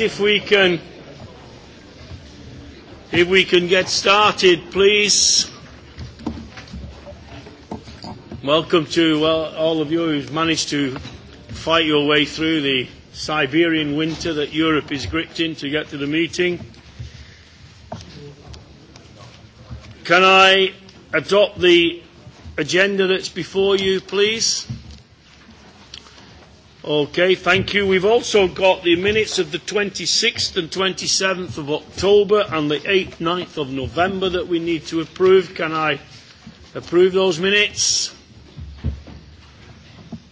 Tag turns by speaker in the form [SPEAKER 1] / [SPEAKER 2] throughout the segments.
[SPEAKER 1] If we can, if we can get started, please. Welcome to well, all of you who've managed to fight your way through the Siberian winter that Europe is gripped in to get to the meeting. Can I adopt the agenda that's before you, please? Okay, thank you. We've also got the minutes of the 26th and 27th of October and the 8th, 9th of November that we need to approve. Can I approve those minutes?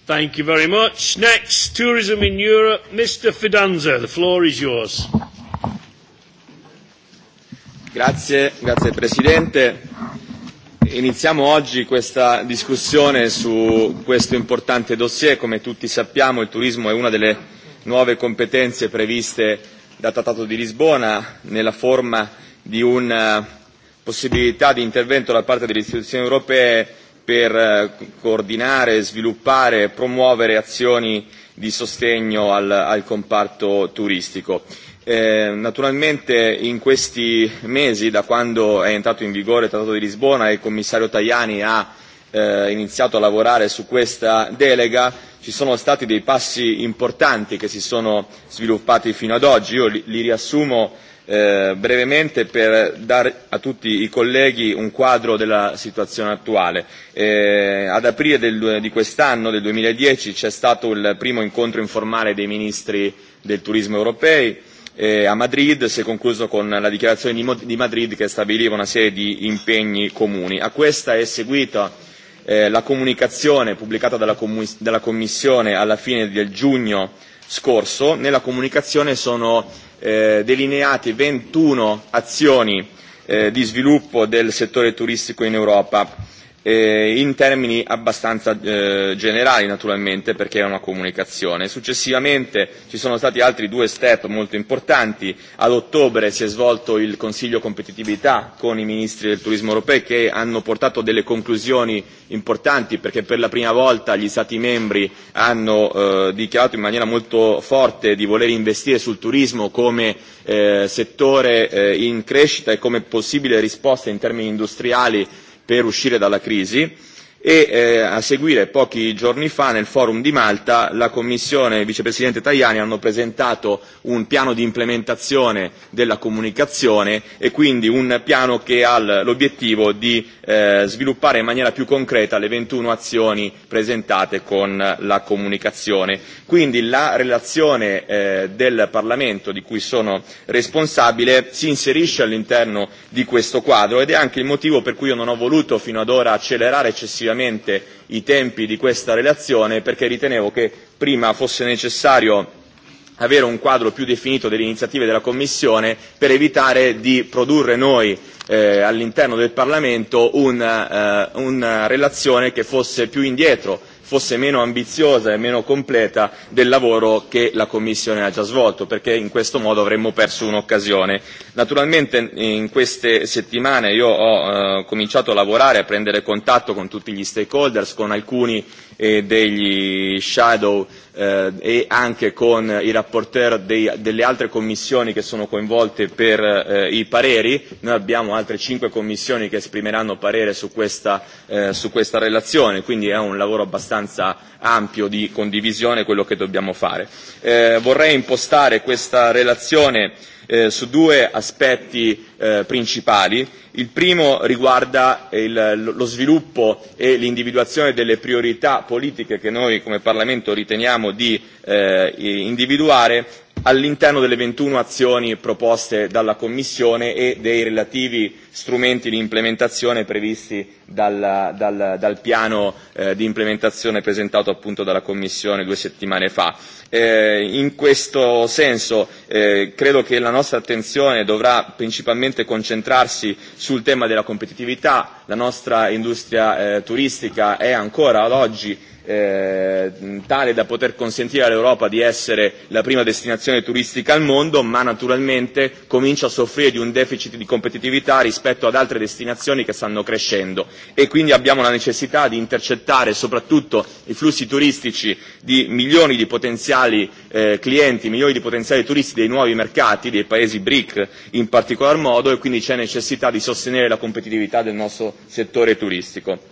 [SPEAKER 1] Thank you very much. Next, tourism in Europe. Mr. Fidanza, the floor is
[SPEAKER 2] yours. Grazie, grazie Presidente iniziamo oggi questa discussione su questo importante dossier. Come tutti sappiamo il turismo è una delle nuove competenze previste dal Trattato di Lisbona nella forma di una eh, possibilità di intervento da parte delle istituzioni europee per eh, coordinare, sviluppare e promuovere azioni di sostegno al, al comparto turistico. Eh, naturalmente in questi mesi, da quando è entrato in vigore il Trattato di Lisbona e il commissario Tajani ha eh, iniziato a lavorare su questa delega, ci sono stati dei passi importanti che si sono sviluppati fino ad oggi. Io li, li riassumo eh, brevemente per dare a tutti i colleghi un quadro della situazione attuale. Eh, ad aprile del, di quest'anno, del 2010, c'è stato il primo incontro informale dei ministri del turismo europei eh, a Madrid si è concluso con la dichiarazione di, Madrid che stabiliva una serie di impegni comuni. A questa è seguita eh, la comunicazione pubblicata dalla, com- dalla Commissione alla fine del giugno scorso. Nella comunicazione sono eh, delineate 21 azioni eh, di sviluppo del settore turistico in Europa eh, in termini abbastanza eh, generali naturalmente perché è una comunicazione. Successivamente ci sono stati altri due step molto importanti, ad ottobre si è svolto il Consiglio competitività con i ministri del turismo europei che hanno portato delle conclusioni importanti perché per la prima volta gli Stati membri hanno eh, dichiarato in maniera molto forte di voler investire sul turismo come eh, settore eh, in crescita e come possibile risposta in termini industriali per uscire dalla crisi e eh, a seguire pochi giorni fa nel forum di Malta la Commissione e il Vicepresidente Tajani hanno presentato un piano di implementazione della comunicazione e quindi un piano che ha l'obiettivo di eh, sviluppare in maniera più concreta le 21 azioni presentate con la comunicazione. Quindi la relazione eh, del Parlamento di cui sono responsabile si inserisce all'interno di questo quadro ed è anche il motivo per cui io non ho voluto fino ad ora accelerare eccessivamente rapidamente i tempi di questa relazione perché ritenevo che prima fosse necessario avere un quadro più definito delle iniziative della Commissione per evitare di produrre noi eh, all'interno del Parlamento una, eh, una relazione che fosse più indietro fosse meno ambiziosa e meno completa del lavoro che la Commissione ha già svolto, perché in questo modo avremmo perso un'occasione. Naturalmente in queste settimane io ho eh, cominciato a lavorare, a prendere contatto con tutti gli stakeholders, con alcuni eh, degli shadow eh, e anche con i rapporteur dei, delle altre commissioni che sono coinvolte per eh, i pareri. Noi abbiamo altre cinque commissioni che esprimeranno parere su questa, eh, su questa relazione, quindi è un lavoro abbastanza ampio di condivisione quello che dobbiamo fare. Eh, vorrei impostare questa relazione eh, su due aspetti eh, principali Il primo riguarda il, lo sviluppo e l'individuazione delle priorità politiche che noi come Parlamento riteniamo di eh, individuare all'interno delle 21 azioni proposte dalla Commissione e dei relativi strumenti di implementazione previsti dal, dal, dal piano eh, di implementazione presentato appunto dalla Commissione due settimane fa. Eh, in questo senso eh, credo che la nostra attenzione dovrà principalmente concentrarsi sul tema della competitività, la nostra industria eh, turistica è ancora ad oggi eh, tale da poter consentire all'Europa di essere la prima destinazione turistica al mondo, ma naturalmente comincia a soffrire di un deficit di competitività rispetto ad altre destinazioni che stanno crescendo e quindi abbiamo la necessità di intercettare soprattutto i flussi turistici di milioni di potenziali eh, clienti, milioni di potenziali turisti dei nuovi mercati, dei paesi BRIC in particolar modo e quindi c'è necessità di sostenere la competitività del nostro settore turistico.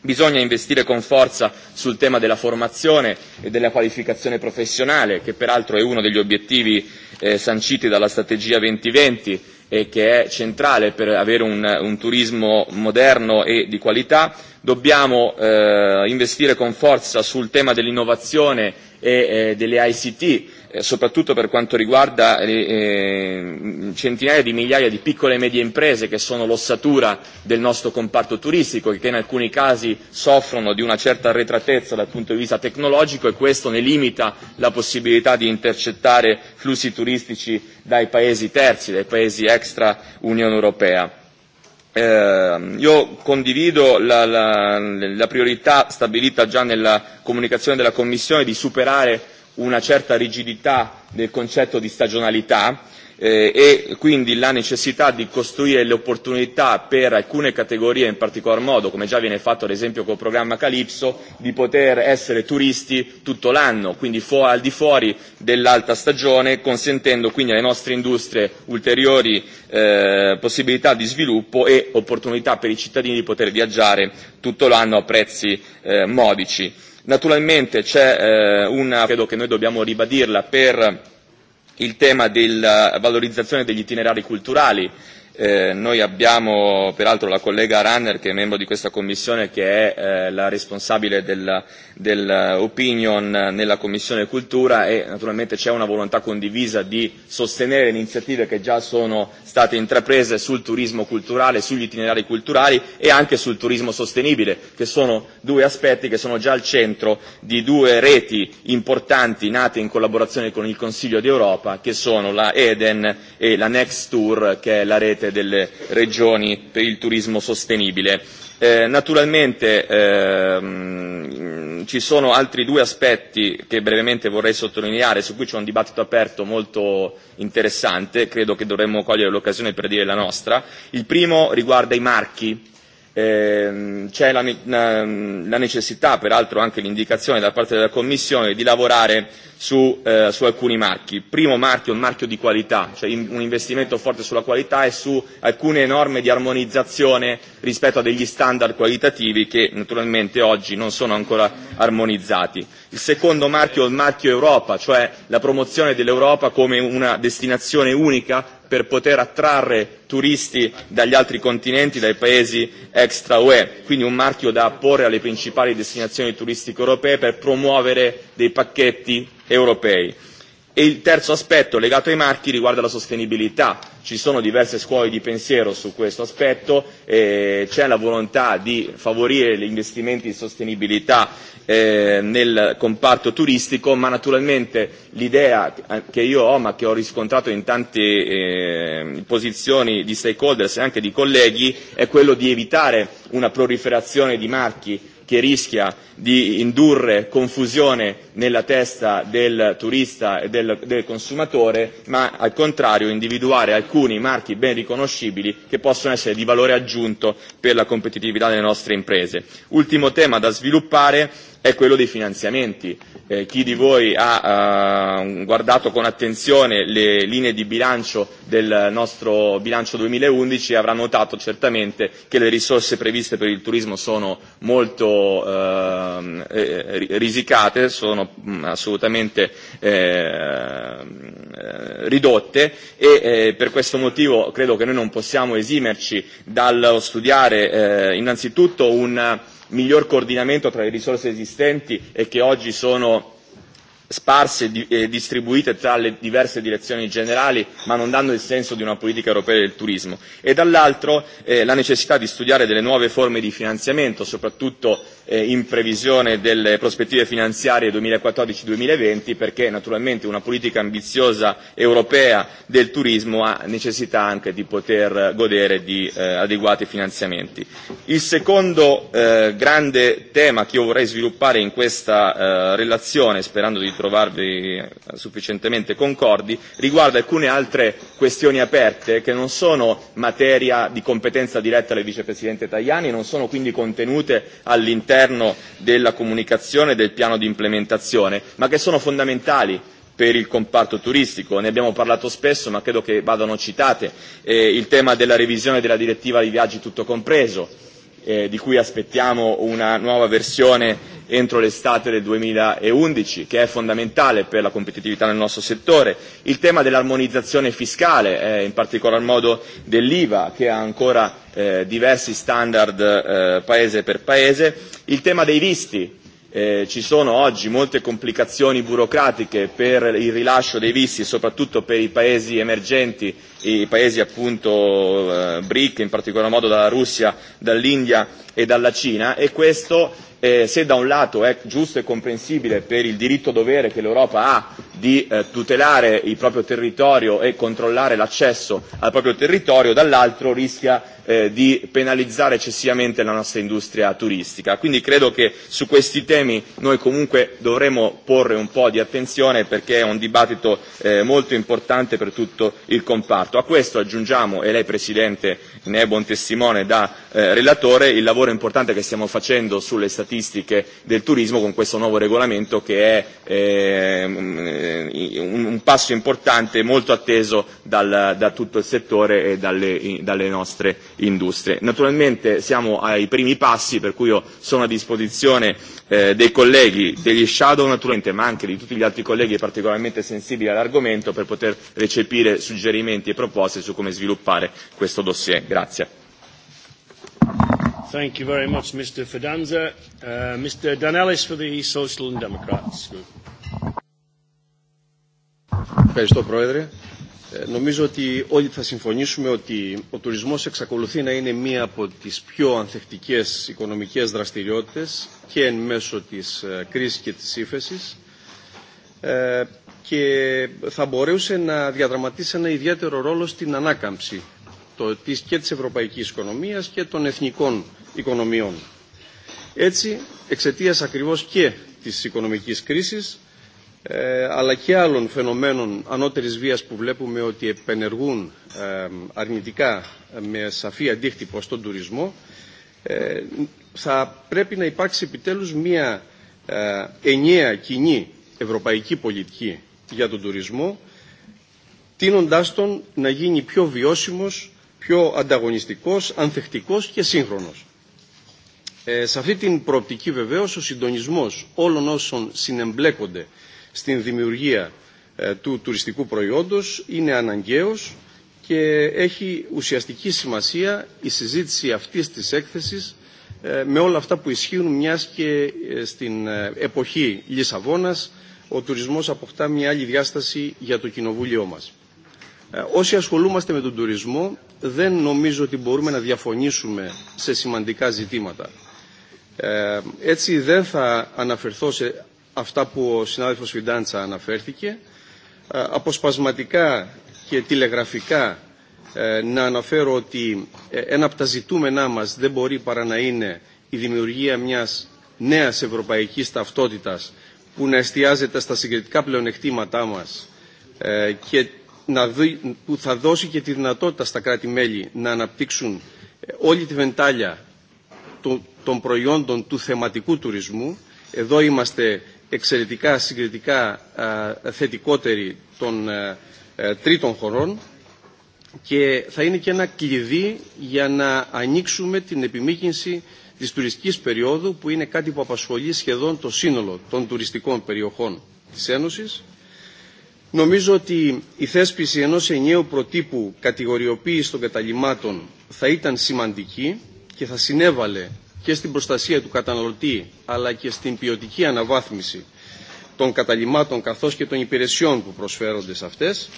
[SPEAKER 2] Bisogna investire con forza sul tema della formazione e della qualificazione professionale, che peraltro è uno degli obiettivi eh, sanciti dalla strategia 2020 e che è centrale per avere un, un turismo moderno e di qualità. Dobbiamo eh, investire con forza sul tema dell'innovazione e eh, delle ICT, Eh, soprattutto per quanto riguarda eh, eh, centinaia di migliaia di piccole e medie imprese che sono l'ossatura del nostro comparto turistico e che in alcuni casi soffrono di una certa arretratezza dal punto di vista tecnologico e questo ne limita la possibilità di intercettare flussi turistici dai paesi terzi, dai paesi extra Unione Europea. Eh, io condivido la, la, la priorità stabilita già nella comunicazione della Commissione di superare una certa rigidità del concetto di stagionalità eh, e quindi la necessità di costruire le opportunità per alcune categorie, in particolar modo, come già viene fatto ad esempio col programma Calypso, di poter essere turisti tutto l'anno, quindi fu- al di fuori dell'alta stagione, consentendo quindi alle nostre industrie ulteriori eh, possibilità di sviluppo e opportunità per i cittadini di poter viaggiare tutto l'anno a prezzi eh, modici Naturalmente c'è eh, una, credo che noi dobbiamo ribadirla, per il tema della valorizzazione degli itinerari culturali. Eh, noi abbiamo peraltro la collega Runner, che è membro di questa commissione, che è eh, la responsabile della, dell'opinion nella Commissione Cultura e naturalmente c'è una volontà condivisa di sostenere le iniziative che già sono state intraprese sul turismo culturale, sugli itinerari culturali e anche sul turismo sostenibile, che sono due aspetti che sono già al centro di due reti importanti nate in collaborazione con il Consiglio d'Europa, che sono la Eden e la Next Tour, che è la rete delle regioni per il turismo sostenibile Eh, naturalmente ehm, ci sono altri due aspetti che brevemente vorrei sottolineare, su cui c'è un dibattito aperto molto interessante, credo che dovremmo cogliere l'occasione per dire la nostra. Il primo riguarda i marchi Ehm, c'è la, la necessità, peraltro anche l'indicazione da parte della Commissione, di lavorare su, eh, su alcuni marchi. Primo marchio, un marchio di qualità, cioè in, un investimento forte sulla qualità e su alcune norme di armonizzazione rispetto a degli standard qualitativi che naturalmente oggi non sono ancora armonizzati. Il secondo marchio è il marchio Europa, cioè la promozione dell'Europa come una destinazione unica per poter attrarre turisti dagli altri continenti, dai paesi extra UE, quindi un marchio da apporre alle principali destinazioni turistiche europee per promuovere dei pacchetti europei E il terzo aspetto legato ai marchi riguarda la sostenibilità. Ci sono diverse scuole di pensiero su questo aspetto, eh, c'è la volontà di favorire gli investimenti in sostenibilità eh, nel comparto turistico, ma naturalmente l'idea che io ho, ma che ho riscontrato in tante eh, posizioni di stakeholders e anche di colleghi, è quello di evitare una proliferazione di marchi che rischia di indurre confusione nella testa del turista e del, del consumatore, ma al contrario individuare alcuni marchi ben riconoscibili che possono essere di valore aggiunto per la competitività delle nostre imprese. Ultimo tema da sviluppare è quello dei finanziamenti. Eh, chi di voi ha eh, guardato con attenzione le linee di bilancio del nostro bilancio 2011 avrà notato certamente che le risorse previste per il turismo sono molto ehm, eh, risicate, sono mm, assolutamente eh, ridotte e eh, per questo motivo credo che noi non possiamo esimerci dallo studiare eh, innanzitutto un miglior coordinamento tra le risorse esistenti e che oggi sono sparse e distribuite tra le diverse direzioni generali ma non danno il senso di una politica europea del turismo e dall'altro eh, la necessità di studiare delle nuove forme di finanziamento soprattutto eh, in previsione delle prospettive finanziarie 2014-2020 perché naturalmente una politica ambiziosa europea del turismo ha necessità anche di poter godere di eh, adeguati finanziamenti. Il secondo eh, grande tema che io vorrei sviluppare in questa eh, relazione, sperando di trovarvi eh, sufficientemente concordi, riguarda alcune altre questioni aperte che non sono materia di competenza diretta del vicepresidente Tajani, non sono quindi contenute all'interno all'interno della comunicazione e del piano di implementazione, ma che sono fondamentali per il comparto turistico. Ne abbiamo parlato spesso, ma credo che vadano citate eh, il tema della revisione della direttiva di viaggi tutto compreso, eh, di cui aspettiamo una nuova versione entro l'estate del 2011, che è fondamentale per la competitività nel nostro settore, il tema dell'armonizzazione fiscale, eh, in particolar modo dell'IVA, che ha ancora eh, diversi standard eh, paese per paese, il tema dei visti, eh, ci sono oggi molte complicazioni burocratiche per il rilascio dei visti, soprattutto per i paesi emergenti i paesi appunto eh, BRIC, in particolar modo dalla Russia, dall'India e dalla Cina e questo eh, se da un lato è giusto e comprensibile per il diritto dovere che l'Europa ha di eh, tutelare il proprio territorio e controllare l'accesso al proprio territorio, dall'altro rischia eh, di penalizzare eccessivamente la nostra industria turistica. Quindi credo che su questi temi noi comunque dovremo porre un po' di attenzione perché è un dibattito eh, molto importante per tutto il comparto fatto. A questo aggiungiamo, e lei Presidente ne è buon testimone da Eh, relatore il lavoro importante che stiamo facendo sulle statistiche del turismo con questo nuovo regolamento che è ehm, eh, un, un passo importante molto atteso dal, da tutto il settore e dalle, dalle nostre industrie. Naturalmente siamo ai primi passi per cui io sono a disposizione eh, dei colleghi, degli shadow naturalmente ma anche di tutti gli altri colleghi particolarmente sensibili all'argomento per poter recepire suggerimenti e proposte su come sviluppare questo dossier. Grazie.
[SPEAKER 1] Thank you very much, Mr. Fidanza. Uh, Mr. Danellis for the Social and
[SPEAKER 3] Democrats Group. Ευχαριστώ, Πρόεδρε. Νομίζω ότι όλοι θα συμφωνήσουμε ότι ο τουρισμός εξακολουθεί να είναι μία από τις πιο ανθεκτικές οικονομικές δραστηριότητες και εν μέσω της κρίσης και της ύφεσης και θα μπορούσε να διαδραματίσει ένα ιδιαίτερο ρόλο στην ανάκαμψη το, της, και της ευρωπαϊκής οικονομίας και των εθνικών οικονομιών. Έτσι, εξαιτίας ακριβώς και της οικονομικής κρίσης, ε, αλλά και άλλων φαινομένων ανώτερης βίας που βλέπουμε ότι επενεργούν ε, αρνητικά με σαφή αντίκτυπο στον τουρισμό, ε, θα πρέπει να υπάρξει επιτέλους μια ε, ενιαία κοινή ευρωπαϊκή πολιτική για τον τουρισμό, τίνοντάς τον να γίνει πιο βιώσιμος πιο ανταγωνιστικός, ανθεκτικός και σύγχρονος. Ε, σε αυτή την προοπτική βεβαίως ο συντονισμός όλων όσων συνεμπλέκονται στην δημιουργία ε, του τουριστικού προϊόντος είναι αναγκαίος και έχει ουσιαστική σημασία η συζήτηση αυτής της έκθεσης ε, με όλα αυτά που ισχύουν μιας και ε, στην εποχή Λισαβόνας ο τουρισμός αποκτά μια άλλη διάσταση για το κοινοβούλιο μας. Όσοι ασχολούμαστε με τον τουρισμό δεν νομίζω ότι μπορούμε να διαφωνήσουμε σε σημαντικά ζητήματα. Ε, έτσι δεν θα αναφερθώ σε αυτά που ο συνάδελφος Φιντάντσα αναφέρθηκε. Ε, αποσπασματικά και τηλεγραφικά ε, να αναφέρω ότι ένα από τα ζητούμενά μας δεν μπορεί παρά να είναι η δημιουργία μιας νέας ευρωπαϊκής ταυτότητας που να εστιάζεται στα συγκριτικά πλεονεκτήματά μας ε, και να δει, που θα δώσει και τη δυνατότητα στα κράτη-μέλη να αναπτύξουν όλη τη βεντάλια των, των προϊόντων του θεματικού τουρισμού. Εδώ είμαστε εξαιρετικά συγκριτικά α, θετικότεροι των α, τρίτων χωρών και θα είναι και ένα κλειδί για να ανοίξουμε την επιμήκυνση της τουριστικής περίοδου που είναι κάτι που απασχολεί σχεδόν το σύνολο των τουριστικών περιοχών της Ένωσης Νομίζω ότι η θέσπιση ενός ενιαίου προτύπου κατηγοριοποίηση των καταλημάτων θα ήταν σημαντική και θα συνέβαλε και στην προστασία του καταναλωτή αλλά και στην ποιοτική αναβάθμιση των καταλημάτων καθώς και των υπηρεσιών που προσφέρονται σε αυτές.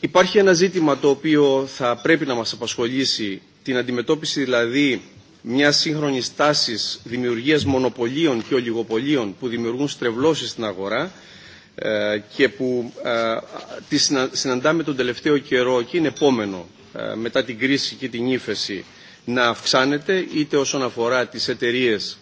[SPEAKER 3] Υπάρχει ένα ζήτημα το οποίο θα πρέπει να μας απασχολήσει, την αντιμετώπιση δηλαδή μια σύγχρονη τάση δημιουργίας μονοπωλίων και ολιγοπωλίων που δημιουργούν στρεβλώσεις στην αγορά και που τη συναντάμε τον τελευταίο καιρό και είναι επόμενο μετά την κρίση και την ύφεση να αυξάνεται είτε όσον αφορά τις εταιρείες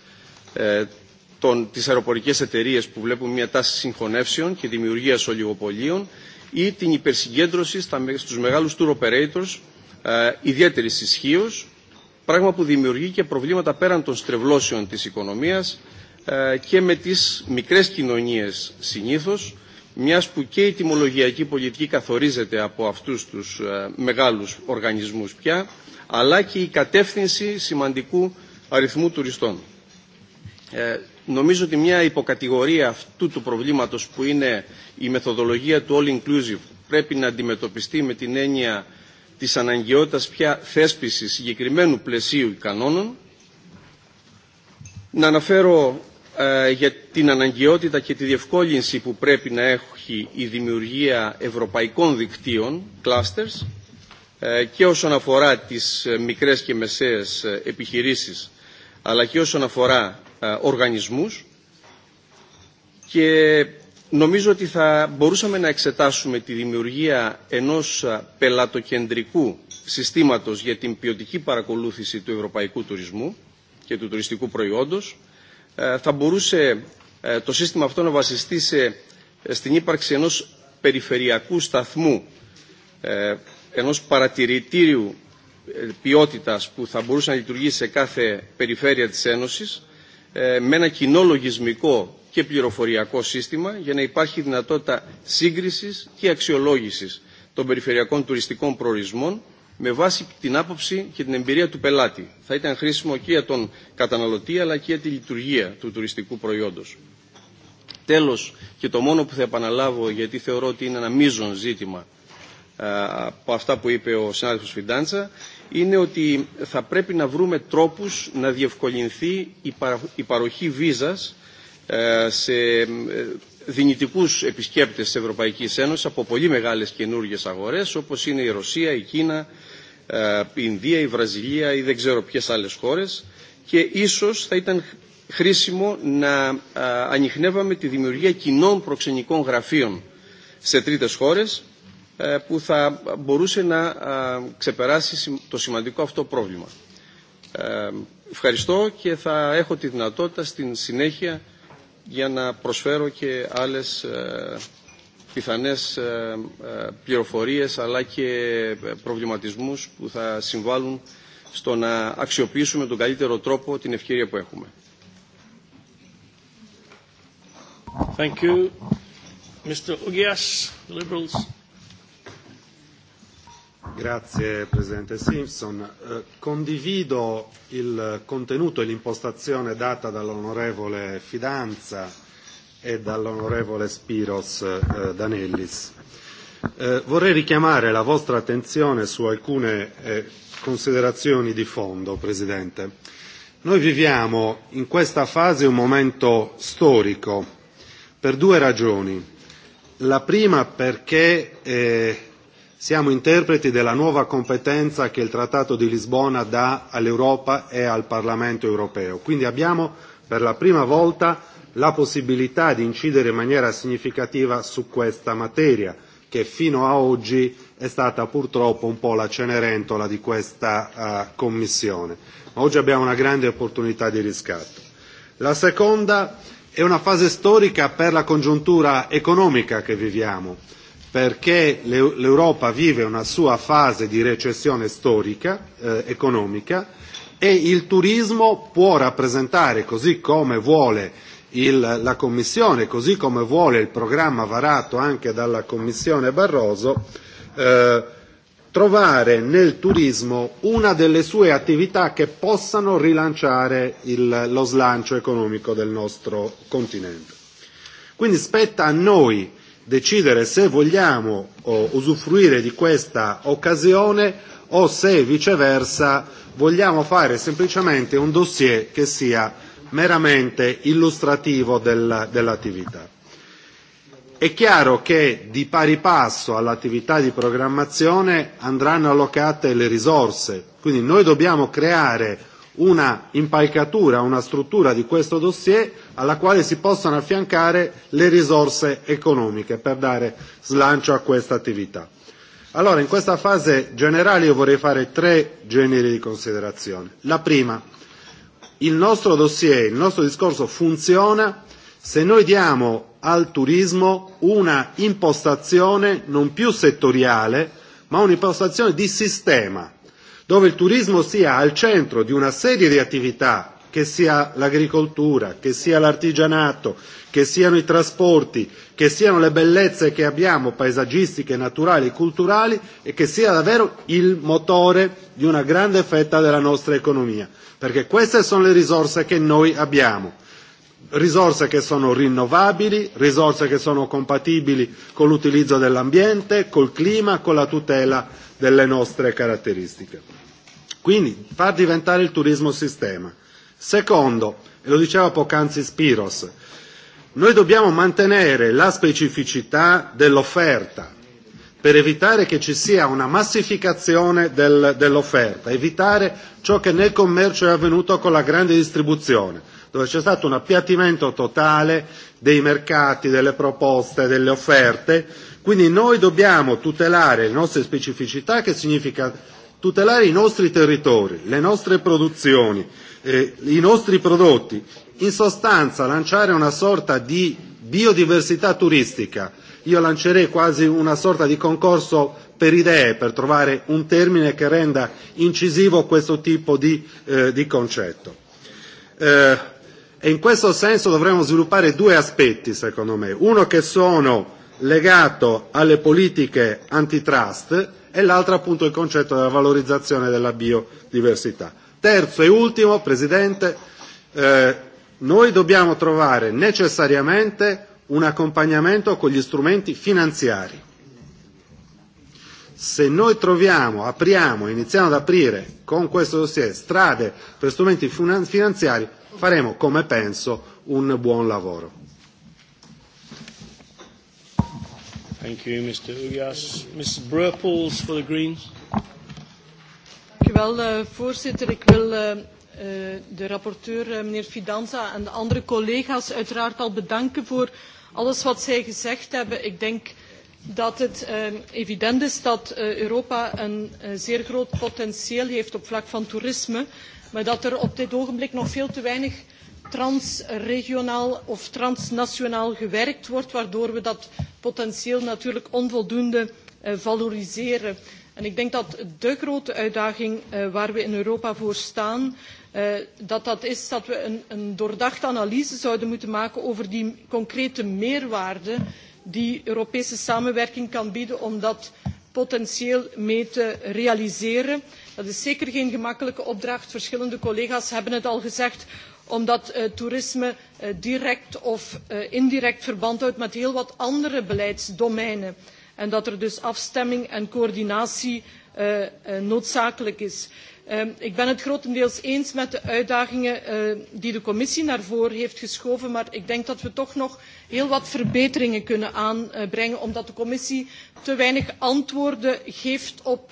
[SPEAKER 3] των, τις αεροπορικές εταιρείες που βλέπουν μια τάση συγχωνεύσεων και δημιουργίας ολιγοπολίων ή την υπερσυγκέντρωση στα, στους μεγάλους tour operators ε, ιδιαίτερης ισχύω, πράγμα που δημιουργεί και προβλήματα πέραν των στρεβλώσεων της οικονομίας και με τις μικρές κοινωνίες συνήθως, μιας που και η τιμολογιακή πολιτική καθορίζεται από αυτούς τους μεγάλους οργανισμούς πια, αλλά και η κατεύθυνση σημαντικού αριθμού τουριστών. Ε, νομίζω ότι μια υποκατηγορία αυτού του προβλήματος που είναι η μεθοδολογία του all inclusive πρέπει να αντιμετωπιστεί με την έννοια της αναγκαιότητας πια θέσπισης συγκεκριμένου πλαισίου κανόνων. Να αναφέρω για την αναγκαιότητα και τη διευκόλυνση που πρέπει να έχει η δημιουργία ευρωπαϊκών δικτύων, clusters, και όσον αφορά τις μικρές και μεσαίες επιχειρήσεις, αλλά και όσον αφορά οργανισμούς. Και νομίζω ότι θα μπορούσαμε να εξετάσουμε τη δημιουργία ενός πελατοκεντρικού συστήματος για την ποιοτική παρακολούθηση του ευρωπαϊκού τουρισμού και του τουριστικού προϊόντος, θα μπορούσε το σύστημα αυτό να βασιστεί σε, στην ύπαρξη ενός περιφερειακού σταθμού, ενός παρατηρητήριου ποιότητας που θα μπορούσε να λειτουργήσει σε κάθε περιφέρεια της Ένωσης με ένα κοινό λογισμικό και πληροφοριακό σύστημα για να υπάρχει δυνατότητα σύγκρισης και αξιολόγησης των περιφερειακών τουριστικών προορισμών με βάση την άποψη και την εμπειρία του πελάτη. Θα ήταν χρήσιμο και για τον καταναλωτή αλλά και για τη λειτουργία του τουριστικού προϊόντος. Τέλος, και το μόνο που θα επαναλάβω γιατί θεωρώ ότι είναι ένα μείζον ζήτημα από αυτά που είπε ο συνάδελφος Φιντάντσα είναι ότι θα πρέπει να βρούμε τρόπους να διευκολυνθεί η παροχή βίζας σε δυνητικούς επισκέπτες της Ευρωπαϊκής Ένωσης από πολύ μεγάλες καινούργιες αγορές όπως είναι η Ρωσία, η Κίνα, η Ινδία, η Βραζιλία ή δεν ξέρω ποιες άλλες χώρες και ίσως θα ήταν χρήσιμο να ανοιχνεύαμε τη δημιουργία κοινών προξενικών γραφείων σε τρίτες χώρες που θα μπορούσε να ξεπεράσει το σημαντικό αυτό πρόβλημα. Ευχαριστώ και θα έχω τη δυνατότητα στην συνέχεια για να προσφέρω και άλλες πιθανές πληροφορίες αλλά και προβληματισμούς που θα συμβάλλουν στο να αξιοποιήσουμε τον καλύτερο τρόπο την ευκαιρία που έχουμε.
[SPEAKER 4] Thank you. Mr. Ugias, Liberals. Grazie Presidente Simpson. Eh, condivido il contenuto e l'impostazione data dall'onorevole Fidanza e dall'onorevole Spiros eh, Danellis. Eh, vorrei richiamare la vostra attenzione su alcune eh, considerazioni di fondo, Presidente. Noi viviamo in questa fase un momento storico per due ragioni. La prima perché eh, Siamo interpreti della nuova competenza che il Trattato di Lisbona dà all'Europa e al Parlamento europeo. Quindi abbiamo per la prima volta la possibilità di incidere in maniera significativa su questa materia, che fino a oggi è stata purtroppo un po' la cenerentola di questa uh, Commissione. Ma oggi abbiamo una grande opportunità di riscatto. La seconda è una fase storica per la congiuntura economica che viviamo perché l'Europa vive una sua fase di recessione storica, eh, economica, e il turismo può rappresentare, così come vuole il, la Commissione, così come vuole il programma varato anche dalla Commissione Barroso, eh, trovare nel turismo una delle sue attività che possano rilanciare il, lo slancio economico del nostro continente. Quindi spetta a noi decidere se vogliamo oh, usufruire di questa occasione o se viceversa vogliamo fare semplicemente un dossier che sia meramente illustrativo del, dell'attività. È chiaro che di pari passo all'attività di programmazione andranno allocate le risorse, quindi noi dobbiamo creare una impalcatura, una struttura di questo dossier alla quale si possano affiancare le risorse economiche per dare slancio a questa attività. Allora, in questa fase generale io vorrei fare tre generi di considerazioni. La prima, il nostro dossier, il nostro discorso funziona se noi diamo al turismo una impostazione non più settoriale, ma un'impostazione di sistema dove il turismo sia al centro di una serie di attività, che sia l'agricoltura, che sia l'artigianato, che siano i trasporti, che siano le bellezze che abbiamo paesaggistiche, naturali e culturali e che sia davvero il motore di una grande fetta della nostra economia, perché queste sono le risorse che noi abbiamo risorse che sono rinnovabili, risorse che sono compatibili con l'utilizzo dell'ambiente, col clima, con la tutela delle nostre caratteristiche. Quindi far diventare il turismo sistema. Secondo, e lo diceva poc'anzi Spiros, noi dobbiamo mantenere la specificità dell'offerta per evitare che ci sia una massificazione del, dell'offerta, evitare ciò che nel commercio è avvenuto con la grande distribuzione, dove c'è stato un appiattimento totale dei mercati, delle proposte, delle offerte, Quindi noi dobbiamo tutelare le nostre specificità, che significa tutelare i nostri territori, le nostre produzioni, eh, i nostri prodotti, in sostanza lanciare una sorta di biodiversità turistica. Io lancerei quasi una sorta di concorso per idee, per trovare un termine che renda incisivo questo tipo di, eh, di concetto. Eh, e in questo senso dovremmo sviluppare due aspetti, secondo me. Uno che sono legato alle politiche antitrust e l'altro appunto il concetto della valorizzazione della biodiversità. Terzo e ultimo, Presidente, eh, noi dobbiamo trovare necessariamente un accompagnamento con gli strumenti finanziari. Se noi troviamo, apriamo, iniziamo ad aprire con questo dossier strade per strumenti finanziari, faremo, come penso, un buon lavoro.
[SPEAKER 1] Thank you, Mr. Ugas. Mrs. Brupels for the Greens.
[SPEAKER 5] Dank u wel, eh, voorzitter. Ik wil eh, eh, de rapporteur, meneer Fidanza, en de andere collega's uiteraard al bedanken voor alles wat zij gezegd hebben. Ik denk dat het evident is dat Europa een zeer groot potentieel heeft op vlak van toerisme, maar dat er op dit ogenblik nog veel te weinig transregionaal of transnationaal gewerkt wordt, waardoor we dat potentieel natuurlijk onvoldoende eh, valoriseren. En ik denk dat de grote uitdaging eh, waar we in Europa voor staan, eh, dat dat is dat we een, een doordachte analyse zouden moeten maken over die concrete meerwaarde die Europese samenwerking kan bieden om dat potentieel mee te realiseren. Dat is zeker geen gemakkelijke opdracht. Verschillende collega's hebben het al gezegd omdat eh, toerisme eh, direct of eh, indirect verband houdt met heel wat andere beleidsdomeinen en dat er dus afstemming en coördinatie noodzakelijk is. Ehm, ik ben het grotendeels eens met de uitdagingen die de commissie naar voren heeft geschoven maar ik denk dat we toch nog heel wat verbeteringen kunnen aanbrengen omdat de commissie te weinig antwoorden geeft op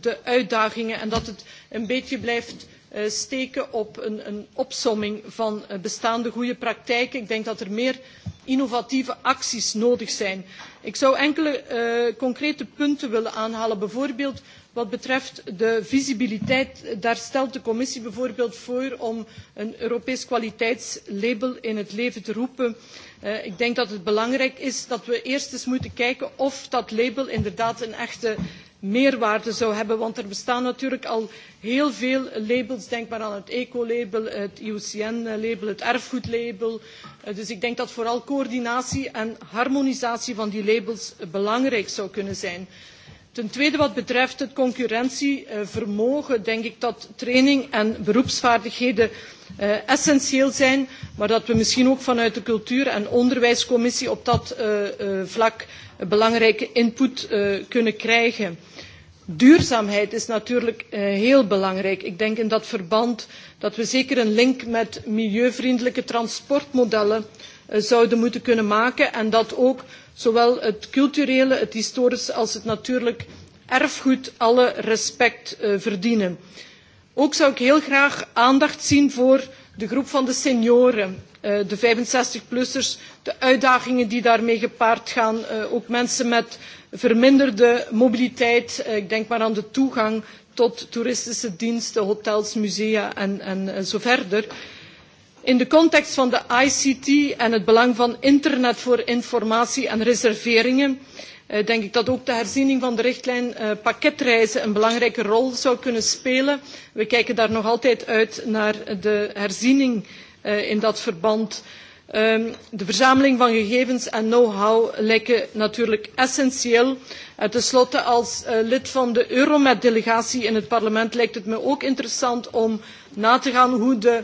[SPEAKER 5] de uitdagingen en dat het een beetje blijft Eh, steken op een, opsomming van eh, bestaande goede praktijken. Ik denk dat er meer innovatieve acties nodig zijn. Ik zou enkele eh, concrete punten willen aanhalen. Bijvoorbeeld wat betreft de visibiliteit. Daar stelt de commissie bijvoorbeeld voor om een Europees kwaliteitslabel in het leven te roepen. ik denk dat het belangrijk is dat we eerst eens moeten kijken of dat label inderdaad een echte meerwaarde zou hebben. Want er bestaan natuurlijk al heel veel labels. Denk maar aan het ecolabel, het IUCN-label, het erfgoedlabel. Eh, dus ik denk dat vooral coördinatie en harmonisatie van die labels eh, belangrijk zou kunnen zijn. Ten tweede wat betreft het concurrentievermogen denk ik dat training en beroepsvaardigheden Eh, essentieel zijn, maar dat we misschien ook vanuit de cultuur- en onderwijscommissie op dat eh, eh, vlak belangrijke input kunnen krijgen. Duurzaamheid is natuurlijk heel belangrijk. Ik denk in dat verband dat we zeker een link met milieuvriendelijke transportmodellen zouden moeten kunnen maken en dat ook zowel het culturele, het historische als het natuurlijke erfgoed alle respect verdienen. Ook zou ik heel graag aandacht zien voor de groep van de senioren, eh, de 65-plussers, de uitdagingen die daarmee gepaard gaan, eh, ook mensen met verminderde mobiliteit. Eh, ik denk maar aan de toegang tot toeristische diensten, hotels, musea en, en zo verder. In de context van de ICT en het belang van internet voor informatie en reserveringen Eh, denk ik dat ook de herziening van de richtlijn eh, pakketreizen een belangrijke rol zou kunnen spelen. We kijken daar nog altijd uit naar de herziening eh, in dat verband. Ehm, de verzameling van gegevens en know-how lijken natuurlijk essentieel. En tenslotte, als lid van de Euromed-delegatie in het parlement lijkt het me ook interessant om na te gaan hoe de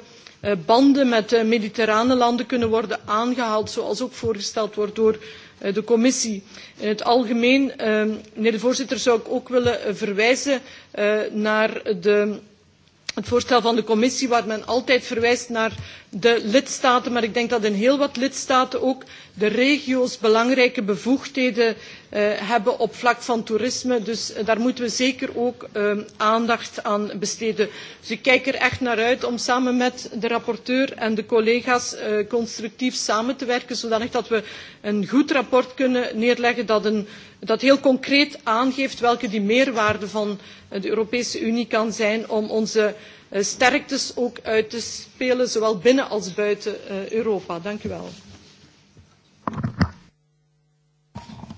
[SPEAKER 5] banden met de mediterrane landen kunnen worden aangehaald, zoals ook voorgesteld wordt door Eh, de commissie. In het algemeen, ehm, meneer de voorzitter, zou ik ook willen eh, verwijzen eh, naar de het voorstel van de commissie waar men altijd verwijst naar de lidstaten, maar ik denk dat in heel wat lidstaten ook de regio's belangrijke bevoegdheden eh, hebben op vlak van toerisme. Dus eh, daar moeten we zeker ook ehm, aandacht aan besteden. Dus ik kijk er echt naar uit om samen met de rapporteur en de collega's eh, constructief samen te werken, zodat we een goed verslag kunnen neerleggen dat heel concreet aangeeft welke die meerwaarde van de Europese Unie kan zijn om onze Eh, sterktes ook uit te spelen, zowel binnen als buiten eh, Europa. Dank u wel.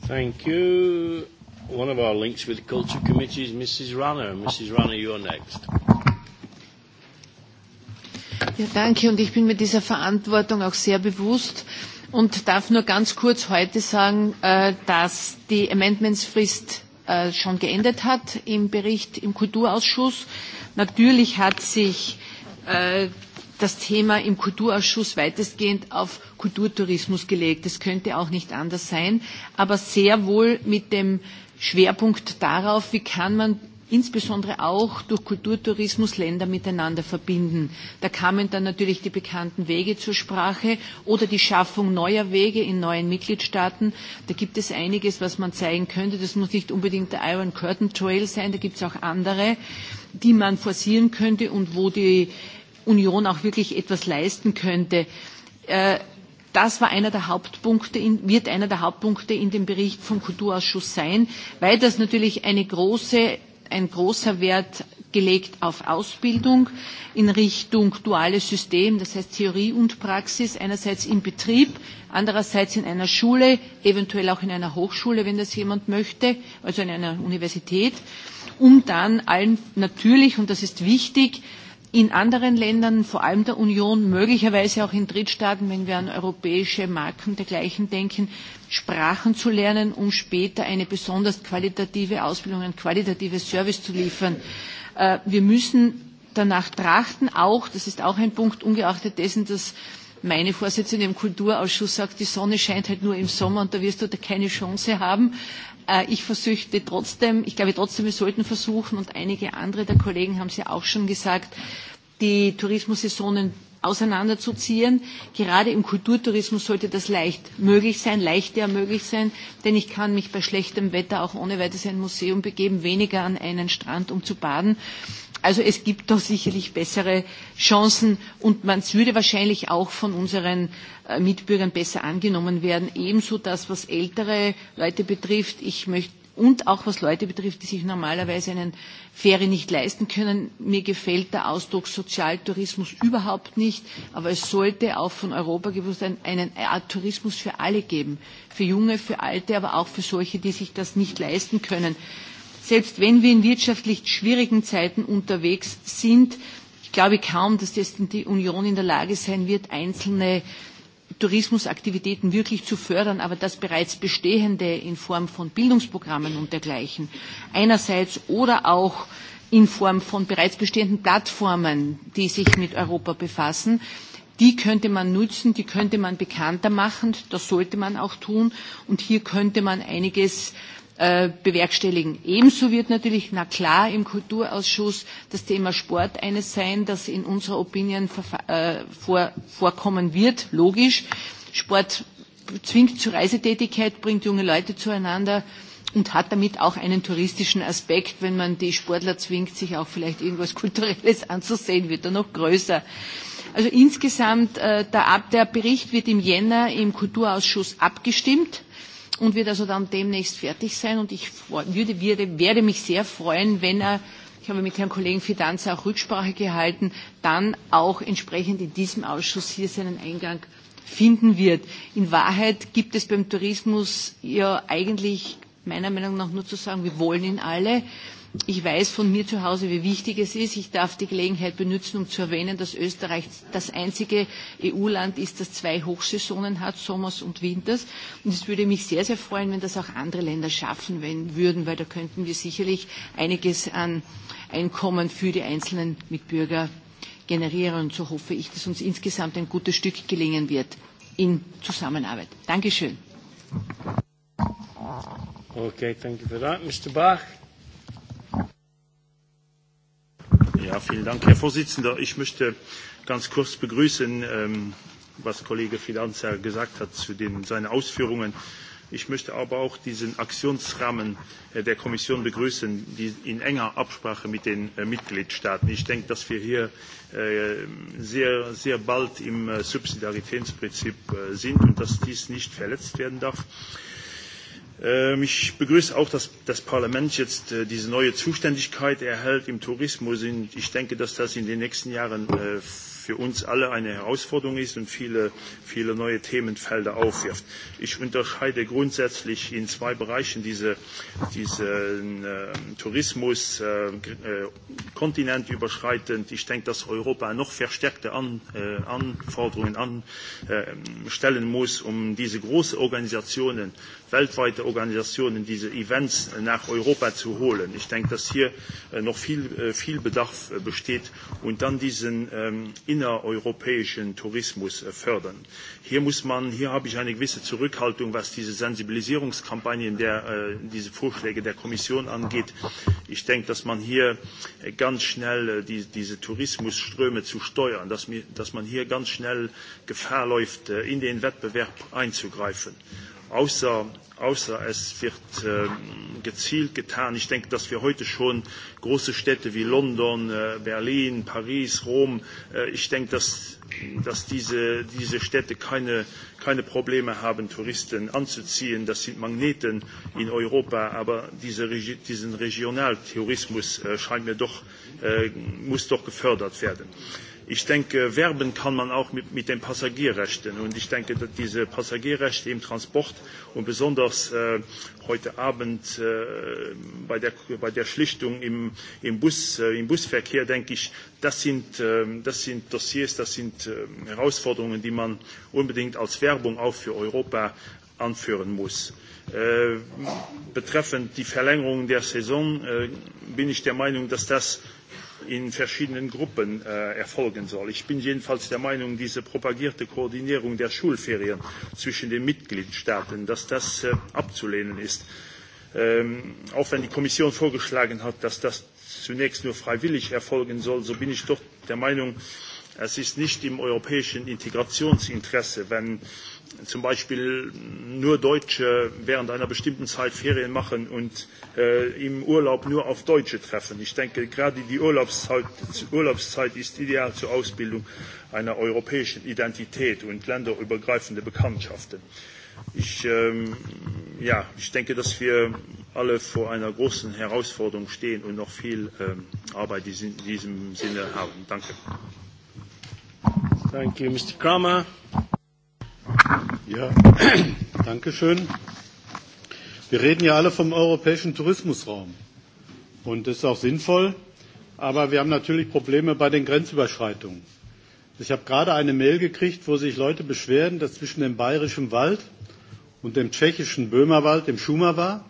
[SPEAKER 1] Thank you. One of our links with the Culture Committee is Mrs. Rana. Mrs. you are next.
[SPEAKER 6] Ja, danke. Und ich bin mir dieser Verantwortung auch sehr bewusst und darf nur ganz kurz heute sagen, äh, dass die Amendmentsfrist äh, schon geendet hat im Bericht im Kulturausschuss Natürlich hat sich äh, das Thema im Kulturausschuss weitestgehend auf Kulturtourismus gelegt. Das könnte auch nicht anders sein, aber sehr wohl mit dem Schwerpunkt darauf, wie kann man insbesondere auch durch Kulturtourismus Länder miteinander verbinden. Da kamen dann natürlich die bekannten Wege zur Sprache oder die Schaffung neuer Wege in neuen Mitgliedstaaten. Da gibt es einiges, was man zeigen könnte. Das muss nicht unbedingt der Iron Curtain Trail sein, da gibt es auch andere, die man forcieren könnte und wo die Union auch wirklich etwas leisten könnte. Äh, das war einer der Hauptpunkte, wird einer der Hauptpunkte in dem Bericht vom Kulturausschuss sein, weil das natürlich eine große ein großer Wert gelegt auf Ausbildung in Richtung duales System, das heißt Theorie und Praxis, einerseits im Betrieb, andererseits in einer Schule, eventuell auch in einer Hochschule, wenn das jemand möchte, also in einer Universität, um dann allen natürlich, und das ist wichtig, in anderen Ländern, vor allem der Union, möglicherweise auch in Drittstaaten, wenn wir an europäische Marken dergleichen denken, Sprachen zu lernen, um später eine besonders qualitative Ausbildung, ein qualitatives Service zu liefern. Äh, wir müssen danach trachten, auch, das ist auch ein Punkt, ungeachtet dessen, dass meine Vorsitzende im Kulturausschuss sagt, die Sonne scheint halt nur im Sommer und da wirst du da keine Chance haben. Äh, ich versuchte trotzdem, ich glaube trotzdem, wir sollten versuchen, und einige andere der Kollegen haben es ja auch schon gesagt, die Tourismusaisonen auseinanderzuziehen. Gerade im Kulturtourismus sollte das leicht möglich sein, leichter möglich sein, denn ich kann mich bei schlechtem Wetter auch ohne weiteres in ein Museum begeben, weniger an einen Strand, um zu baden. Also es gibt doch sicherlich bessere Chancen und man würde wahrscheinlich auch von unseren äh, Mitbürgern besser angenommen werden. Ebenso das, was ältere Leute betrifft. Ich möchte und auch was Leute betrifft, die sich normalerweise einen Fähre nicht leisten können. Mir gefällt der Ausdruck Sozialtourismus überhaupt nicht, aber es sollte auch von Europa gewusst sein, einen Art Tourismus für alle geben, für Junge, für Alte, aber auch für solche, die sich das nicht leisten können. Selbst wenn wir in wirtschaftlich schwierigen Zeiten unterwegs sind, ich glaube kaum, dass das die Union in der Lage sein wird, einzelne Tourismusaktivitäten wirklich zu fördern, aber das bereits bestehende in Form von Bildungsprogrammen und dergleichen einerseits oder auch in Form von bereits bestehenden Plattformen, die sich mit Europa befassen, die könnte man nutzen, die könnte man bekannter machen, das sollte man auch tun und hier könnte man einiges äh, Äh, bewerkstelligen. Ebenso wird natürlich, na klar, im Kulturausschuss das Thema Sport eines sein, das in unserer Opinion äh, vor, vorkommen wird, logisch. Sport zwingt zur Reisetätigkeit, bringt junge Leute zueinander und hat damit auch einen touristischen Aspekt, wenn man die Sportler zwingt, sich auch vielleicht irgendwas Kulturelles anzusehen, wird er noch größer. Also insgesamt, äh, der, der Bericht wird im Jänner im Kulturausschuss abgestimmt und wird also dann demnächst fertig sein. Und ich würde, würde, werde mich sehr freuen, wenn er, ich habe mit Herrn Kollegen Fidanza auch Rücksprache gehalten, dann auch entsprechend in diesem Ausschuss hier seinen Eingang finden wird. In Wahrheit gibt es beim Tourismus ja eigentlich meiner Meinung nach nur zu sagen, wir wollen ihn alle. Ich weiß von mir zu Hause, wie wichtig es ist. Ich darf die Gelegenheit benutzen, um zu erwähnen, dass Österreich das einzige EU-Land ist, das zwei Hochsaisonen hat, Sommers und Winters. Und es würde mich sehr, sehr freuen, wenn das auch andere Länder schaffen wenn, würden, weil da könnten wir sicherlich einiges an Einkommen für die einzelnen Mitbürger generieren. Und so hoffe ich, dass uns insgesamt ein gutes Stück gelingen wird in Zusammenarbeit. Dankeschön.
[SPEAKER 1] Okay, thank
[SPEAKER 7] you for that. Mr. Bach, Ja, vielen Dank, Herr Vorsitzender. Ich möchte ganz kurz begrüßen, ähm, was Kollege Fidanza gesagt hat zu den, seinen Ausführungen. Ich möchte aber auch diesen Aktionsrahmen äh, der Kommission begrüßen, die in enger Absprache mit den äh, Mitgliedstaaten. Ich denke, dass wir hier äh, sehr, sehr bald im Subsidiaritätsprinzip sind und dass dies nicht verletzt werden darf. Ähm, ich begrüße auch, dass das Parlament jetzt äh, diese neue Zuständigkeit erhält im Tourismus. Ich denke, dass das in den nächsten Jahren äh, für uns alle eine Herausforderung ist und viele, viele neue Themenfelder aufwirft. Ich unterscheide grundsätzlich in zwei Bereichen diese, diesen ähm, Tourismus äh, kontinentüberschreitend. Ich denke, dass Europa noch verstärkte Anforderungen anstellen muss, um diese großen Organisationen weltweite Organisationen diese Events nach Europa zu holen. Ich denke, dass hier äh, noch viel, äh, viel Bedarf äh, besteht und dann diesen ähm, innereuropäischen Tourismus fördern. Hier muss man, hier habe ich eine gewisse Zurückhaltung, was diese Sensibilisierungskampagnen der, diese Vorschläge der Kommission angeht. Ich denke, dass man hier ganz schnell die, diese Tourismusströme zu steuern, dass, dass man hier ganz schnell Gefahr läuft, in den Wettbewerb einzugreifen außer, außer es wird äh, gezielt getan. Ich denke, dass wir heute schon große Städte wie London, äh, Berlin, Paris, Rom, äh, ich denke, dass, dass diese, diese Städte keine, keine Probleme haben, Touristen anzuziehen. Das sind Magneten in Europa, aber diese, Regi diesen Regionaltourismus äh, scheint mir doch, äh, muss doch gefördert werden. Äh, Ich denke, werben kann man auch mit, mit den Passagierrechten. Und ich denke, dass diese Passagierrechte im Transport und besonders äh, heute Abend äh, bei, der, bei der Schlichtung im, im, Bus, äh, im Busverkehr, denke ich, das sind, äh, das sind Dossiers, das sind äh, Herausforderungen, die man unbedingt als Werbung auch für Europa anführen muss. Äh, betreffend die Verlängerung der Saison äh, bin ich der Meinung, dass das in verschiedenen Gruppen äh, erfolgen soll. Ich bin jedenfalls der Meinung, diese propagierte Koordinierung der Schulferien zwischen den Mitgliedstaaten, dass das äh, abzulehnen ist. Ähm, auch wenn die Kommission vorgeschlagen hat, dass das zunächst nur freiwillig erfolgen soll, so bin ich doch der Meinung, es ist nicht im europäischen Integrationsinteresse, wenn äh, zum Beispiel nur Deutsche während einer bestimmten Zeit Ferien machen und äh, im Urlaub nur auf Deutsche treffen. Ich denke, gerade die Urlaubszeit, Urlaubszeit ist ideal zur Ausbildung einer europäischen Identität und länderübergreifende Bekanntschaften. Ich, ähm, ja, ich denke, dass wir alle vor einer großen Herausforderung stehen und noch viel ähm, Arbeit in diesem Sinne haben. Danke. Thank you, Mr. Kramer.
[SPEAKER 8] danke schön. Wir reden ja alle vom europäischen Tourismusraum. Und das ist auch sinnvoll. Aber wir haben natürlich Probleme bei den Grenzüberschreitungen. Ich habe gerade eine Mail gekriegt, wo sich Leute beschweren, dass zwischen dem bayerischen Wald und dem tschechischen Böhmerwald, dem Schumawa,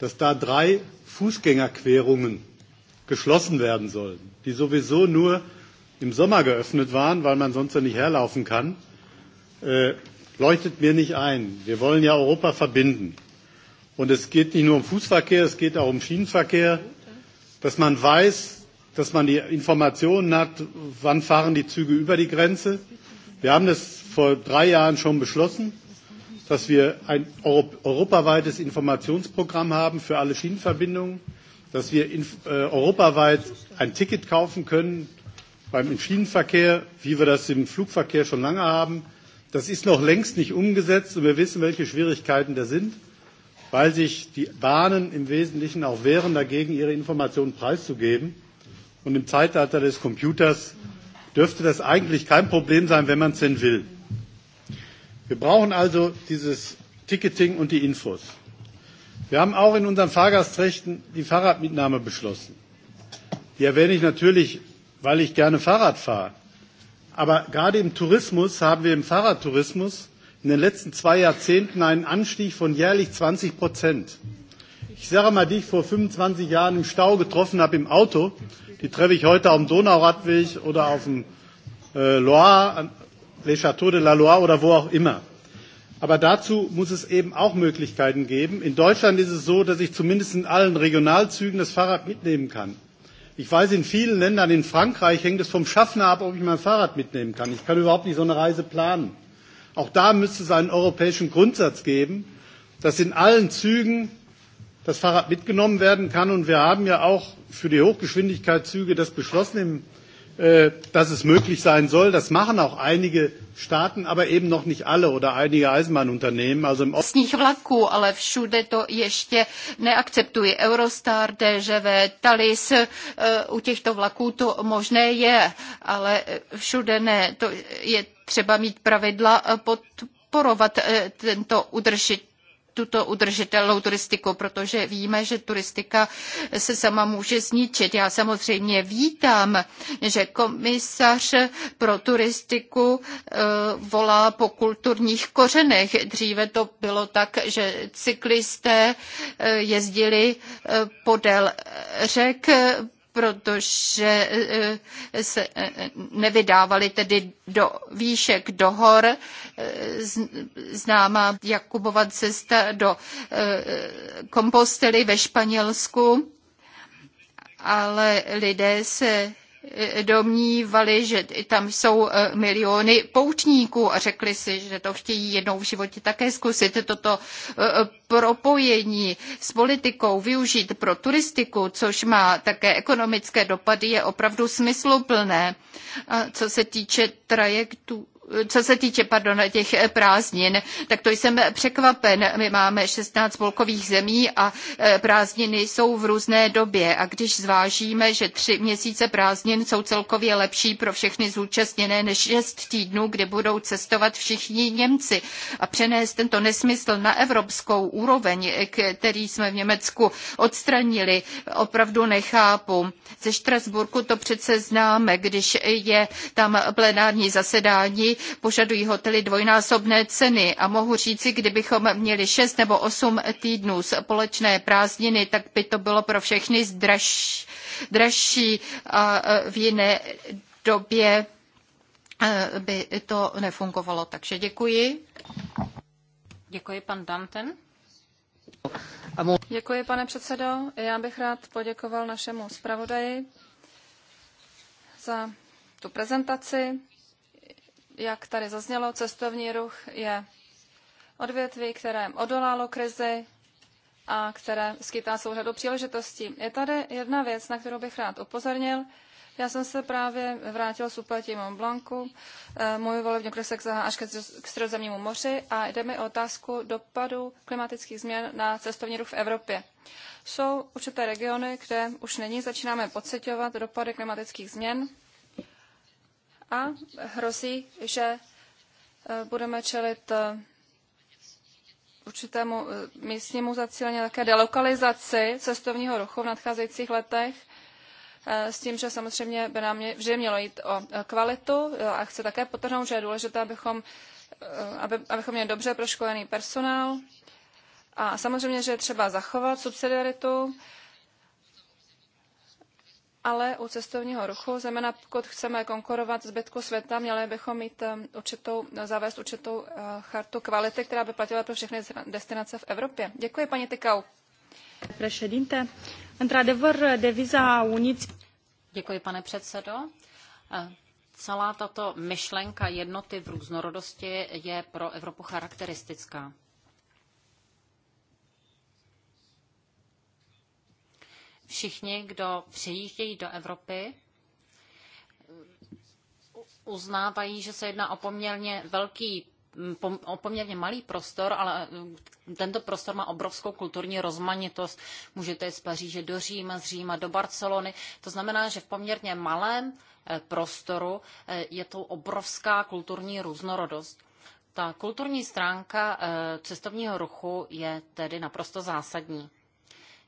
[SPEAKER 8] dass da drei Fußgängerquerungen geschlossen werden sollen, die sowieso nur im Sommer geöffnet waren, weil man sonst ja nicht herlaufen kann. Äh, leuchtet mir nicht ein. Wir wollen ja Europa verbinden. Und es geht nicht nur um Fußverkehr, es geht auch um Schienenverkehr, dass man weiß, dass man die Informationen hat, wann fahren die Züge über die Grenze. Wir haben das vor drei Jahren schon beschlossen, dass wir ein europaweites Informationsprogramm haben für alle Schienenverbindungen, dass wir in, äh, europaweit ein Ticket kaufen können beim Schienenverkehr, wie wir das im Flugverkehr schon lange haben, Das ist noch längst nicht umgesetzt und wir wissen, welche Schwierigkeiten da sind, weil sich die Bahnen im Wesentlichen auch wehren, dagegen ihre Informationen preiszugeben. Und im Zeitalter des Computers dürfte das eigentlich kein Problem sein, wenn man es denn will. Wir brauchen also dieses Ticketing und die Infos. Wir haben auch in unseren Fahrgastrechten die Fahrradmitnahme beschlossen. Die erwähne ich natürlich, weil ich gerne Fahrrad fahre. Aber gerade im Tourismus haben wir im Fahrradtourismus in den letzten zwei Jahrzehnten einen Anstieg von jährlich 20 Prozent. Ich sage mal, die ich vor 25 Jahren im Stau getroffen habe im Auto, die treffe ich heute auf dem Donauradweg oder auf dem äh, Loire, Les Châteaux de la Loire oder wo auch immer. Aber dazu muss es eben auch Möglichkeiten geben. In Deutschland ist es so, dass ich zumindest in allen Regionalzügen das Fahrrad mitnehmen kann. Ich weiß, in vielen Ländern, in Frankreich hängt es vom Schaffner ab, ob ich mein Fahrrad mitnehmen kann. Ich kann überhaupt nicht so eine Reise planen. Auch da müsste es einen europäischen Grundsatz geben, dass in allen Zügen das Fahrrad mitgenommen werden kann. Und wir haben ja auch für die Hochgeschwindigkeitszüge das beschlossen im Äh, dass es möglich sein soll. Das machen auch einige Staaten, aber eben noch nicht alle oder einige Eisenbahnunternehmen. Also im Sních
[SPEAKER 9] vlaků, ale všude to ještě neakceptuje Eurostar, DŽV, Talis. Eh, u těchto vlaků to možné je, ale všude ne. To je třeba mít pravidla eh, podporovat eh, tento udržitelný tuto udržitelnou turistiku, protože víme, že turistika se sama může zničit. Já samozřejmě vítám, že komisař pro turistiku eh, volá po kulturních kořenech. Dříve to bylo tak, že cyklisté eh, jezdili eh, podél řek, protože eh, se eh, nevydávali tedy do výšek, do hor. Eh, známá Jakubova cesta do kompostely ve Španělsku, ale lidé se Eh, domnívali, že tam jsou eh, miliony poutníků a řekli si, že to chtějí jednou v životě také zkusit. Toto eh, propojení s politikou využít pro turistiku, což má také ekonomické dopady, je opravdu smysluplné. A co se týče trajektů, co se týče pardon, těch eh, prázdnin, tak to jsem překvapen. My máme 16 spolkových zemí a eh, prázdniny jsou v různé době. A když zvážíme, že tři měsíce prázdnin jsou celkově lepší pro všechny zúčastněné než šest týdnů, kde budou cestovat všichni Němci a přenést tento nesmysl na evropskou úroveň, eh, který jsme v Německu odstranili, opravdu nechápu. Ze Štrasburku to přece známe, když je tam plenární zasedání, požadují hotely dvojnásobné ceny a mohu říci, kdybychom měli 6 nebo 8 týdnů společné prázdniny, tak by to bylo pro všechny draž, dražší a e, v jiné době e, by to nefungovalo. Takže děkuji.
[SPEAKER 10] Děkuji, pan Danten.
[SPEAKER 11] Děkuji, pane předsedo. Já bych rád poděkoval našemu zpravodaji za tu prezentaci. Jak tady zaznělo, cestovní ruch je odvětví, které odolálo krizi a které skýtá svou řadu příležitostí. Je tady jedna věc, na kterou bych rád upozornil. Já jsem se právě vrátil z úpletí Mont Blancu. Eh, můj volební okresek zahá až k středozemnímu moři a jde mi o otázku dopadu klimatických změn na cestovní ruch v Evropě. Jsou určité regiony, kde už není začínáme pocitovat dopady klimatických změn a hrozí, že eh, budeme čelit eh, určitému eh, místnímu zacílení, také delokalizaci cestovního ruchu v nadcházejících letech, s tím, že samozřejmě by nám vždy mělo jít o kvalitu a chci také potrhnout, že je důležité, abychom, aby, abychom měli dobře proškolený personál a samozřejmě, že je třeba zachovat subsidiaritu, ale u cestovního ruchu, zejména pokud chceme konkurovat zbytku světa, měli bychom mít eh, určitou, zavést určitou eh, chartu kvality, která by platila pro všechny destinace v Evropě. Děkuji, paní Tykau. Președinte, într-adevăr, deviza unic... Děkuji, pane předsedo.
[SPEAKER 10] Eh, celá tato myšlenka jednoty v různorodosti je pro Evropu charakteristická. všichni, kdo přijíždějí do Evropy, uznávají, že se jedná o poměrně velký o poměrně malý prostor, ale tento prostor má obrovskou kulturní rozmanitost. Můžete jít z Paříže do Říma, z Říma do Barcelony. To znamená, že v poměrně malém eh, prostoru eh, je to obrovská kulturní různorodost. Ta kulturní stránka eh, cestovního ruchu je tedy naprosto zásadní.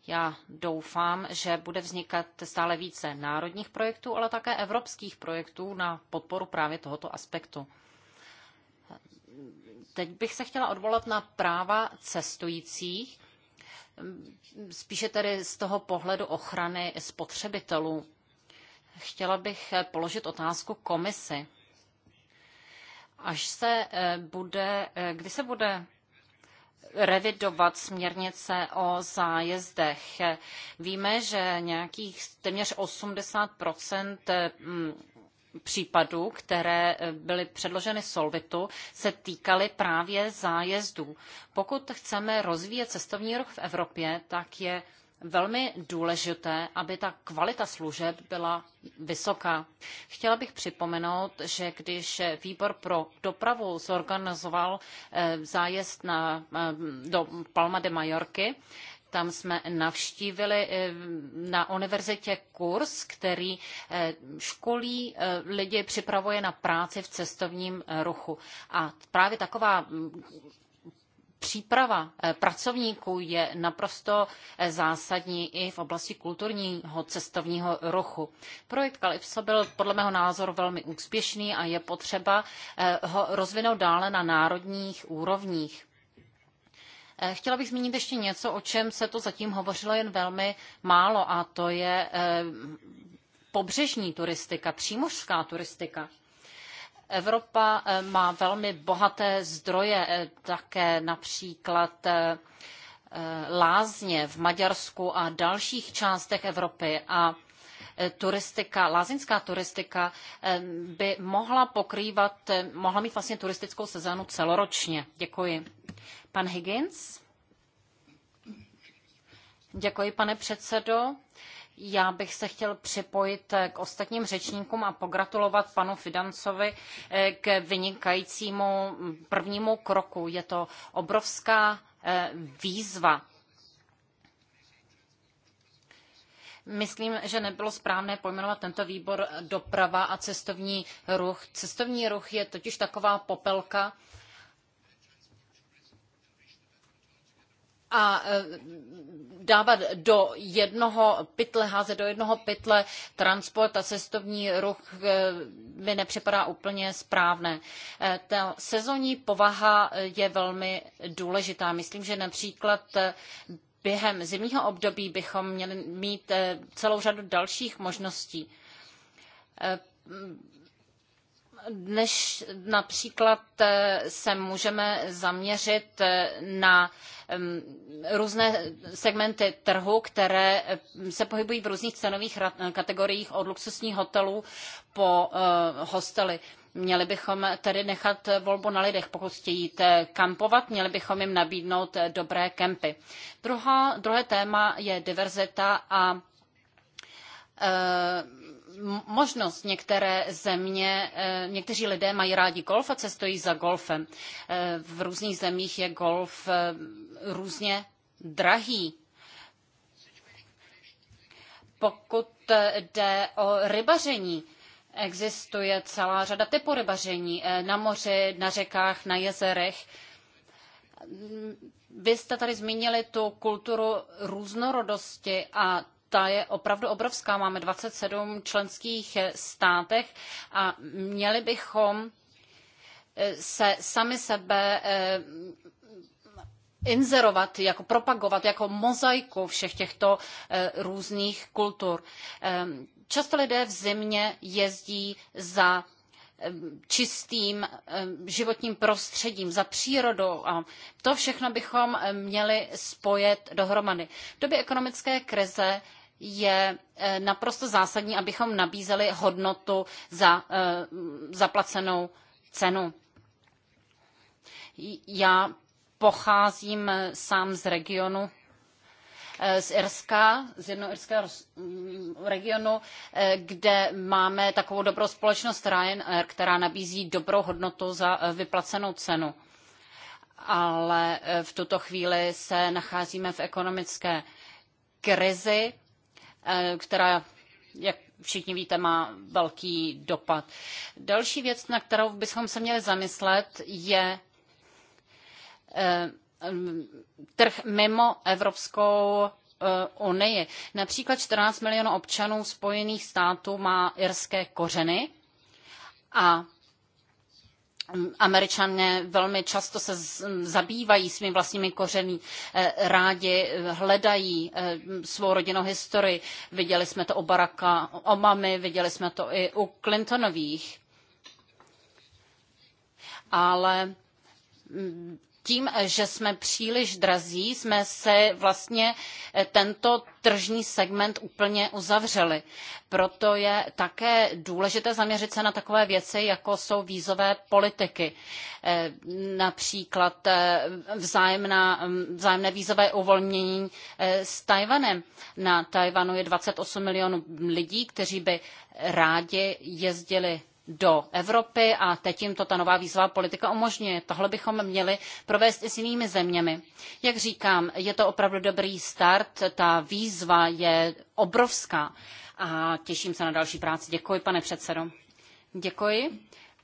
[SPEAKER 10] Já doufám, že bude vznikat stále více národních projektů, ale také evropských projektů na podporu právě tohoto aspektu. Teď bych se chtěla odvolat na práva cestujících, spíše tedy z toho pohledu ochrany spotřebitelů. Chtěla bych položit otázku komisi. Až se eh, bude, eh, kdy se bude revidovat směrnice o zájezdech. Víme, že nějakých téměř 80 mm, případů, které eh, byly předloženy Solvitu, se týkaly právě zájezdů. Pokud chceme rozvíjet cestovní ruch v Evropě, tak je velmi důležité, aby ta kvalita služeb byla vysoká. Chtěla bych připomenout, že když výbor pro dopravu zorganizoval eh, zájezd na, eh, do Palma de Majorky, tam jsme navštívili eh, na univerzitě kurz, který školí lidi připravuje na práci v cestovním ruchu. A právě taková příprava eh, pracovníků je naprosto eh, zásadní i v oblasti kulturního cestovního ruchu. Projekt Kalypso byl podle mého názoru velmi úspěšný a je potřeba eh, ho rozvinout dále na národních úrovních. Chtěla bych zmínit ještě něco, o čem se to zatím hovořilo jen velmi málo, a to je pobřežní turistika, přímořská turistika. Evropa eh, má velmi bohaté zdroje, eh, také například eh, lázně v Maďarsku a dalších částech Evropy a turistika, lázeňská turistika by mohla pokrývat, mohla mít vlastně turistickou sezónu celoročně. Děkuji. Pan Higgins? Děkuji, pane předsedo. Já bych se chtěl připojit eh, k ostatním řečníkům a pogratulovat panu Fidancovi eh, k vynikajícímu mm, prvnímu kroku. Je to obrovská eh, výzva. Myslím, že nebylo správné pojmenovat tento výbor doprava a cestovní ruch. Cestovní ruch je totiž taková popelka, a e, dávat do jednoho pytle, házet do jednoho pytle transport a cestovní ruch e, mi nepřipadá úplně správné. E, ta sezónní povaha je velmi důležitá. Myslím, že například během zimního období bychom měli mít celou řadu dalších možností dnes například eh, se můžeme zaměřit eh, na různé segmenty trhu, které se pohybují v různých cenových kategoriích od luxusních hotelů po eh, hostely. Měli bychom tedy nechat volbu na lidech. Pokud chtějí kampovat, měli bychom jim nabídnout dobré kempy. Druhá, druhé téma je diverzita a možnost. Některé země, eh, někteří lidé mají rádi golf a cestují za golfem. Eh, v různých zemích je golf eh, různě drahý. Pokud jde o rybaření, existuje celá řada typů rybaření na moři, na řekách, na jezerech. Vy jste tady zmínili tu kulturu různorodosti a ta je opravdu obrovská. Máme 27 členských eh, státech a měli bychom eh, se sami sebe eh, inzerovat, jako propagovat, jako mozaiku všech těchto různých kultur. Často lidé v zimě jezdí za čistým životním prostředím, za přírodou a to všechno bychom měli spojit dohromady. V době ekonomické krize je eh, naprosto zásadní, abychom nabízeli hodnotu za eh, zaplacenou cenu. Já pocházím eh, sám z regionu, z Irska, z jednoho irského mm, regionu, kde máme takovou dobrou společnost Ryanair, která nabízí dobrou hodnotu za vyplacenou cenu. Ale v tuto chvíli se nacházíme v ekonomické krizi Eh, která, jak všichni víte, má velký dopad. Další věc, na kterou bychom se měli zamyslet, je eh, trh mimo Evropskou eh, unii. Například 14 milionů občanů Spojených států má irské kořeny a Američané velmi často se zabývají svými vlastními kořeny, eh, rádi eh, hledají eh, svou rodinnou historii. Viděli jsme to u Baracka Obamy, viděli jsme to i u Clintonových. Ale tím, že jsme příliš drazí, jsme se vlastně eh, tento tržní segment úplně uzavřeli. Proto je také důležité zaměřit se na takové věci, jako jsou vízové politiky. Eh, například eh, vzájemná, mm, vzájemné vízové uvolnění s Tajvanem. Na Tajvanu je 28 milionů lidí, kteří by rádi jezdili do Evropy a teď jim to ta nová výzva politika umožňuje. Tohle bychom měli provést i s jinými zeměmi. Jak říkám, je to opravdu dobrý start, ta výzva je obrovská a těším se na další práci. Děkuji, pane předsedo. Děkuji.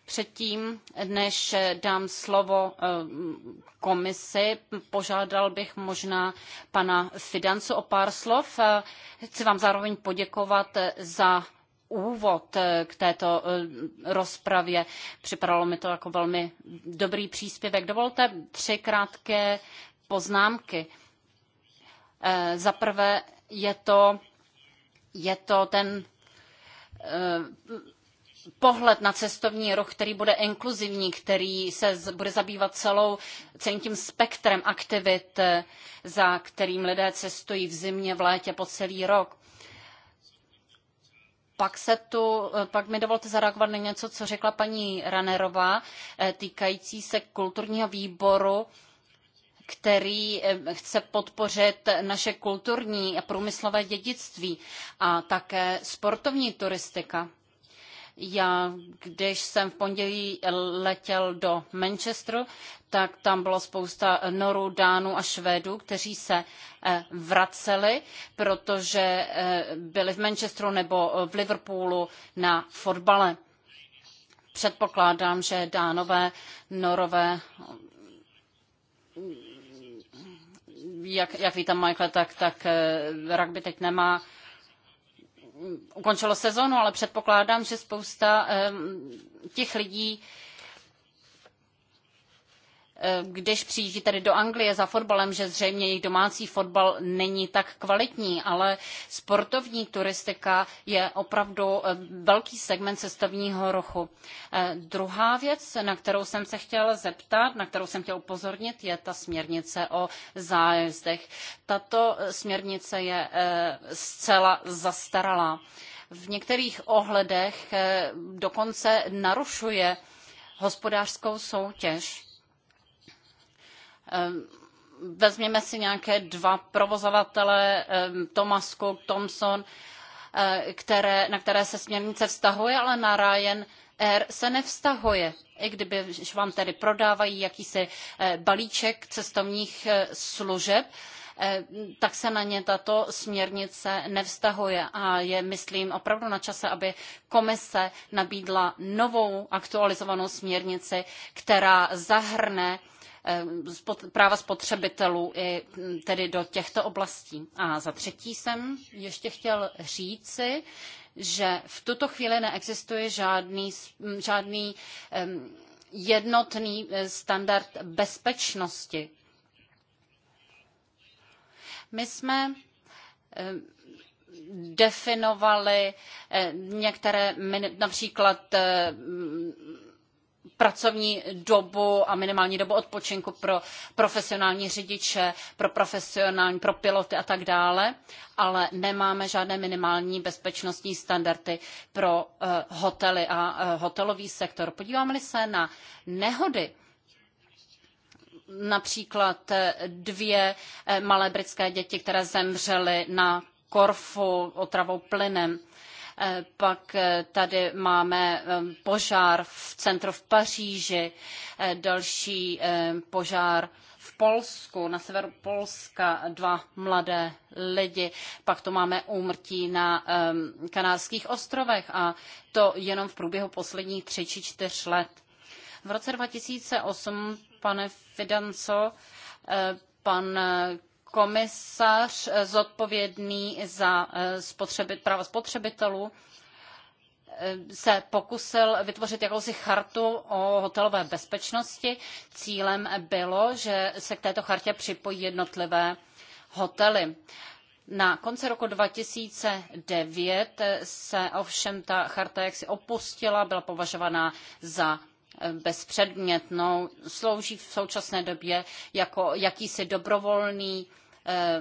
[SPEAKER 10] Předtím, než dám slovo eh, komisi, požádal bych možná pana Fidancu o pár slov. Eh, chci vám zároveň poděkovat za úvod eh, k této eh, rozpravě. Připadalo mi to jako velmi dobrý příspěvek. Dovolte tři krátké poznámky. Eh, za prvé je to, je to ten pohled na cestovní ruch, který bude inkluzivní, který se bude zabývat celou, celým tím spektrem aktivit, za kterým lidé cestují v zimě, v létě, po celý rok. Pak, se tu, eh, pak mi dovolte zareagovat na něco, co řekla paní Ranerová, eh, týkající se kulturního výboru, který eh, chce podpořit naše kulturní a průmyslové dědictví a také sportovní turistika. Já, když jsem v pondělí letěl do Manchesteru, tak tam bylo spousta Norů, Dánů a Švédů, kteří se eh, vraceli, protože eh, byli v Manchesteru nebo v Liverpoolu na fotbale. Předpokládám, že Dánové, Norové jak, jak vítám tam Michael, tak, tak eh, rugby teď nemá ukončilo sezonu, ale předpokládám, že spousta těch lidí Eh, když přijíždí tady do Anglie za fotbalem, že zřejmě jejich domácí fotbal není tak kvalitní, ale sportovní turistika je opravdu eh, velký segment cestovního rochu. Eh, druhá věc, na kterou jsem se chtěla zeptat, na kterou jsem chtěla upozornit, je ta směrnice o zájezdech. Tato směrnice je zcela zastaralá. V některých ohledech dokonce narušuje hospodářskou soutěž Ehm, vezměme si nějaké dva provozovatele, ehm, Thomas Cook, Thomson, eh, které, na které se směrnice vztahuje, ale na Ryanair se nevztahuje. I kdyby vám tedy prodávají jakýsi eh, balíček cestovních eh, služeb, tak se na ně tato směrnice nevztahuje a je, myslím, opravdu na čase, aby komise nabídla novou aktualizovanou směrnici, která zahrne Eh, práva spotřebitelů i hm, tedy do těchto oblastí. A za třetí jsem ještě chtěl říci, že v tuto chvíli neexistuje žádný, hm, žádný hm, jednotný eh, standard bezpečnosti. My jsme definovali eh, některé, například pracovní dobu a minimální dobu odpočinku pro profesionální řidiče, pro profesionální, pro piloty a tak dále, ale nemáme žádné minimální bezpečnostní standardy pro eh, hotely a eh, hotelový sektor. Podíváme-li se na nehody, například eh, dvě malé britské děti, které zemřely na korfu otravou plynem, pak eh, tady máme eh, požár v centru v Paříži, eh, další požár v Polsku, na severu Polska dva mladé lidi, pak to máme úmrtí na Kanárských ostrovech a to jenom v průběhu posledních tři či čtyř let. V roce 2008, pane Fidanco, pan komisař eh, zodpovědný za eh, spotřebit, práva spotřebitelů eh, se pokusil vytvořit jakousi chartu o hotelové bezpečnosti. Cílem bylo, že se k této chartě připojí jednotlivé hotely. Na konci roku 2009 se ovšem ta charta jaksi opustila, byla považovaná za bezpředmětnou, slouží v současné době jako jakýsi dobrovolný eh,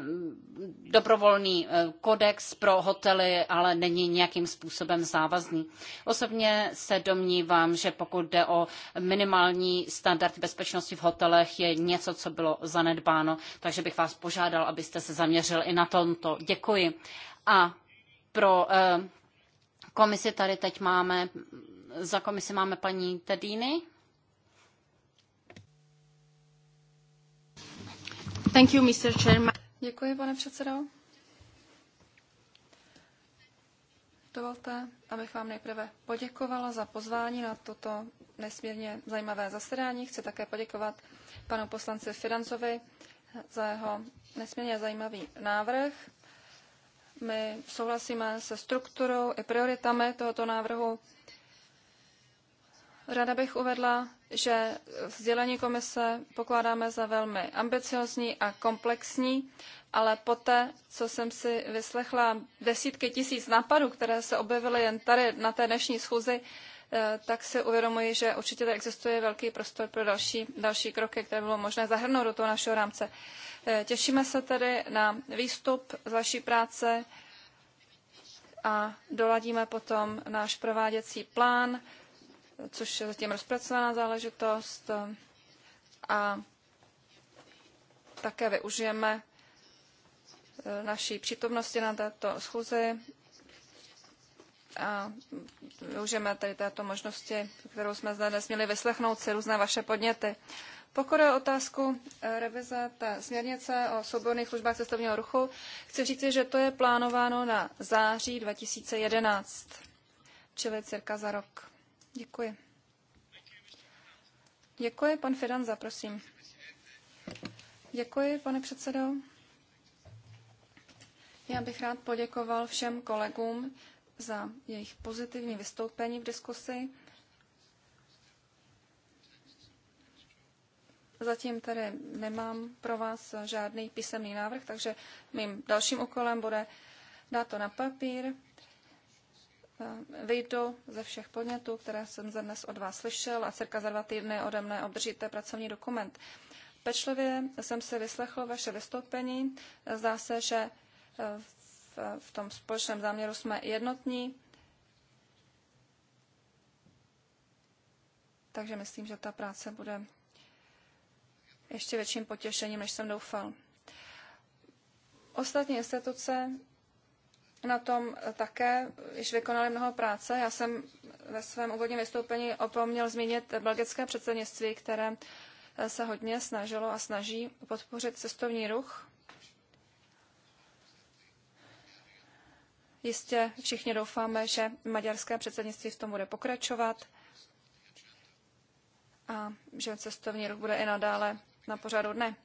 [SPEAKER 10] dobrovolný eh, kodex pro hotely, ale není nějakým způsobem závazný. Osobně se domnívám, že pokud jde o minimální standard bezpečnosti v hotelech, je něco, co bylo zanedbáno, takže bych vás požádal, abyste se zaměřil i na tomto. Děkuji. A pro eh, komisi tady teď máme za komisi máme paní Tedini. Thank you, Mr. Chairman.
[SPEAKER 11] Děkuji, pane předsedo. Dovolte, abych vám nejprve poděkovala za pozvání na toto nesmírně zajímavé zasedání. Chci také poděkovat panu poslanci Firanzovi za jeho nesmírně zajímavý návrh. My souhlasíme se strukturou i prioritami tohoto návrhu. Ráda bych uvedla, že sdělení komise pokládáme za velmi ambiciozní a komplexní, ale poté, co jsem si vyslechla desítky tisíc nápadů, které se objevily jen tady na té dnešní schůzi, eh, tak si uvědomuji, že určitě tady existuje velký prostor pro další, další kroky, které bylo možné zahrnout do toho našeho rámce. Eh, těšíme se tedy na výstup z vaší práce a doladíme potom náš prováděcí plán, což je zatím rozpracovaná záležitost eh, a také využijeme eh, naší přítomnosti na této schůzi a využijeme tady této možnosti, kterou jsme zde dnes měli vyslechnout si různé vaše podněty. Pokud je otázku eh, revize té směrnice o souborných službách cestovního ruchu, chci říct, že to je plánováno na září 2011, čili cirka za rok. Děkuji. Děkuji, pan Fidanza, prosím. Děkuji, pane předsedo. Já bych rád poděkoval všem kolegům za jejich pozitivní vystoupení v diskusi. Zatím tedy nemám pro vás žádný písemný návrh, takže mým dalším úkolem bude dát to na papír vyjdu ze všech podnětů, které jsem za dnes od vás slyšel a cirka za dva týdny ode mne obdržíte pracovní dokument. Pečlivě jsem si vyslechl vaše vystoupení. Zdá se, že v, v tom společném záměru jsme jednotní. Takže myslím, že ta práce bude ještě větším potěšením, než jsem doufal. Ostatní instituce na tom také již vykonali mnoho práce. Já jsem ve svém úvodním vystoupení opomněl zmínit belgické předsednictví, které eh, se hodně snažilo a snaží podpořit cestovní ruch. Jistě všichni doufáme, že maďarské předsednictví v tom bude pokračovat a že cestovní ruch bude i nadále na pořadu dne.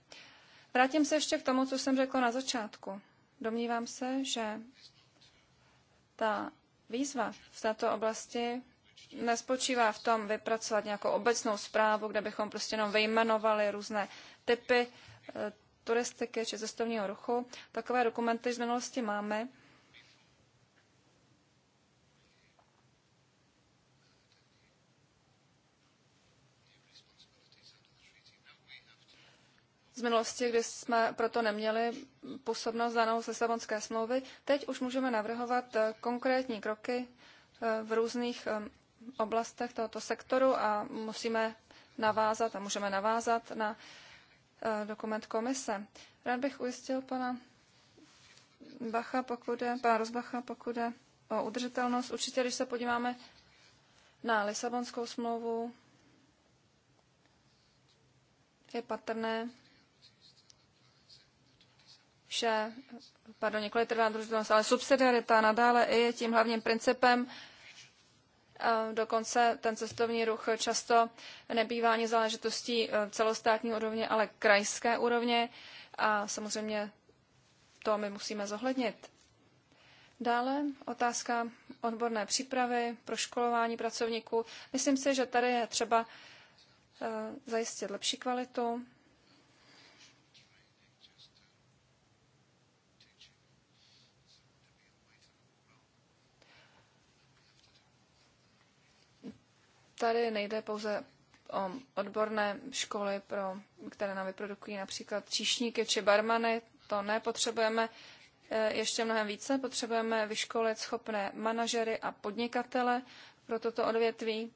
[SPEAKER 11] Vrátím se ještě k tomu, co jsem řekl na začátku. Domnívám se, že ta výzva v této oblasti nespočívá v tom vypracovat nějakou obecnou zprávu, kde bychom prostě jenom vyjmenovali různé typy eh, turistiky či cestovního ruchu. Takové dokumenty z minulosti máme, z minulosti, kdy jsme proto neměli působnost danou z Lisabonské smlouvy. Teď už můžeme navrhovat eh, konkrétní kroky eh, v různých eh, oblastech tohoto sektoru a musíme navázat a můžeme navázat na dokument komise. Rád bych ujistil pana Bacha, pokud je, pana Rozbacha, pokud je o udržitelnost. Určitě, když se podíváme na Lisabonskou smlouvu, je patrné, že, pardon, několik trvá družitelnost, ale subsidiarita nadále je tím hlavním principem. E, dokonce ten cestovní ruch často nebývá ani záležitostí e, celostátní úrovně, ale krajské úrovně a samozřejmě to my musíme zohlednit. Dále otázka odborné přípravy, pro školování pracovníků. Myslím si, že tady je třeba e, zajistit lepší kvalitu, Tady nejde pouze o odborné školy, pro, které nám vyprodukují například číšníky či barmany. To nepotřebujeme eh, ještě mnohem více. Potřebujeme vyškolit schopné manažery a podnikatele pro toto odvětví.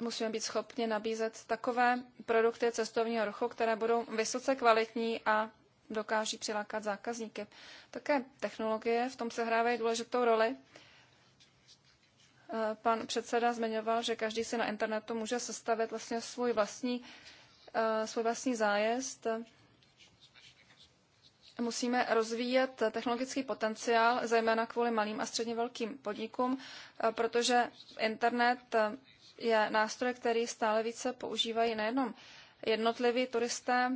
[SPEAKER 11] Musíme být schopni nabízet takové produkty cestovního ruchu, které budou vysoce kvalitní a dokáží přilákat zákazníky. Také technologie v tom sehrávají důležitou roli pan předseda zmiňoval, že každý si na internetu může sestavit vlastně svůj vlastní, eh, svůj vlastní zájezd. Musíme rozvíjet technologický potenciál, zejména kvůli malým a středně velkým podnikům, eh, protože internet eh, je nástroj, který stále více používají nejenom jednotliví turisté,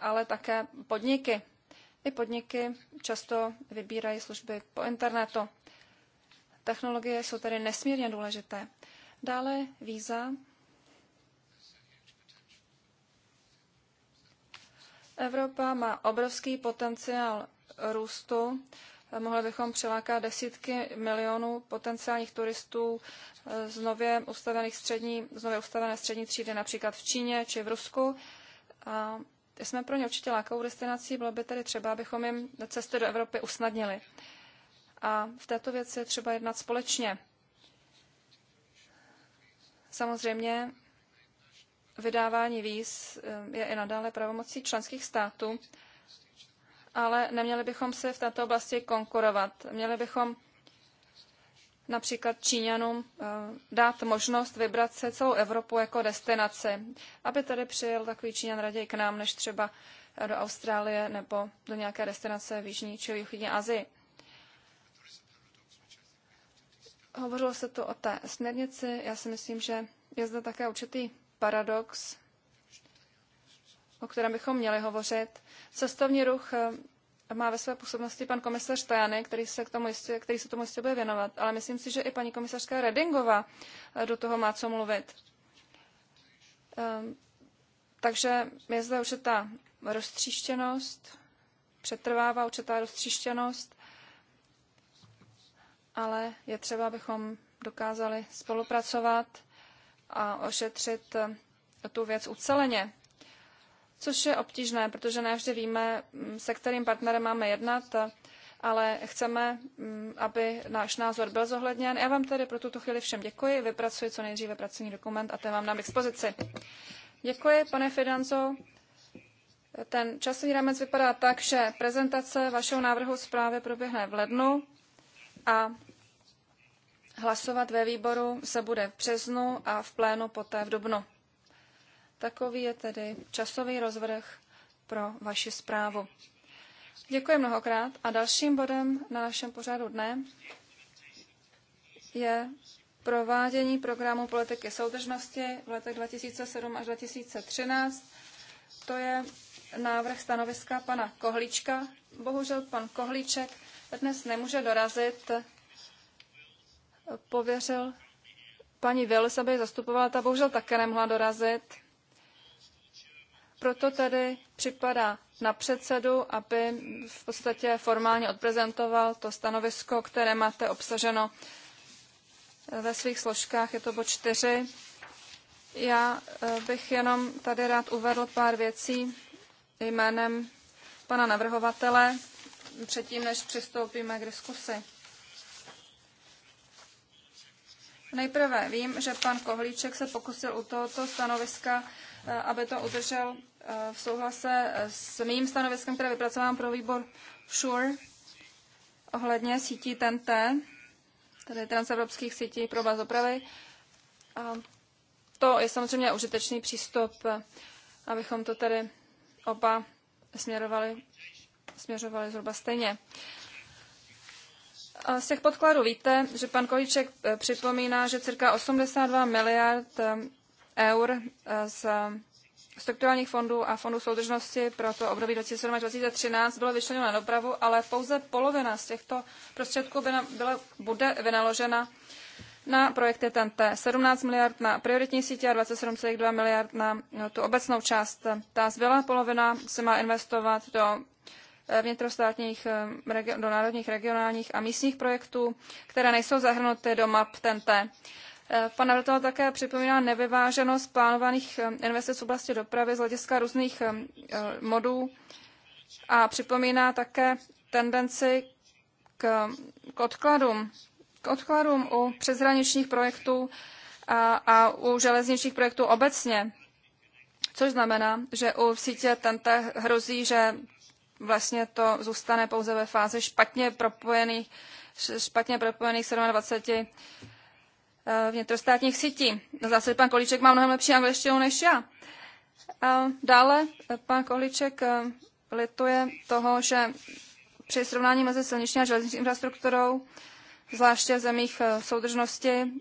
[SPEAKER 11] ale také podniky. I podniky často vybírají služby po internetu technologie jsou tady nesmírně důležité. Dále víza. Evropa má obrovský potenciál růstu. Mohli bychom přilákat desítky milionů potenciálních turistů eh, z nově, ustavených střední, z nově ustavené střední třídy, například v Číně či v Rusku. A jsme pro ně určitě lákavou destinací, bylo by tedy třeba, abychom jim cesty do Evropy usnadnili a v této věci je třeba jednat společně. Samozřejmě vydávání víz eh, je i nadále pravomocí členských států, ale neměli bychom se v této oblasti konkurovat. Měli bychom například Číňanům eh, dát možnost vybrat se celou Evropu jako destinaci, aby tady přijel takový Číňan raději k nám, než třeba do Austrálie nebo do nějaké destinace v Jižní či Jižní Azii. Hovořilo se tu o té směrnici. Já si myslím, že je zde také určitý paradox, o kterém bychom měli hovořit. Cestovní ruch eh, má ve své působnosti pan komisař Tajany, který se, k tomu jistě, který se tomu jistě bude věnovat, ale myslím si, že i paní komisařka Redingova eh, do toho má co mluvit. Ehm, takže je zde určitá roztříštěnost, přetrvává určitá roztříštěnost ale je třeba, abychom dokázali spolupracovat a ošetřit eh, tu věc uceleně. Což je obtížné, protože ne vždy víme, mm, se kterým partnerem máme jednat, eh, ale chceme, mm, aby náš názor byl zohledněn. Já vám tedy pro tuto chvíli všem děkuji. Vypracuji co nejdříve pracovní dokument a ten vám na expozici. Děkuji, pane Fidanzo. Ten časový rámec vypadá tak, že prezentace vašeho návrhu zprávy proběhne v lednu a Hlasovat ve výboru se bude v březnu a v plénu poté v dubnu. Takový je tedy časový rozvrh pro vaši zprávu. Děkuji mnohokrát a dalším bodem na našem pořadu dne je provádění programu politiky soudržnosti v letech 2007 až 2013. To je návrh stanoviska pana Kohlíčka. Bohužel pan Kohlíček dnes nemůže dorazit, pověřil paní Wills, aby zastupovala, ta bohužel také nemohla dorazit. Proto tedy připadá na předsedu, aby v podstatě formálně odprezentoval to stanovisko, které máte obsaženo ve svých složkách, je to bod čtyři. Já eh, bych jenom tady rád uvedl pár věcí jménem pana navrhovatele, předtím, než přistoupíme k diskusi. Nejprve vím, že pan Kohlíček se pokusil u tohoto stanoviska, eh, aby to udržel eh, v souhlase eh, s mým stanoviskem, které vypracovám pro výbor SURE ohledně sítí TNT, tedy transevropských sítí pro vás dopravy. A to je samozřejmě užitečný přístup, abychom to tedy oba směrovali, směřovali zhruba stejně. Z těch podkladů víte, že pan Kojíček eh, připomíná, že cirka 82 miliard eh, eur eh, z strukturálních fondů a fondů soudržnosti pro to období 2013 bylo vyčleněno na dopravu, ale pouze polovina z těchto prostředků by na, byla, bude vynaložena na projekty TNT. 17 miliard na prioritní sítě a 27,2 miliard na tu obecnou část. Ta zbylá polovina se má investovat do Eh, vnitrostátních, eh, do národních, regionálních a místních projektů, které nejsou zahrnuty do map TNT. Eh, pan Navratil také připomíná nevyváženost plánovaných investic v oblasti dopravy z hlediska různých modů a připomíná také tendenci k, k odkladům. K odkladům u přeshraničních projektů a, a u železničních projektů obecně. Což znamená, že u sítě TNT hrozí, že vlastně to zůstane pouze ve fázi špatně propojených, špatně propojených 27 eh, vnitrostátních sítí. Zase pan Kolíček má mnohem lepší angličtinu než já. A dále pan Kolíček eh, lituje toho, že při srovnání mezi silniční a železniční infrastrukturou, zvláště v zemích eh, soudržnosti,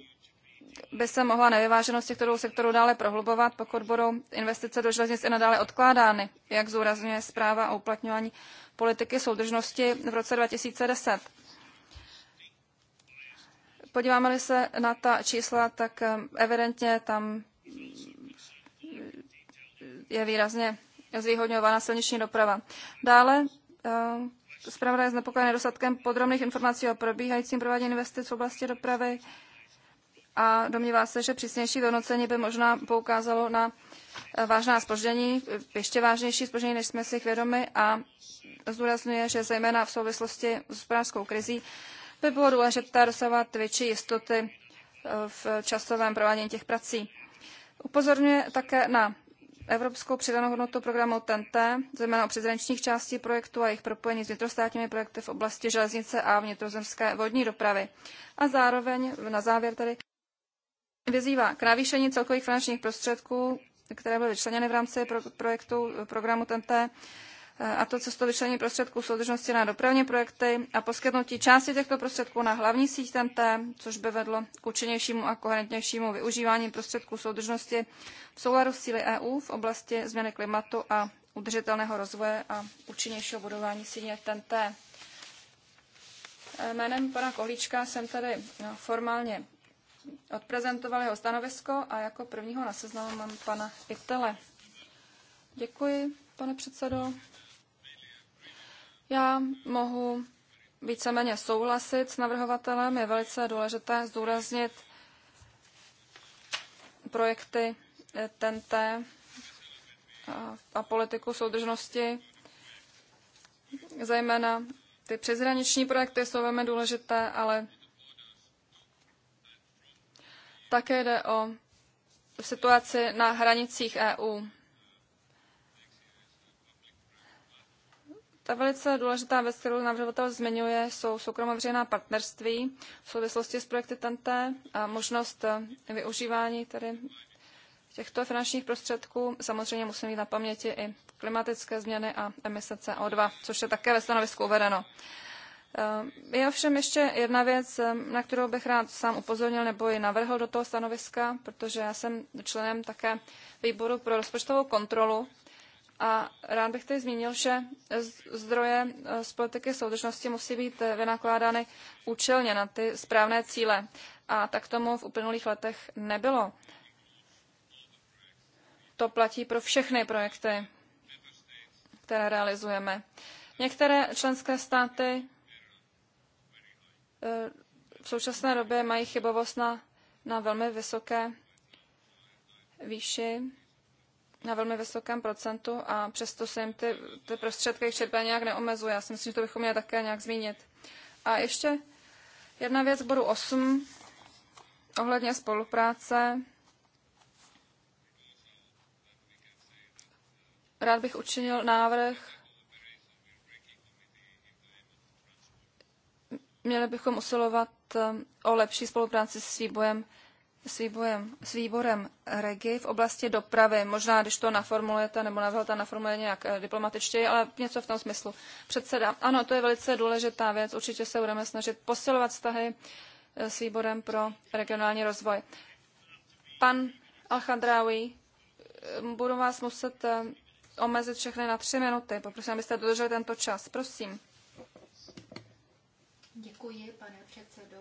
[SPEAKER 11] by se mohla nevyváženost těchto dvou sektorů dále prohlubovat, pokud budou investice do železnic i nadále odkládány, jak zúrazňuje zpráva o uplatňování politiky soudržnosti v roce 2010. Podíváme-li se na ta čísla, tak eh, evidentně tam eh, je výrazně zvýhodňována silniční doprava. Dále eh, zpravodaj je znepokojen nedostatkem podrobných informací o probíhajícím provádění investic v oblasti dopravy, a domnívá se, že přísnější vyhodnocení by možná poukázalo na eh, vážná spoždění, ještě vážnější spoždění, než jsme si vědomi a zdůrazňuje, že zejména v souvislosti s hospodářskou krizí by bylo důležité dosahovat větší jistoty eh, v časovém provádění těch prací. Upozorňuje také na evropskou přidanou hodnotu programu TNT, zejména o přizraničních částí projektu a jejich propojení s vnitrostátními projekty v oblasti železnice a vnitrozemské vodní dopravy. A zároveň na závěr tady vyzývá k navýšení celkových finančních prostředků, které byly vyčleněny v rámci pro, projektu programu TNT, a to cestou vyčlenění prostředků soudržnosti na dopravní projekty a poskytnutí části těchto prostředků na hlavní síť TNT, což by vedlo k účinnějšímu a koherentnějšímu využívání prostředků soudržnosti v souladu s cíly EU v oblasti změny klimatu a udržitelného rozvoje a účinnějšího budování síně TNT. Jménem pana Kohlíčka jsem tady formálně odprezentoval jeho stanovisko a jako prvního na seznamu mám pana Itele. Děkuji, pane předsedo. Já mohu víceméně souhlasit s navrhovatelem. Je velice důležité zdůraznit projekty TNT eh, eh, a politiku soudržnosti. Zejména ty přeshraniční projekty jsou velmi důležité, ale také jde o situaci na hranicích EU. Ta velice důležitá věc, kterou navrhovatel zmiňuje, jsou soukromo partnerství v souvislosti s projekty TNT a možnost využívání tedy těchto finančních prostředků. Samozřejmě musí mít na paměti i klimatické změny a emise CO2, což je také ve stanovisku uvedeno. Eh, je ovšem ještě jedna věc, eh, na kterou bych rád sám upozornil nebo ji navrhl do toho stanoviska, protože já jsem členem také výboru pro rozpočtovou kontrolu a rád bych tady zmínil, že zdroje eh, z politiky soudržnosti musí být vynakládány účelně na ty správné cíle. A tak tomu v uplynulých letech nebylo. To platí pro všechny projekty, které realizujeme. Některé členské státy Eh, v současné době mají chybovost na, na velmi vysoké výši, na velmi vysokém procentu a přesto se jim ty, ty prostředky čerpání nějak neomezuje. Já si myslím, že to bychom měli také nějak zmínit. A ještě jedna věc k bodu 8 ohledně spolupráce. Rád bych učinil návrh Měli bychom usilovat eh, o lepší spolupráci s výbojem s, výbojem, s výborem REGI v oblasti dopravy. Možná, když to naformulujete nebo navrhujete naformuluje nějak eh, diplomatičtěji, ale něco v tom smyslu. Předseda, ano, to je velice důležitá věc. Určitě se budeme snažit posilovat vztahy eh, s výborem pro regionální rozvoj. Pan Alchandraoui, budu vás muset omezit všechny na tři minuty. Poprosím, abyste dodrželi tento čas. Prosím.
[SPEAKER 9] Děkuji, pane předsedo.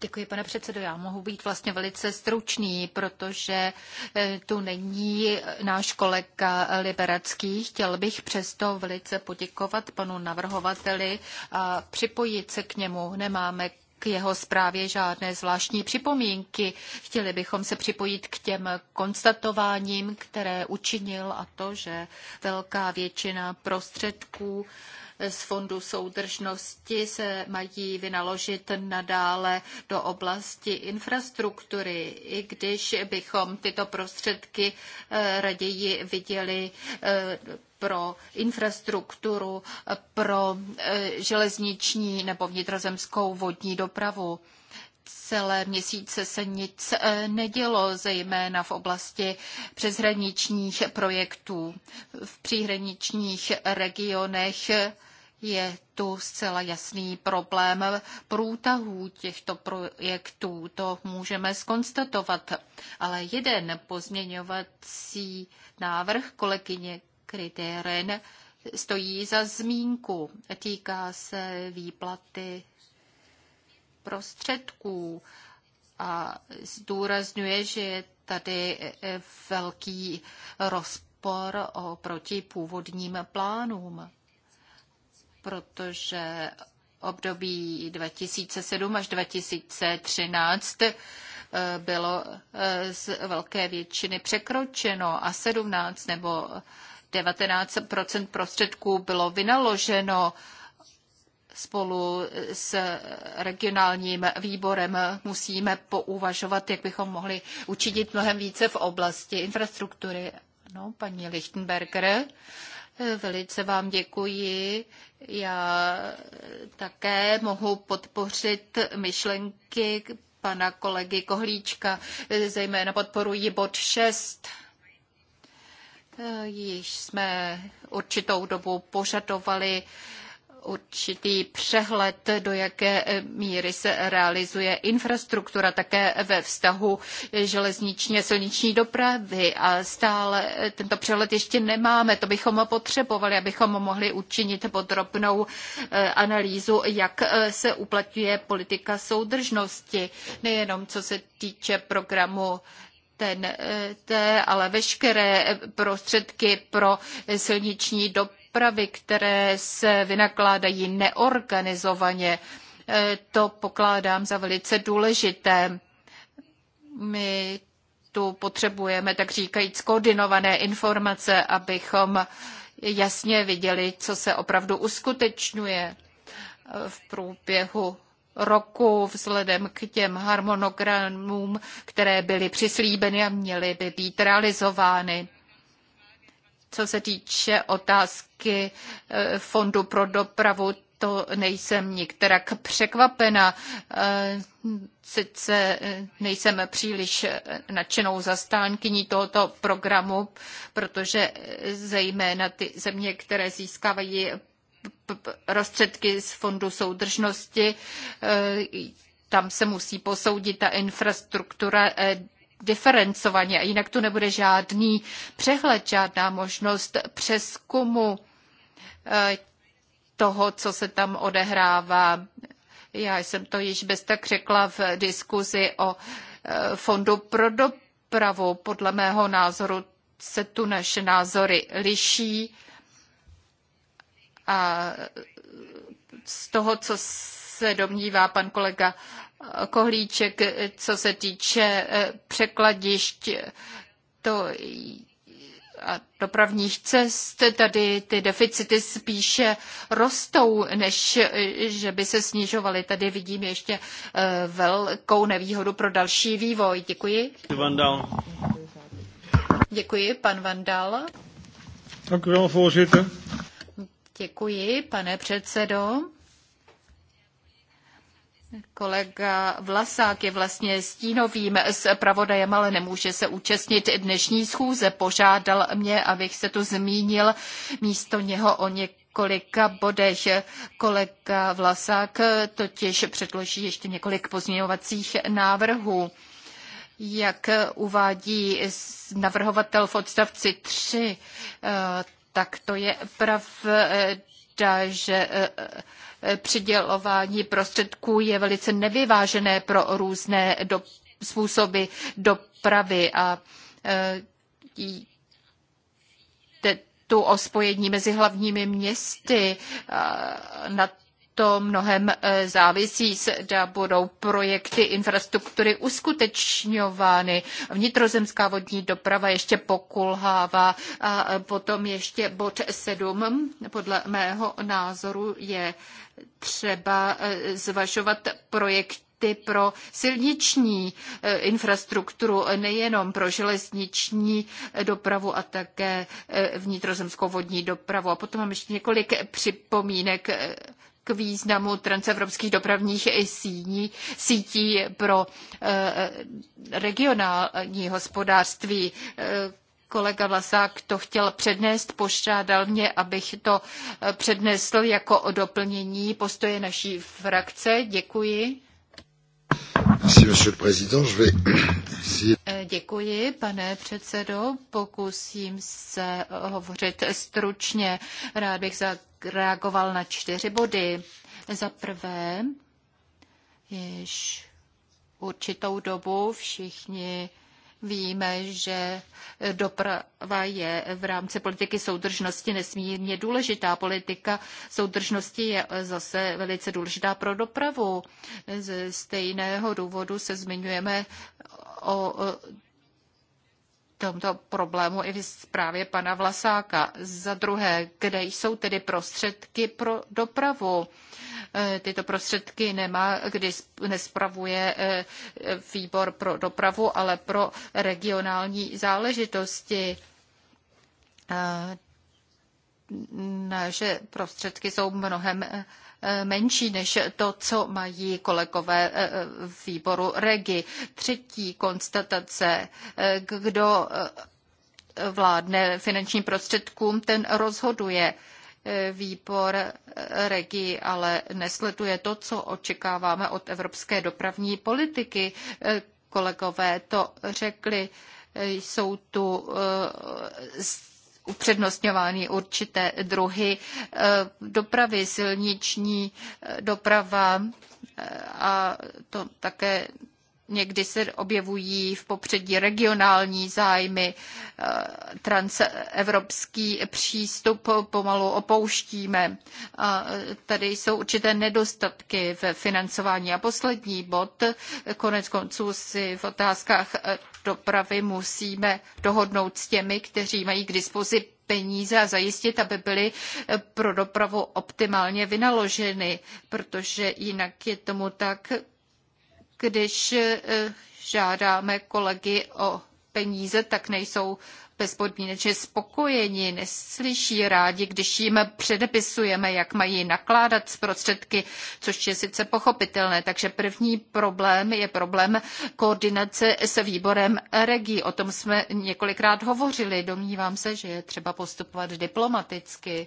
[SPEAKER 11] Děkuji, pane předsedo.
[SPEAKER 9] Já mohu být vlastně velice stručný, protože eh, tu není náš kolega Liberacký. Chtěl bych přesto velice poděkovat panu navrhovateli a připojit se k němu. Nemáme k jeho zprávě žádné zvláštní připomínky. Chtěli bychom se připojit k těm konstatováním, které učinil a to, že velká většina prostředků z Fondu soudržnosti se mají vynaložit nadále do oblasti infrastruktury, i když bychom tyto prostředky eh, raději viděli eh, pro infrastrukturu, pro e, železniční nebo vnitrozemskou vodní dopravu. Celé měsíce se nic e, nedělo, zejména v oblasti přeshraničních projektů. V příhraničních regionech je tu zcela jasný problém průtahů těchto projektů, to můžeme skonstatovat. Ale jeden pozměňovací návrh kolegyně kritérien stojí za zmínku. Týká se výplaty prostředků a zdůrazňuje, že je tady velký rozpor oproti původním plánům, protože období 2007 až 2013 eh, bylo eh, z velké většiny překročeno a 17 nebo 19 prostředků bylo vynaloženo spolu s regionálním výborem musíme pouvažovat, jak bychom mohli učinit mnohem více v oblasti infrastruktury. No, paní Lichtenberger, velice vám děkuji. Já také mohu podpořit myšlenky pana kolegy Kohlíčka, zejména podporuji bod 6 Eh, již jsme určitou dobu požadovali určitý přehled, do jaké eh, míry se realizuje infrastruktura také ve vztahu eh, železničně silniční dopravy a stále tento přehled ještě nemáme. To bychom potřebovali, abychom mohli učinit podrobnou analýzu, jak se uplatňuje politika soudržnosti, nejenom co se týče programu ten, eh, té, ale veškeré prostředky pro silniční dopravy, které se vynakládají neorganizovaně, eh, to pokládám za velice důležité. My tu potřebujeme, tak říkajíc, koordinované informace, abychom jasně viděli, co se opravdu uskutečňuje v průběhu roku vzhledem k těm harmonogramům, které byly přislíbeny a měly by být realizovány. Co se týče otázky eh, Fondu pro dopravu, to nejsem nikterak překvapena. Eh, sice eh, nejsem příliš nadšenou zastánkyní tohoto programu, protože zejména ty země, které získávají prostředky z Fondu soudržnosti. E, tam se musí posoudit ta infrastruktura e, diferencovaně a jinak tu nebude žádný přehled, žádná možnost přeskumu e, toho, co se tam odehrává. Já jsem to již bez tak řekla v diskuzi o Fondu pro dopravu. Podle mého názoru se tu naše názory liší a z toho, co se domnívá pan kolega Kohlíček, co se týče eh, překladišť, to a dopravních cest, tady ty deficity spíše rostou, než eh, že by se snižovaly. Tady vidím ještě eh, velkou nevýhodu pro další vývoj. Děkuji. Vandal. Děkuji, pan Vandal.
[SPEAKER 7] Děkuji u wel,
[SPEAKER 9] Děkuji, pane předsedo. Kolega Vlasák je vlastně stínovým zpravodajem, ale nemůže se účastnit dnešní schůze. Požádal mě, abych se tu zmínil místo něho o několika bodech. Kolega Vlasák totiž předloží ještě několik pozměňovacích návrhů. Jak uvádí navrhovatel v odstavci 3, tak to je pravda, že e, e, přidělování prostředků je velice nevyvážené pro různé do, způsoby dopravy a e, tu o spojení mezi hlavními městy. Na to mnohem eh, závisí, zda budou projekty infrastruktury uskutečňovány. Vnitrozemská vodní doprava ještě pokulhává a eh, potom ještě bod 7 podle mého názoru je třeba eh, zvažovat projekty ty pro silniční infrastrukturu, nejenom pro železniční dopravu a také vnitrozemskou vodní dopravu. A potom mám ještě několik připomínek k významu transevropských dopravních síní, sítí pro eh, regionální hospodářství. Eh, kolega Vlasák to chtěl přednést, požádal mě, abych to eh, přednesl jako o doplnění postoje naší frakce. Děkuji.
[SPEAKER 4] Merci, monsieur le président. Je vais essayer
[SPEAKER 9] Děkuji, pane předsedo. Pokusím se hovořit stručně. Rád bych zareagoval na čtyři body. Za prvé, již určitou dobu všichni Víme, že doprava je v rámci politiky soudržnosti nesmírně důležitá. Politika soudržnosti je zase velice důležitá pro dopravu. Ze stejného důvodu se zmiňujeme o tomto problému i v zprávě pana Vlasáka. Za druhé, kde jsou tedy prostředky pro dopravu? E, tyto prostředky nemá, kdy nespravuje e, výbor pro dopravu, ale pro regionální záležitosti. Naše prostředky jsou mnohem Eh, menší než to, co mají kolegové eh, výboru Regi. Třetí konstatace, eh, kdo vládne finančním prostředkům, ten rozhoduje výbor regi, ale nesleduje to, co očekáváme od evropské dopravní politiky. Kolegové to řekli, jsou tu upřednostňovány určité druhy eh, dopravy, silniční eh, doprava eh, a to také někdy se objevují v popředí regionální zájmy. Transevropský přístup pomalu opouštíme. A tady jsou určité nedostatky ve financování. A poslední bod, konec konců si v otázkách dopravy musíme dohodnout s těmi, kteří mají k dispozici peníze a zajistit, aby byly eh, pro dopravu optimálně vynaloženy, protože jinak je tomu tak, když eh, žádáme kolegy o peníze, tak nejsou bezpodmínečně spokojeni, neslyší rádi, když jim předepisujeme, jak mají nakládat s prostředky, což je sice pochopitelné. Takže první problém je problém koordinace se výborem regí. O tom jsme několikrát hovořili. Domnívám se, že je třeba postupovat diplomaticky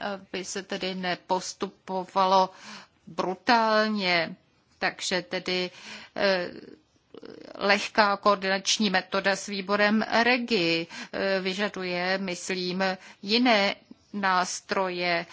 [SPEAKER 9] aby se tedy nepostupovalo brutálně. Takže tedy eh, lehká koordinační metoda s výborem REGI. Eh, vyžaduje, myslím, jiné nástroje.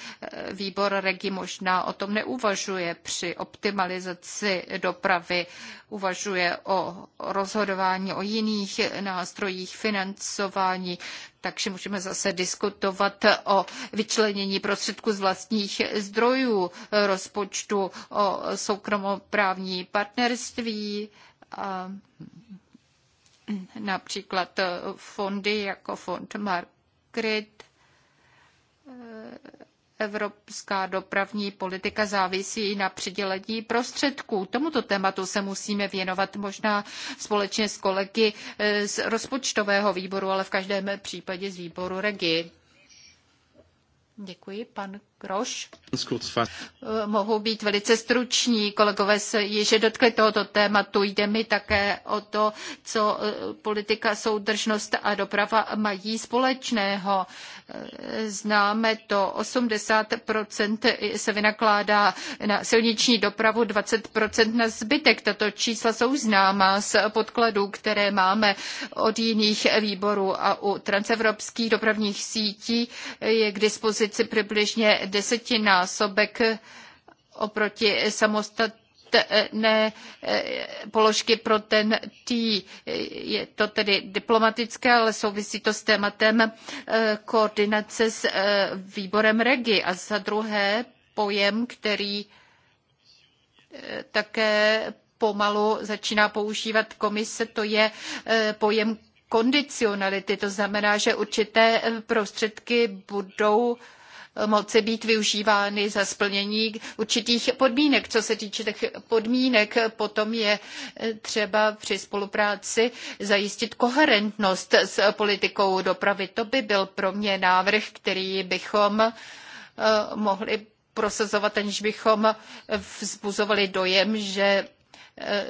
[SPEAKER 9] Výbor Regi možná o tom neuvažuje při optimalizaci dopravy, uvažuje o rozhodování o jiných nástrojích financování, takže můžeme zase diskutovat o vyčlenění prostředků z vlastních zdrojů rozpočtu, o soukromoprávní partnerství například eh, fondy jako fond Margrit. Eh, Evropská dopravní politika závisí i na přidělení prostředků. Tomuto tématu se musíme věnovat možná společně s kolegy eh, z rozpočtového výboru, ale v každém případě z výboru Regi. Děkuji, pan Groš.
[SPEAKER 8] Eh,
[SPEAKER 9] mohu být velice struční, kolegové se již dotkli tohoto tématu. Jde mi také o to, co eh, politika, soudržnost a doprava mají společného. Eh, známe to, 80% se vynakládá na silniční dopravu, 20% na zbytek. Tato čísla jsou známá z podkladů, které máme od jiných výborů a u transevropských dopravních sítí je k dispozici přibližně desetinásobek oproti samostatné eh, položky pro ten tý. Je to tedy diplomatické, ale souvisí to s tématem eh, koordinace s eh, výborem REGI. A za druhé pojem, který také pomalu začíná používat komise, to je pojem kondicionality. To znamená, že určité prostředky budou moci být využívány za splnění určitých podmínek. Co se týče těch podmínek, potom je třeba při spolupráci zajistit koherentnost s politikou dopravy. To by byl pro mě návrh, který bychom eh, mohli prosazovat, aniž bychom vzbuzovali dojem, že eh,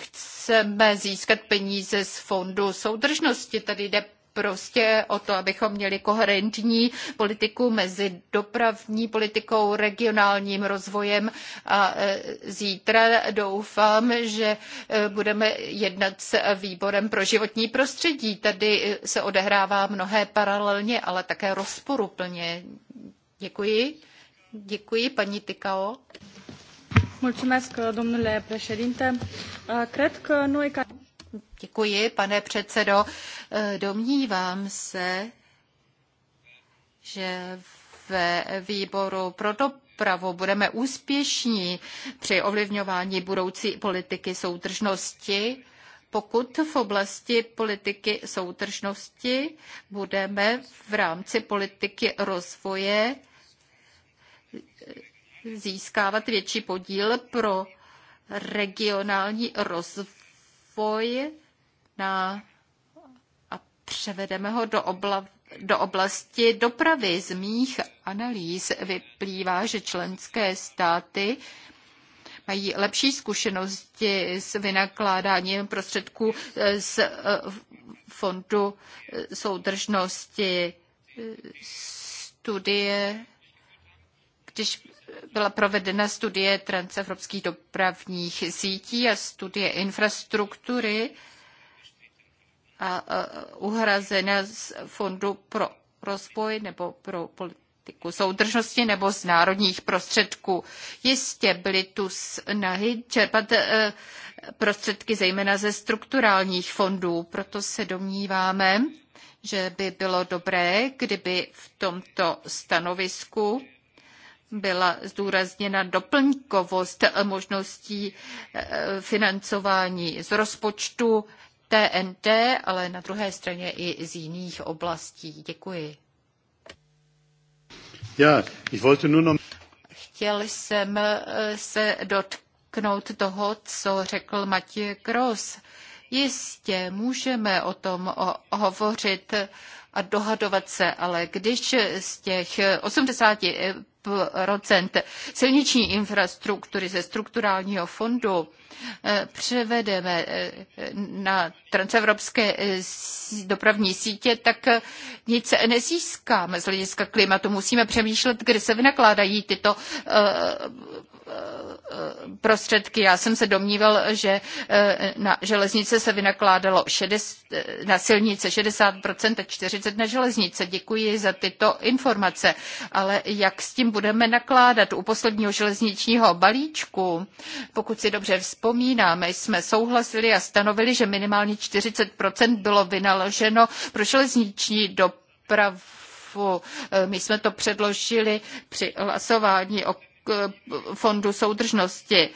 [SPEAKER 9] chceme získat peníze z fondu soudržnosti. Tady jde prostě o to, abychom měli koherentní politiku mezi dopravní politikou, regionálním rozvojem a e, zítra doufám, že e, budeme jednat s výborem pro životní prostředí. Tady e, se odehrává mnohé paralelně, ale také rozporuplně. Děkuji. Děkuji, paní Tikao. Mulțumesc, domnule președinte. Cred că noi ca... Děkuji, pane předsedo. E, domnívám se, že ve výboru pro dopravu budeme úspěšní při ovlivňování budoucí politiky soudržnosti, pokud v oblasti politiky soudržnosti budeme v rámci politiky rozvoje získávat větší podíl pro regionální rozvoj rozvoj na, a převedeme ho do, obla, do oblasti dopravy. Z mých analýz vyplývá, že členské státy mají lepší zkušenosti s vynakládáním prostředků z eh, fondu soudržnosti studie, když byla provedena studie transevropských dopravních sítí a studie infrastruktury a uhrazena z Fondu pro rozvoj nebo pro politiku soudržnosti nebo z národních prostředků. Jistě byly tu snahy čerpat e, prostředky zejména ze strukturálních fondů, proto se domníváme, že by bylo dobré, kdyby v tomto stanovisku byla zdůrazněna doplňkovost možností eh, financování z rozpočtu TNT, ale na druhé straně i z jiných oblastí. Děkuji.
[SPEAKER 8] Já, ich wollte nur noch... Chtěl
[SPEAKER 9] jsem eh, se dotknout toho, co řekl Matěj Gross. Jistě můžeme o tom hovořit a dohadovat se, ale když z těch 80 silniční infrastruktury ze strukturálního fondu eh, převedeme eh, na transevropské eh, dopravní sítě, tak nic nezískáme z hlediska klimatu. Musíme přemýšlet, kde se vynakládají tyto Eh, prostředky. Já jsem se domníval, že eh, na železnice se vynakládalo 60, eh, na silnice 60% a 40% na železnice. Děkuji za tyto informace. Ale jak s tím budeme nakládat? U posledního železničního balíčku, pokud si dobře vzpomínáme, jsme souhlasili a stanovili, že minimálně 40% bylo vynaloženo pro železniční dopravu. My jsme to předložili při hlasování o fondu soudržnosti.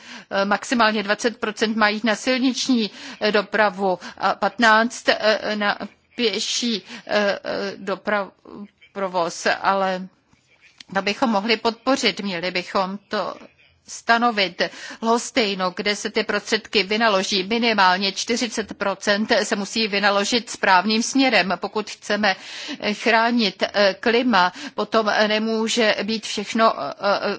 [SPEAKER 9] Maximálně 20% mají na silniční eh, dopravu a 15% eh, na pěší eh, dopravu provoz, ale abychom mohli podpořit, měli bychom to stanovit lhostejno, kde se ty prostředky vynaloží. Minimálně 40% se musí vynaložit správným směrem. Pokud chceme chránit eh, klima, potom nemůže být všechno eh,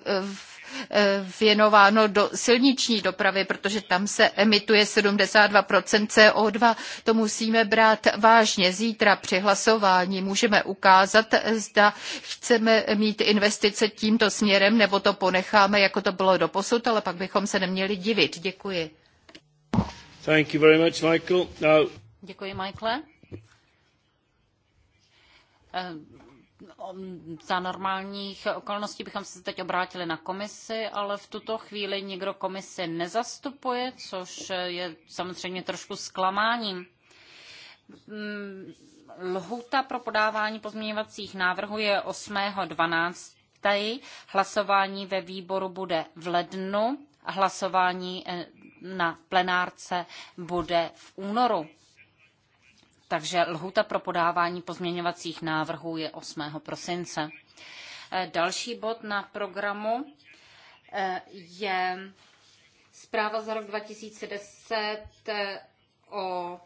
[SPEAKER 9] eh, v Eh, věnováno do silniční dopravy, protože tam se emituje 72 CO2. To musíme brát vážně. Zítra při hlasování můžeme ukázat, zda chceme mít investice tímto směrem, nebo to ponecháme, jako to bylo doposud, ale pak bychom se neměli divit.
[SPEAKER 10] Děkuji.
[SPEAKER 1] Thank you very much, Michael. Now...
[SPEAKER 10] Děkuji, Michael. Eh, za normálních okolností bychom se teď obrátili na komisi, ale v tuto chvíli nikdo komisi nezastupuje, což je samozřejmě trošku zklamáním. Mm, Lhuta pro podávání pozměňovacích návrhů je 8.12. Hlasování ve výboru bude v lednu a hlasování eh, na plenárce bude v únoru. Takže lhuta pro podávání pozměňovacích návrhů je 8. prosince. Eh, další bod na programu eh, je zpráva za rok 2010 eh, o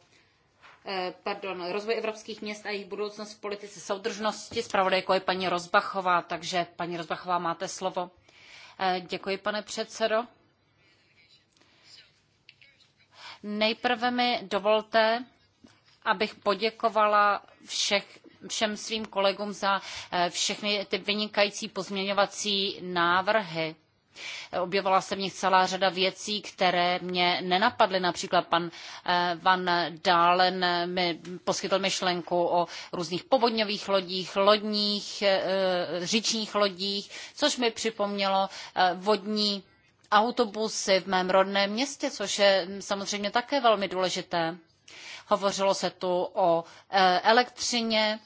[SPEAKER 10] pardon, rozvoj evropských měst a jejich budoucnost v politice soudržnosti. Zpravodajkou je paní Rozbachová, takže paní Rozbachová, máte slovo. Děkuji, pane předsedo. Nejprve mi dovolte, abych poděkovala všech, všem svým kolegům za eh, všechny ty vynikající pozměňovací návrhy. Objevala se v nich celá řada věcí, které mě nenapadly. Například pan eh, Van Dalen mi poskytl myšlenku o různých povodňových lodích, lodních, eh, říčních lodích, což mi připomnělo vodní autobusy v mém rodném městě, což je samozřejmě také velmi důležité hovořilo se tu o e, elektřině,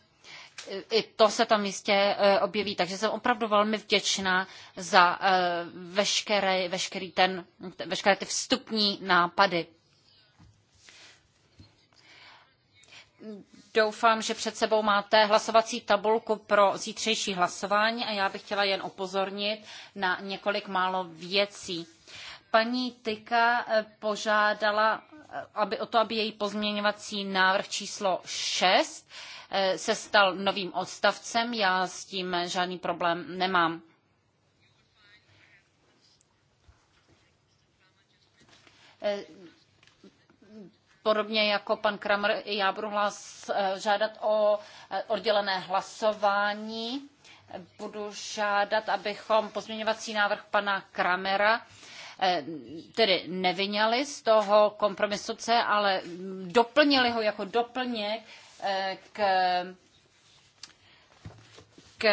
[SPEAKER 10] i to se tam jistě e, objeví, takže jsem opravdu velmi vděčná za e, veškerý, veškerý ten, veškeré ty vstupní nápady. Doufám, že před sebou máte hlasovací tabulku pro zítřejší hlasování a já bych chtěla jen upozornit na několik málo věcí. Paní Tyka požádala aby, o to, aby její pozměňovací návrh číslo 6 eh, se stal novým odstavcem. Já s tím žádný problém nemám. Eh, podobně jako pan Kramer, já budu hlas, eh, žádat o oddělené hlasování. Budu žádat, abychom pozměňovací návrh pana Kramera Eh, tedy nevyňali z toho kompromisu C, ale doplnili ho jako doplněk eh, k, k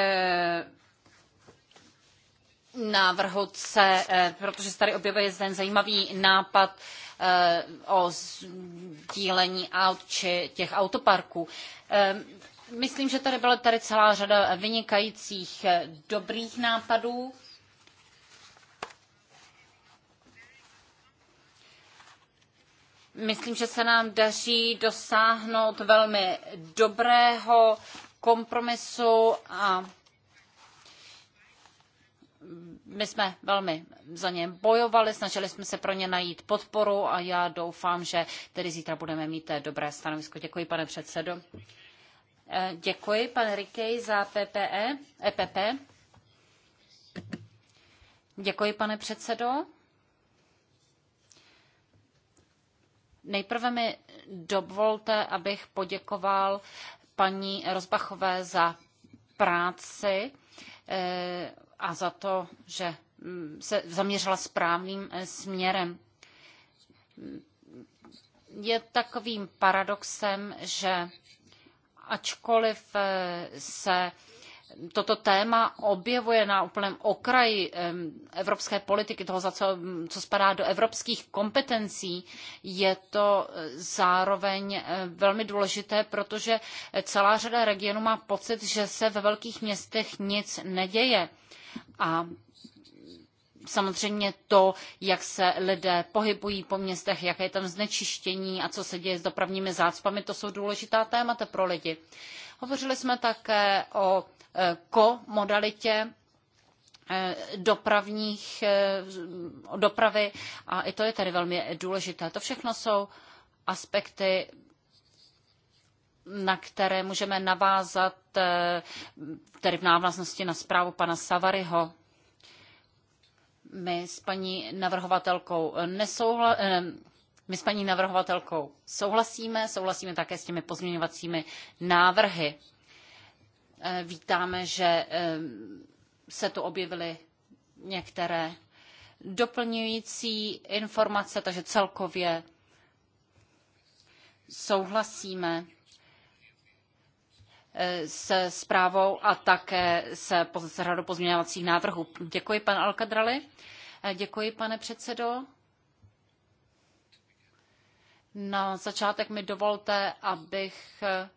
[SPEAKER 10] návrhu C, eh, protože se tady objevuje ten zajímavý nápad o sdílení aut či těch autoparků. Myslím, že tady byla tady celá řada vynikajících dobrých nápadů Myslím, že se nám daří dosáhnout velmi dobrého kompromisu a my jsme velmi za ně bojovali, snažili jsme se pro ně najít podporu a já doufám, že tedy zítra budeme mít dobré stanovisko. Děkuji, pane předsedo. Eh, děkuji, pane Rikej, za PPE, EPP. Děkuji, pane předsedo. Nejprve mi dovolte, abych poděkoval paní Rozbachové za práci eh, a za to, že mm, se zaměřila správným eh, směrem. Je takovým paradoxem, že ačkoliv eh, se toto téma objevuje na úplném okraji evropské politiky, toho, za co, co spadá do evropských kompetencí, je to eh, zároveň eh, velmi důležité, protože celá řada regionů má pocit, že se ve velkých městech nic neděje. A samozřejmě to, jak se lidé pohybují po městech, jaké je tam znečištění a co se děje s dopravními zácpami, to jsou důležitá témata pro lidi. Hovořili jsme také o e, komodalitě e, dopravních e, dopravy a i to je tedy velmi důležité. To všechno jsou aspekty, na které můžeme navázat tedy v návaznosti na zprávu pana Savaryho. My s paní navrhovatelkou nesouhla, my s paní navrhovatelkou souhlasíme, souhlasíme také s těmi pozměňovacími návrhy. Eh, vítáme, že eh, se tu objevily některé doplňující informace, takže celkově souhlasíme eh, se zprávou a také se řadou pozměňovacích návrhů. Děkuji, pan Alkadrali. Děkuji, pane předsedo. Na začátek mi dovolte, abych eh,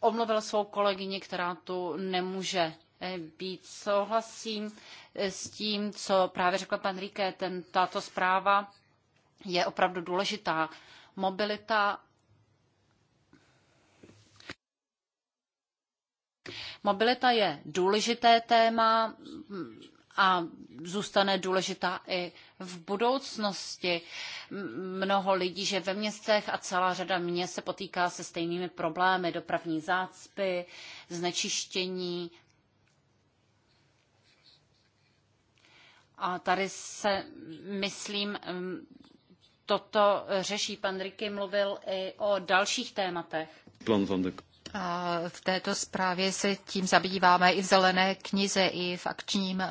[SPEAKER 10] omluvil svou kolegyni, která tu nemůže eh, být. Souhlasím eh, s tím, co právě řekl pan Ríke, ten, tato zpráva je opravdu důležitá. Mobilita Mobilita je důležité téma, a zůstane důležitá i v budoucnosti. Mnoho lidí, že ve městech a celá řada měst se potýká se stejnými problémy, dopravní zácpy, znečištění. A tady se, myslím, toto řeší. Pan Riky mluvil i o dalších tématech.
[SPEAKER 5] Plan
[SPEAKER 9] a v této zprávě se tím zabýváme i v zelené knize, i v akčním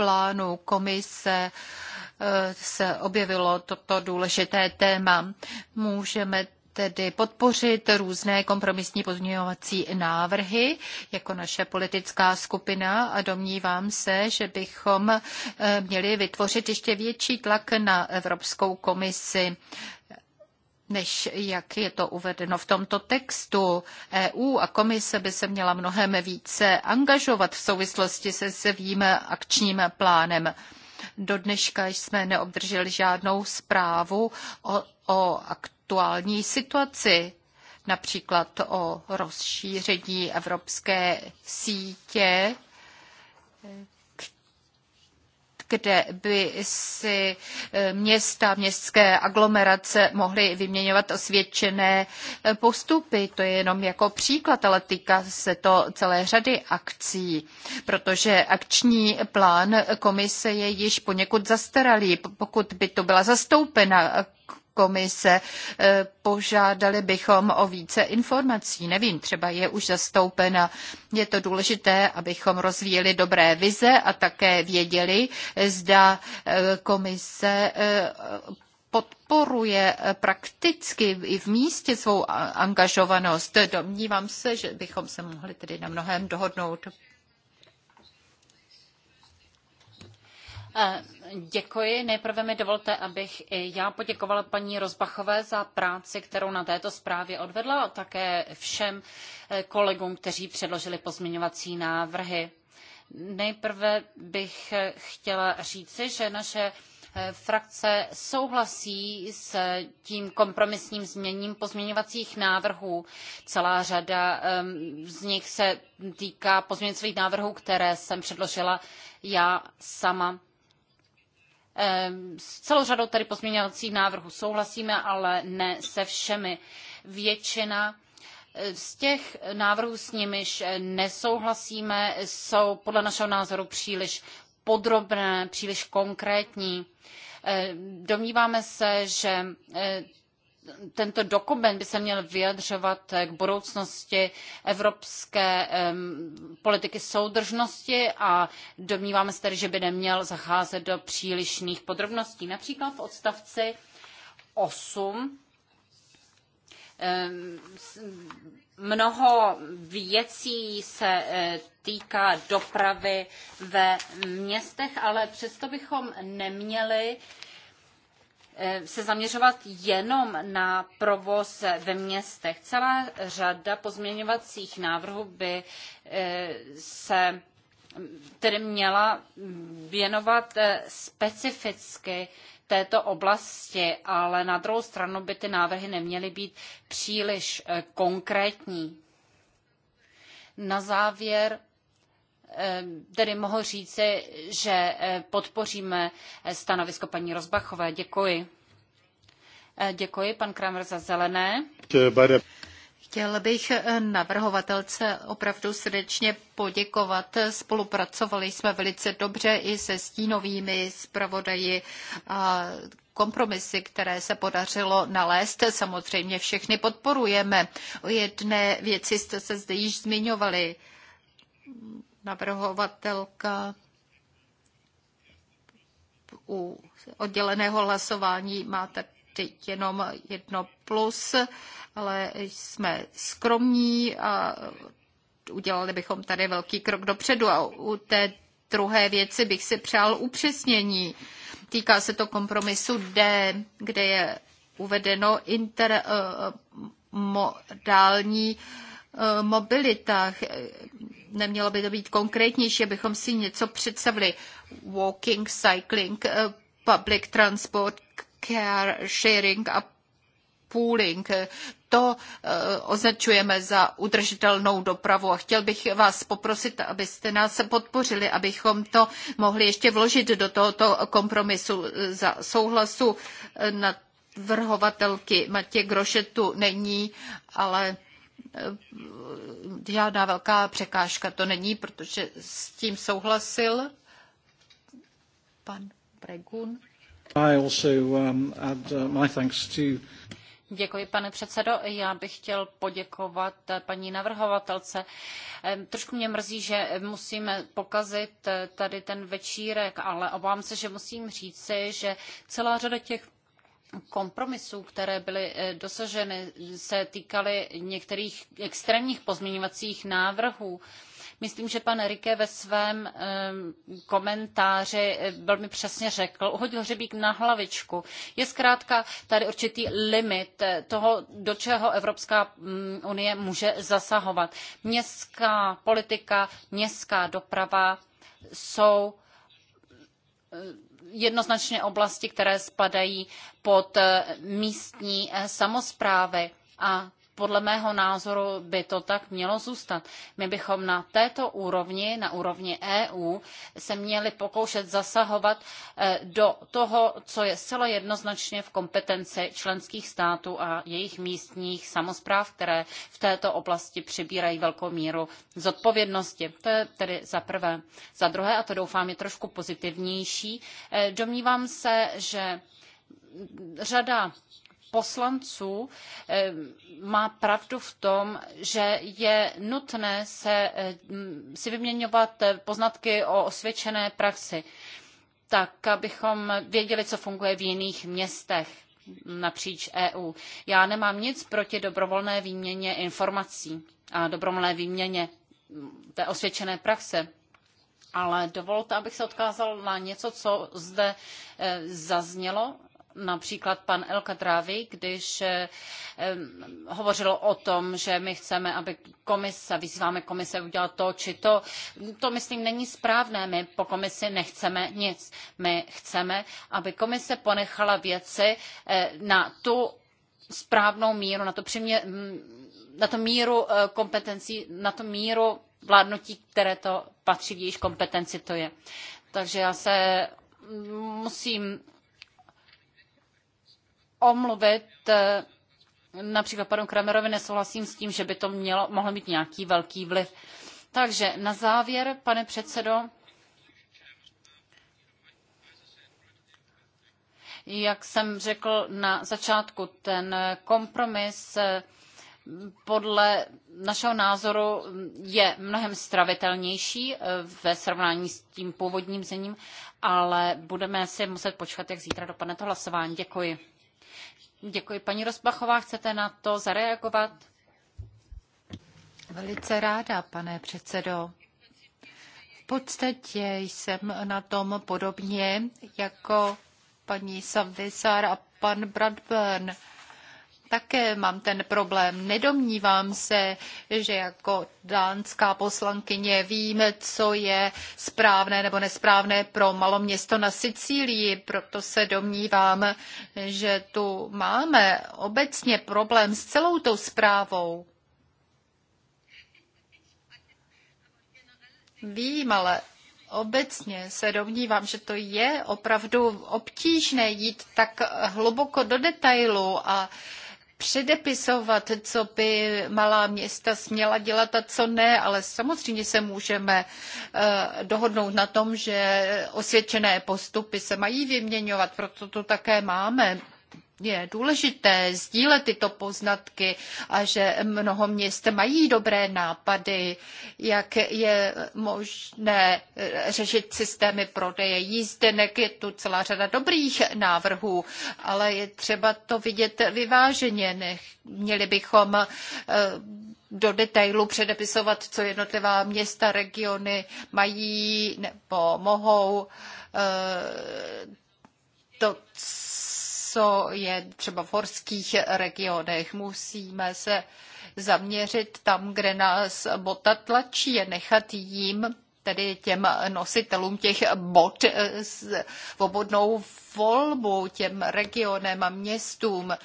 [SPEAKER 9] plánu komise eh, se objevilo toto důležité téma. Můžeme tedy podpořit různé kompromisní pozměňovací návrhy jako naše politická skupina a domnívám se, že bychom eh, měli vytvořit ještě větší tlak na Evropskou komisi než jak je to uvedeno v tomto textu. EU a komise by se měla mnohem více angažovat v souvislosti se svým akčním plánem. Do dneška jsme neobdrželi žádnou zprávu o, o aktuální situaci, například o rozšíření evropské sítě kde by si eh, města, městské aglomerace mohly vyměňovat osvědčené eh, postupy. To je jenom jako příklad, ale týká se to celé řady akcí, protože akční plán komise je již poněkud zastaralý. Pokud by to byla zastoupena komise. Eh, požádali bychom o více informací. Nevím, třeba je už zastoupena. Je to důležité, abychom rozvíjeli dobré vize a také věděli, zda eh, komise eh, podporuje prakticky i v místě svou angažovanost. Domnívám se, že bychom se mohli tedy na mnohem dohodnout.
[SPEAKER 10] Uh Děkuji. Nejprve mi dovolte, abych i já poděkovala paní Rozbachové za práci, kterou na této zprávě odvedla a také všem eh, kolegům, kteří předložili pozměňovací návrhy. Nejprve bych eh, chtěla říci, že naše eh, frakce souhlasí s tím kompromisním změním pozměňovacích návrhů. Celá řada ehm, z nich se týká pozměňovacích návrhů, které jsem předložila já sama Ehm, s celou řadou tady pozměňovacích návrhů souhlasíme, ale ne se všemi. Většina eh, z těch návrhů, s nimiž eh, nesouhlasíme, jsou podle našeho názoru příliš podrobné, příliš konkrétní. Ehm, domníváme se, že eh, tento dokument by se měl vyjadřovat eh, k budoucnosti evropské politiky soudržnosti a domníváme se tedy, že by neměl zacházet do přílišných podrobností. Například v odstavci 8 mnoho věcí se eh, týká dopravy ve městech, ale přesto bychom neměli Eh, se zaměřovat jenom na provoz ve městech. Celá řada pozměňovacích návrhů by eh, se tedy měla věnovat eh, specificky této oblasti, ale na druhou stranu by ty návrhy neměly být příliš konkrétní. Na závěr Eh, tedy mohu říci, že eh, podpoříme eh, stanovisko paní Rozbachové. Děkuji. Děkuji, pan Kramer za zelené.
[SPEAKER 9] Chtěl bych navrhovatelce opravdu srdečně poděkovat. Spolupracovali jsme velice dobře i se stínovými zpravodaji a kompromisy, které se podařilo nalézt, samozřejmě všechny podporujeme. O jedné věci jste se zde již zmiňovali navrhovatelka u odděleného hlasování má teď jenom jedno plus, ale jsme skromní a udělali bychom tady velký krok dopředu a u té druhé věci bych si přál upřesnění. Týká se to kompromisu D, kde je uvedeno intermodální eh, eh, mobilita. mobilitách nemělo by to být konkrétnější, abychom si něco představili. Walking, cycling, eh, public transport, care, sharing a pooling. To eh, označujeme za udržitelnou dopravu a chtěl bych vás poprosit, abyste nás podpořili, abychom to mohli ještě vložit do tohoto kompromisu za souhlasu eh, na vrhovatelky Matě Grošetu není, ale žádná velká překážka to není, protože s
[SPEAKER 10] tím souhlasil pan Bregun.
[SPEAKER 4] I
[SPEAKER 8] also,
[SPEAKER 3] um, add, uh, my thanks to...
[SPEAKER 10] Děkuji, pane předsedo. Já bych chtěl poděkovat eh, paní navrhovatelce. Trošku mě mrzí, že musíme pokazit eh, tady ten večírek, ale obávám se, že musím říci, že celá řada těch kompromisů, které byly eh, dosaženy, se týkaly některých extrémních pozměňovacích návrhů. Myslím, že pan Rike ve svém eh, komentáři eh, velmi přesně řekl, hodil hřebík na hlavičku. Je zkrátka tady určitý limit toho, do čeho Evropská mm, unie může zasahovat. Městská politika, městská doprava jsou jednoznačně oblasti, které spadají pod eh, místní eh, samosprávy A podle mého názoru by to tak mělo zůstat. My bychom na této úrovni, na úrovni EU, se měli pokoušet zasahovat eh, do toho, co je zcela jednoznačně v kompetenci členských států a jejich místních samozpráv, které v této oblasti přibírají velkou míru zodpovědnosti. To je tedy za prvé. Za druhé, a to doufám je trošku pozitivnější, eh, domnívám se, že řada poslanců eh, má pravdu v tom, že je nutné se, eh, si vyměňovat eh, poznatky o osvědčené praxi, tak abychom věděli, co funguje v jiných městech napříč EU. Já nemám nic proti dobrovolné výměně informací a dobrovolné výměně mm, té osvědčené praxe. Ale dovolte, abych se odkázal na něco, co zde zaznělo například pan El Kadravi, když hovořil o tom, že my chceme, aby komise, vyzýváme komise udělat to či to. To, myslím, není správné. My po komisi nechceme nic. My chceme, aby komise ponechala věci eh, na tu správnou míru, na to, přimě, na to míru eh, kompetencí, na to míru vládnutí, které to patří v jejíž kompetenci to je. Takže já se musím omluvit eh, například panu Kramerovi nesouhlasím s tím, že by to mělo, mohlo mít nějaký velký vliv. Takže na závěr, pane předsedo, jak jsem řekl na začátku, ten kompromis eh, podle našeho názoru je mnohem stravitelnější eh, ve srovnání s tím původním zením, ale budeme si muset počkat, jak zítra dopadne to hlasování. Děkuji. Děkuji. Paní Rozbachová, chcete na to zareagovat?
[SPEAKER 9] Velice ráda, pane předsedo. V podstatě jsem na tom podobně jako paní Savisar a pan Bradburn také mám ten problém. Nedomnívám se, že jako dánská poslankyně víme, co je správné nebo nesprávné pro maloměsto na Sicílii, proto se domnívám, že tu máme obecně problém s celou tou zprávou. Vím, ale obecně se domnívám, že to je opravdu obtížné jít tak hluboko do detailu a předepisovat, co by malá města směla dělat a co ne, ale samozřejmě se můžeme eh, dohodnout na tom, že osvědčené postupy se mají vyměňovat, proto to také máme je důležité sdílet tyto poznatky a že mnoho měst mají dobré nápady, jak je možné řešit systémy prodeje jízdenek. Je tu celá řada dobrých návrhů, ale je třeba to vidět vyváženě. Měli bychom eh, do detailu předepisovat, co jednotlivá města, regiony mají nebo mohou. Eh, to, co je třeba v horských regionech. Musíme se zaměřit tam, kde nás bota tlačí a nechat jim tedy těm nositelům těch bod svobodnou volbu, těm regionem a městům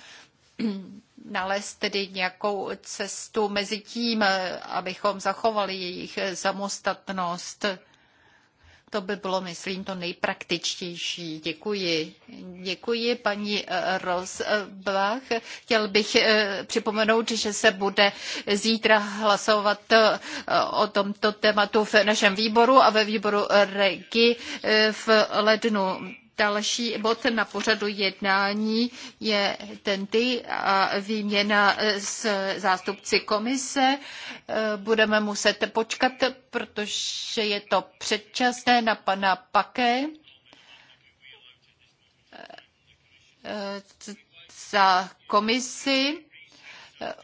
[SPEAKER 9] nalézt tedy nějakou cestu mezi tím, abychom zachovali jejich samostatnost. To by bylo, myslím, to nejpraktičtější. Děkuji. Děkuji, paní eh, Rozbach. Chtěl bych eh, připomenout, že se bude zítra hlasovat eh, o tomto tématu v našem výboru a ve výboru REGI v lednu. Další bod na pořadu jednání je tenty a výměna s zástupci komise. Budeme muset počkat, protože je to předčasné na pana Paké. Za komisi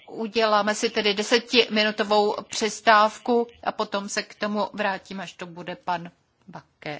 [SPEAKER 9] uděláme si tedy desetiminutovou přestávku a potom se k tomu vrátím, až to bude pan Bakke.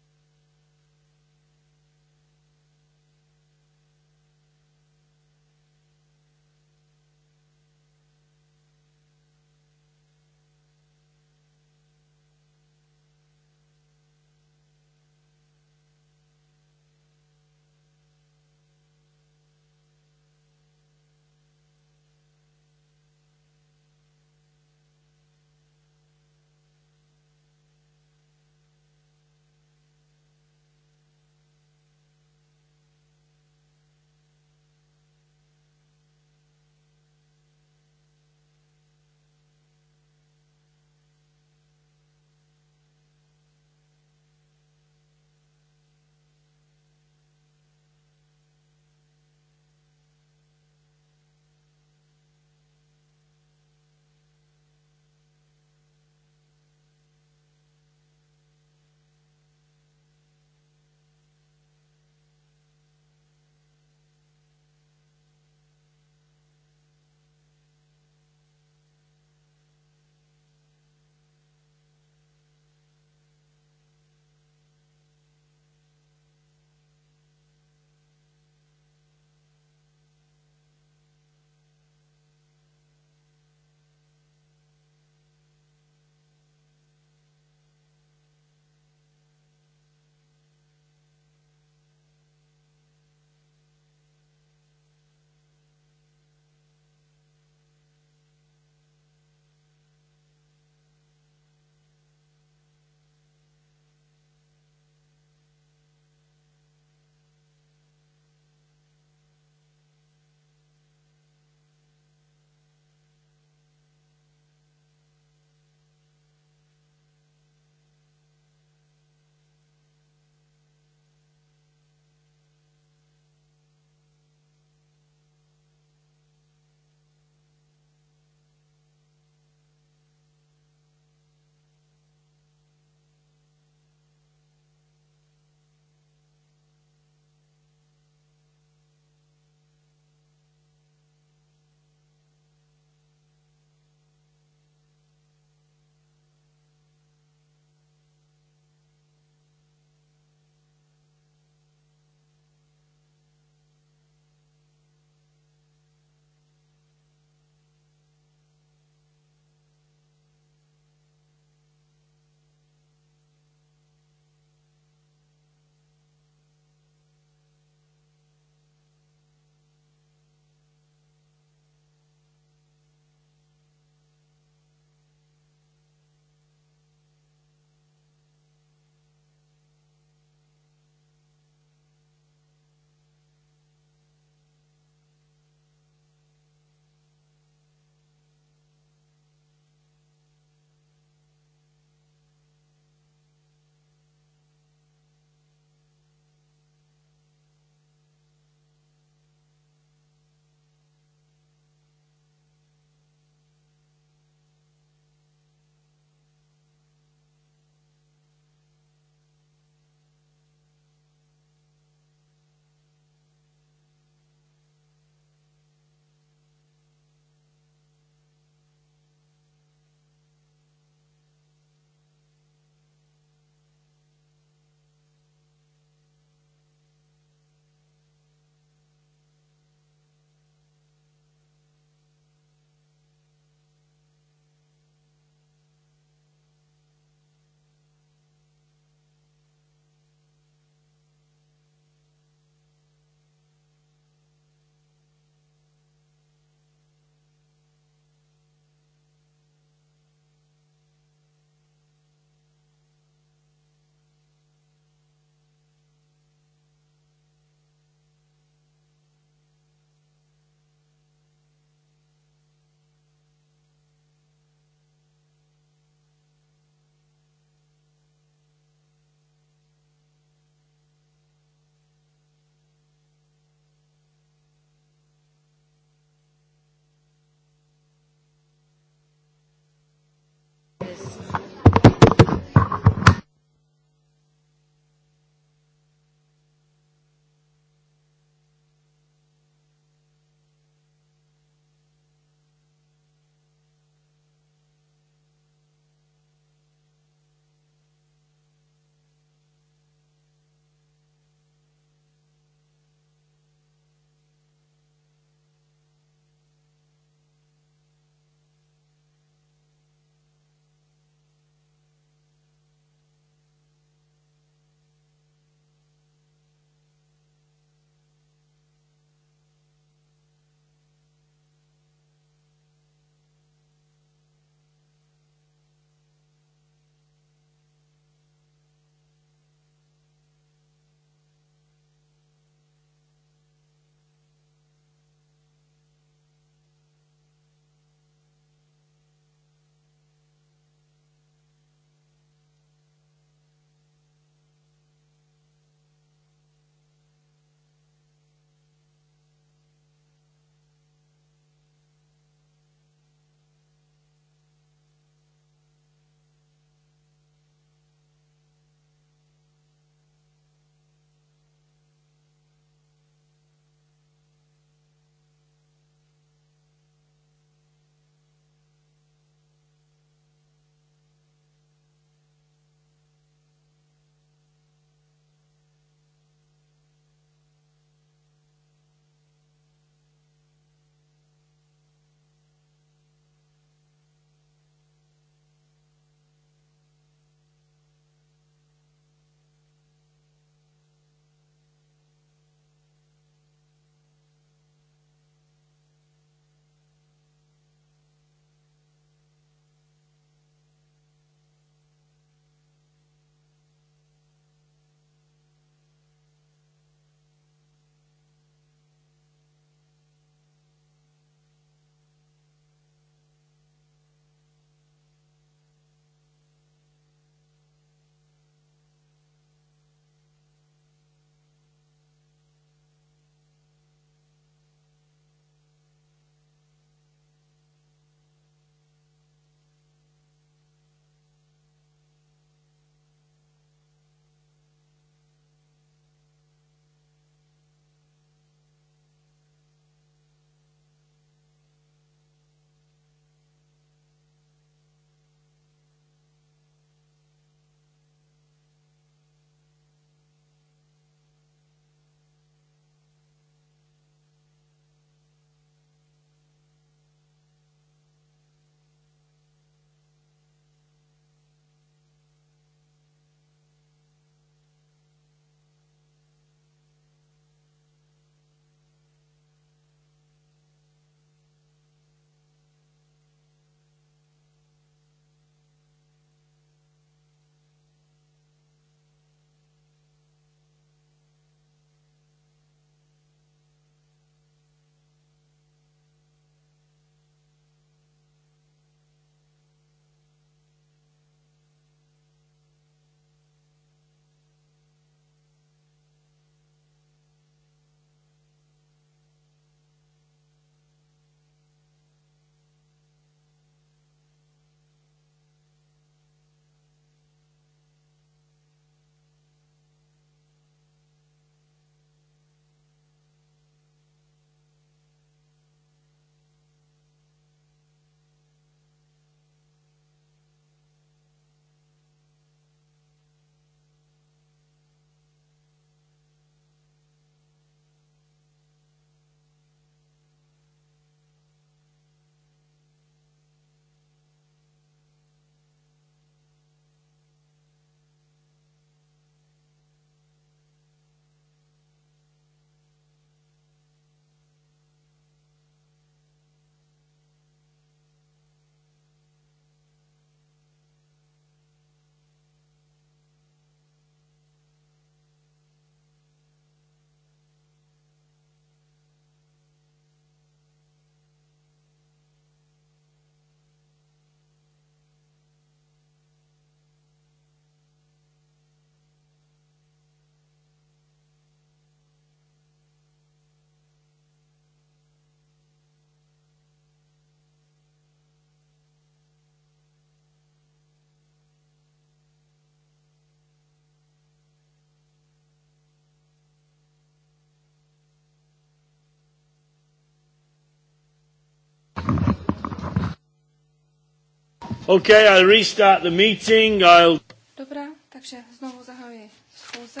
[SPEAKER 1] Okay, I'll restart the meeting. I'll...
[SPEAKER 11] Dobrá, takže znovu zahajuji schůze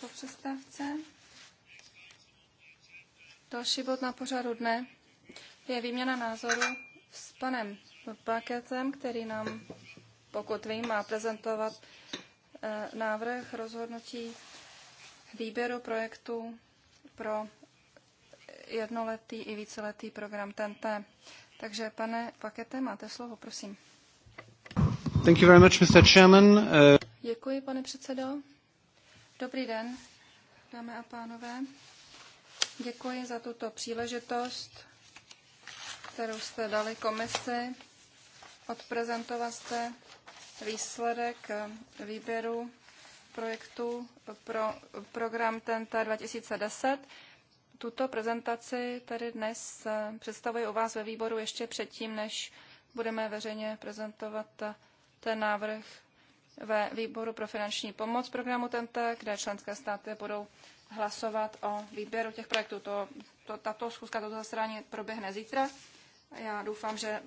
[SPEAKER 11] po přestávce. Další bod na pořadu dne je výměna názoru s panem Paketem, který nám, pokud vím, má prezentovat eh, návrh rozhodnutí výběru projektu pro jednoletý i víceletý program TNT. Takže pane Pakete, máte slovo, prosím.
[SPEAKER 8] Thank you very much, Mr. Chairman. Uh,
[SPEAKER 11] Děkuji, pane předsedo. Dobrý den, dámy a pánové. Děkuji za tuto příležitost, kterou jste dali komisi. Odprezentovat jste výsledek eh, výběru projektu pro program TENTA 2010. Tuto prezentaci tady dnes eh, představuji u vás ve výboru ještě předtím, než budeme veřejně prezentovat eh, ten návrh ve výboru pro finanční pomoc programu TNT, kde členské státy budou hlasovat o výběru těch projektů. To, to, tato schůzka, toto zasedání proběhne zítra. Já doufám, že e,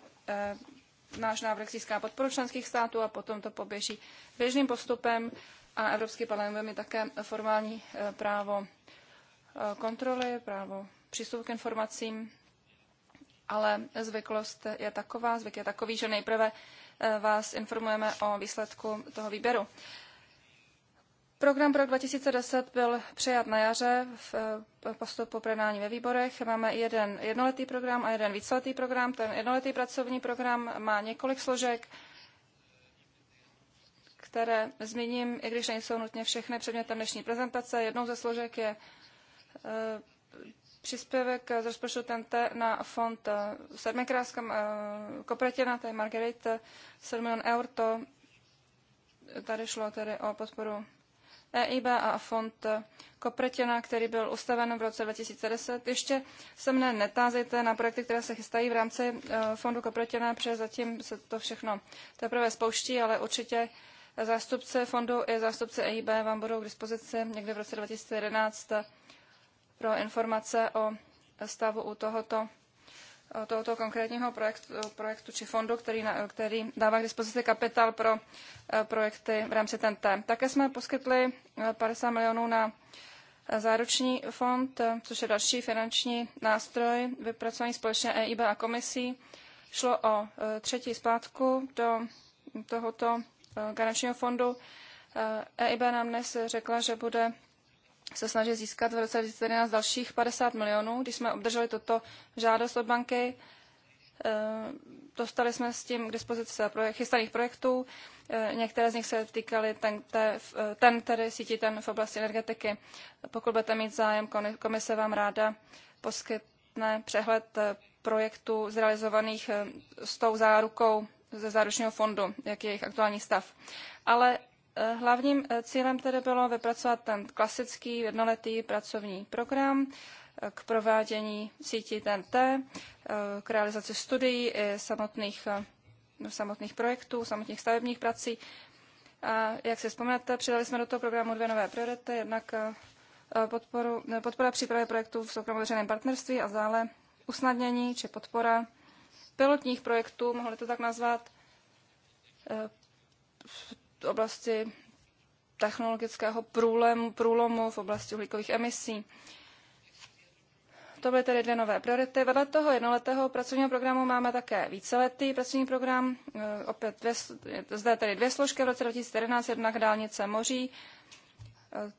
[SPEAKER 11] náš návrh získá podporu členských států a potom to poběží běžným postupem a Evropský parlament bude mít také formální e, právo e, kontroly, právo přístupu k informacím, ale zvyklost je taková, zvyk je takový, že nejprve Eh, vás informujeme o výsledku toho výběru. Program pro 2010 byl přijat na jaře v eh, postupu projednání ve výborech. Máme jeden jednoletý program a jeden víceletý program. Ten jednoletý pracovní program má několik složek, které zmíním, i když nejsou nutně všechny předmětem dnešní prezentace. Jednou ze složek je eh, příspěvek z rozpočtu TNT na fond eh, Sedmikrátská eh, Kopretina, tady Marguerite, eh, 7 milion eur, to tady šlo tedy o podporu EIB a fond Kopretina, který byl ustaven v roce 2010. Ještě se mne netázejte na projekty, které se chystají v rámci fondu Kopretina, protože zatím se to všechno teprve spouští, ale určitě zástupce fondu i zástupce EIB vám budou k dispozici někde v roce 2011 pro informace o stavu u tohoto, tohoto konkrétního projektu, projektu či fondu, který, který dává k dispozici kapitál pro eh, projekty v rámci TNT. Také jsme poskytli 50 eh, milionů na eh, záruční fond, což je další finanční nástroj vypracovaný společně EIB a komisí. Šlo o třetí splátku do tohoto garančního fondu. EIB e nám dnes řekla, že bude se snaží získat v roce 2011 dalších 50 milionů. Když jsme obdrželi toto žádost od banky, eh, dostali jsme s tím k dispozici chystaných projektů. Eh, některé z nich se týkaly ten, eh, ten tedy sítí ten v oblasti energetiky. Pokud budete mít zájem, komise vám ráda poskytne přehled projektů zrealizovaných s tou zárukou ze záručního fondu, jak je jejich aktuální stav. Ale Eh, hlavním eh, cílem tedy bylo vypracovat ten klasický jednoletý pracovní program eh, k provádění sítí TNT, k realizaci studií i samotných, samotných projektů, samotných stavebních prací. A jak si vzpomínáte přidali jsme do toho programu dvě nové priority, jednak podporu, podpora přípravy projektů v soukromoveřejném partnerství a dále usnadnění či podpora pilotních projektů, mohli to tak nazvat, v oblasti technologického průlomu, průlomu v oblasti uhlíkových emisí. To byly tedy dvě nové priority. Vedle toho jednoletého pracovního programu máme také víceletý pracovní program. E, opět dvě, zde tedy dvě složky v roce 2011, jednak dálnice moří. E,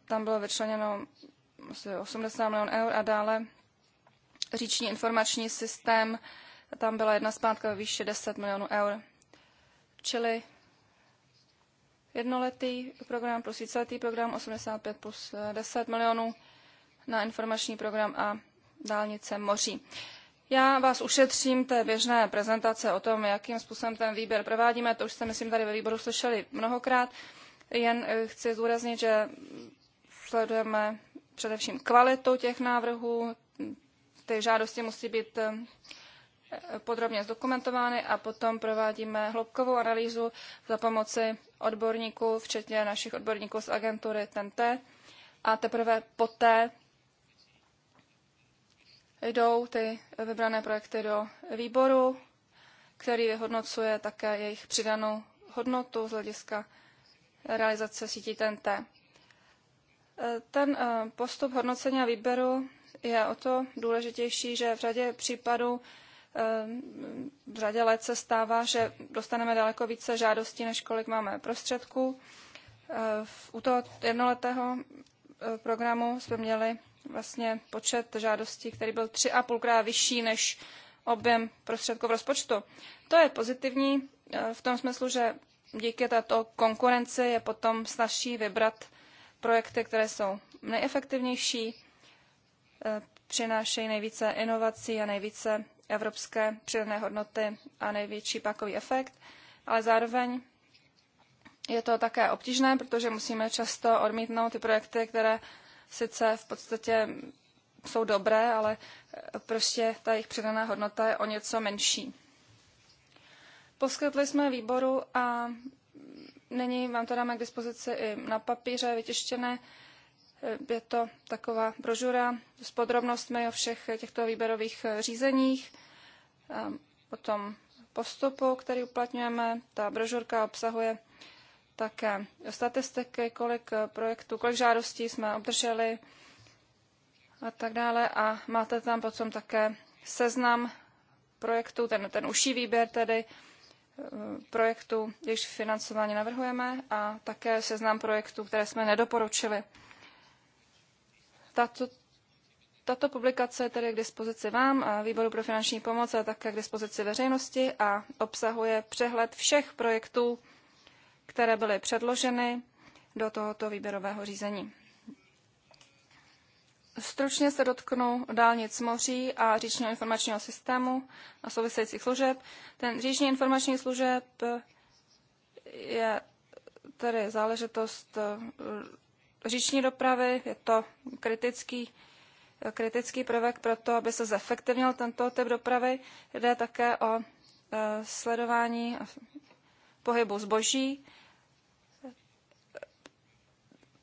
[SPEAKER 11] tam bylo vyčleněno asi 80 milionů eur a dále říční informační systém. Tam byla jedna zpátka ve výši 10 milionů eur. Čili jednoletý program plus víceletý program 85 plus 10 eh, milionů na informační program a dálnice moří. Já vás ušetřím té běžné prezentace o tom, jakým způsobem ten výběr provádíme. To už jste, myslím, tady ve výboru slyšeli mnohokrát. Jen eh, chci zdůraznit, že sledujeme především kvalitu těch návrhů. Ty žádosti musí být eh, podrobně zdokumentovány a potom provádíme hloubkovou analýzu za pomoci odborníků, včetně našich odborníků z agentury TNT. A teprve poté jdou ty vybrané projekty do výboru, který vyhodnocuje také jejich přidanou hodnotu z hlediska realizace sítí TNT. Ten eh, postup hodnocení a výběru je o to důležitější, že v řadě případů Ehm, v řadě let se stává, že dostaneme daleko více žádostí, než kolik máme prostředků. Ehm, u toho jednoletého e, programu jsme měli vlastně počet žádostí, který byl tři a půlkrát vyšší než objem prostředků v rozpočtu. To je pozitivní e, v tom smyslu, že díky této konkurenci je potom snažší vybrat projekty, které jsou nejefektivnější, e, přinášejí nejvíce inovací a nejvíce evropské přidané hodnoty a největší pakový efekt, ale zároveň je to také obtížné, protože musíme často odmítnout ty projekty, které sice v podstatě jsou dobré, ale eh, prostě ta jejich přidaná hodnota je o něco menší. Poskytli jsme výboru a mm, nyní vám to dáme k dispozici i na papíře vytištěné Eh, je to taková brožura s podrobnostmi o všech těchto výběrových eh, řízeních, ehm, potom postupu, který uplatňujeme. Ta brožurka obsahuje také statistiky, kolik eh, projektů, kolik žádostí jsme obdrželi a tak dále. A máte tam potom také seznam projektů, ten, ten užší výběr tedy projektů, jejichž financování navrhujeme a také seznam projektů, které jsme nedoporučili. Tato, tato publikace je tedy k dispozici vám a Výboru pro finanční pomoc a také k dispozici veřejnosti a obsahuje přehled všech projektů, které byly předloženy do tohoto výběrového řízení. Stručně se dotknu dálnic moří a říčního informačního systému a souvisejících služeb. Ten říční informační služeb je tedy záležitost říční dopravy. Je to kritický, kritický prvek pro to, aby se zefektivnil tento typ dopravy. Jde také o e, sledování pohybu zboží,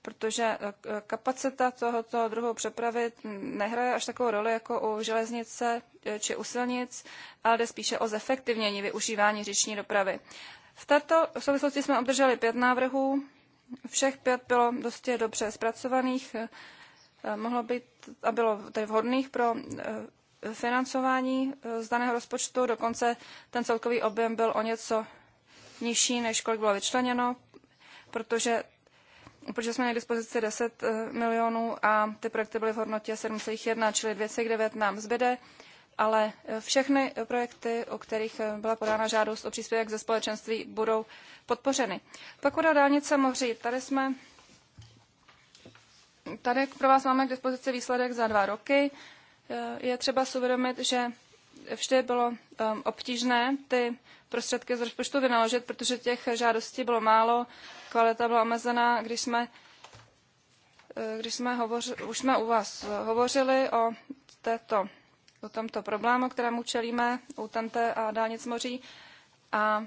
[SPEAKER 11] protože e, kapacita tohoto druhu přepravy nehraje až takovou roli jako u železnice e, či u silnic, ale jde spíše o zefektivnění využívání říční dopravy. V této souvislosti jsme obdrželi pět návrhů Všech pět bylo dosti dobře zpracovaných, eh, mohlo být a bylo tedy vhodných pro eh, financování eh, z daného rozpočtu. Dokonce ten celkový objem byl o něco nižší, než kolik bylo vyčleněno, protože, protože jsme měli dispozici 10 milionů a ty projekty byly v hodnotě 7,1, čili 2,9 nám zbyde ale všechny projekty, o kterých byla podána žádost o příspěvek ze společenství, budou podpořeny. Pokud o dálnice Moří, tady jsme Tady pro vás máme k dispozici výsledek za dva roky. Eh, je třeba si uvědomit, že vždy bylo ehm, obtížné ty prostředky z rozpočtu vynaložit, protože těch žádostí bylo málo, kvalita byla omezená. Když jsme, eh, když jsme hovořili, už jsme u vás hovořili o, této, o tomto problému, kterému čelíme u Tante a dálnic moří, a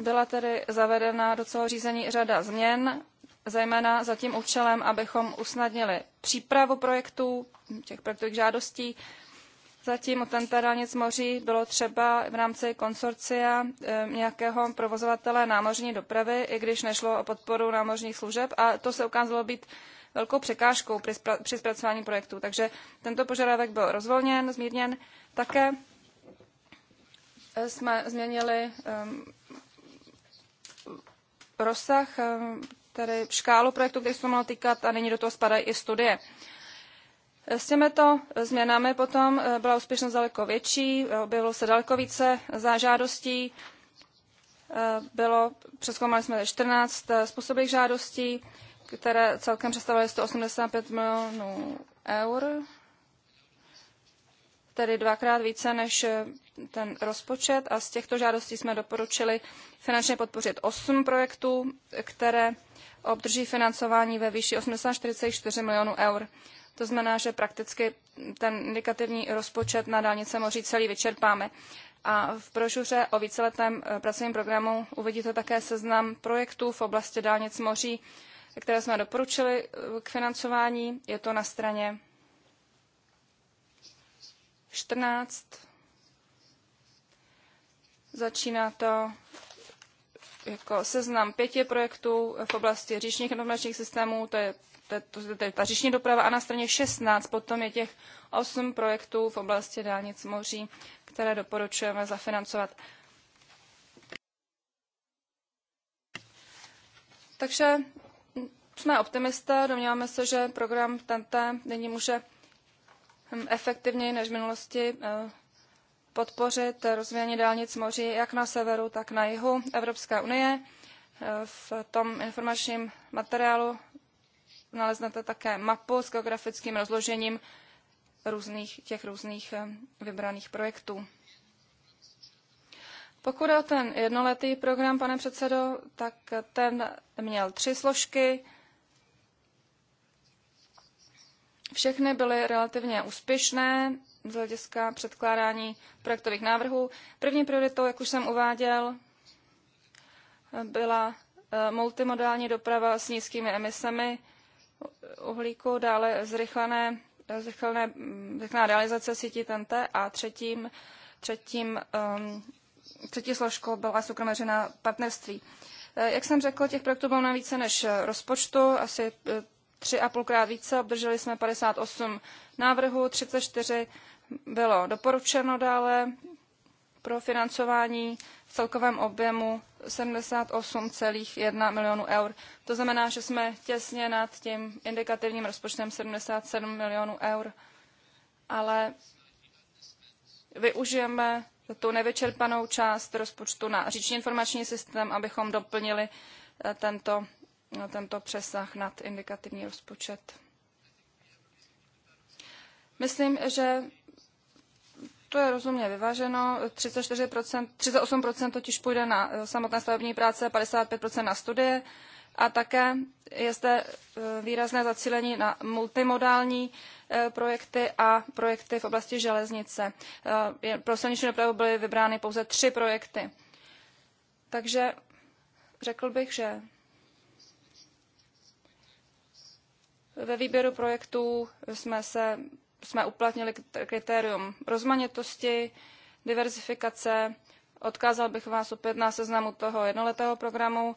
[SPEAKER 11] byla tedy zavedena do celého řízení řada změn, zejména za tím účelem, abychom usnadnili přípravu projektů, těch projektových žádostí. Zatím o Tantara nic moří bylo třeba v rámci konsorcia eh, nějakého provozovatele námořní dopravy, i když nešlo o podporu námořních služeb a to se ukázalo být velkou překážkou při, spra- při zpracování projektu. Takže tento požadavek byl rozvolněn, zmírněn. Také eh, jsme změnili um, rozsah, eh, tedy škálu projektu, který se to týkat a nyní do toho spadají i studie. S těmito změnami potom eh, byla úspěšnost daleko větší, eh, objevilo se daleko více zážádostí, bylo, přeskoumali jsme 14 způsobých žádostí, které celkem představovaly 185 milionů eur, tedy dvakrát více než ten rozpočet a z těchto žádostí jsme doporučili finančně podpořit 8 projektů, které obdrží financování ve výši 84,4 milionů eur. To znamená, že prakticky ten indikativní rozpočet na dálnice moří celý vyčerpáme. A v brožuře o víceletém eh, pracovním programu uvidíte také seznam projektů v oblasti dálnic moří, které jsme doporučili eh, k financování. Je to na straně 14 Začíná to jako seznam pěti projektů v oblasti říčních informačních systémů, to je, to je, to je, to je ta říční doprava, a na straně 16 potom je těch osm projektů v oblasti dálnic moří, které doporučujeme zafinancovat. Takže jsme optimisté, domníváme se, že program TNT nyní může hm, efektivněji než v minulosti eh, podpořit rozvíjení dálnic moří jak na severu, tak na jihu Evropské unie. V tom informačním materiálu naleznete také mapu s geografickým rozložením různých, těch různých eh, vybraných projektů. Pokud je o ten jednoletý program, pane předsedo, tak ten měl tři složky. Všechny byly relativně úspěšné, z hlediska předkládání projektových návrhů. První prioritou, jak už jsem uváděl, byla eh, multimodální doprava s nízkými emisemi uhlíku, dále zrychlené, eh, zrychlené, mm, zrychlená realizace sítí TNT a třetím, třetím, ehm, třetí složkou byla soukromeřená partnerství. Eh, jak jsem řekl, těch projektů bylo na více než rozpočtu, asi tři a půlkrát více, obdrželi jsme 58 návrhů, 34 bylo doporučeno dále pro financování v celkovém objemu 78,1 milionů eur. To znamená, že jsme těsně nad tím indikativním rozpočtem 77 milionů eur, ale využijeme tu nevyčerpanou část rozpočtu na říční informační systém, abychom doplnili eh, tento, eh, tento přesah nad indikativní rozpočet. Myslím, že to je rozumně vyváženo. 34%, 38% totiž půjde na eh, samotné stavební práce, 55% na studie a také je zde eh, výrazné zacílení na multimodální eh, projekty a projekty v oblasti železnice. Pro silniční dopravu byly vybrány pouze tři projekty. Takže řekl bych, že ve výběru projektů jsme se jsme uplatnili kritérium rozmanitosti, diverzifikace. Odkázal bych vás opět na seznamu toho jednoletého programu.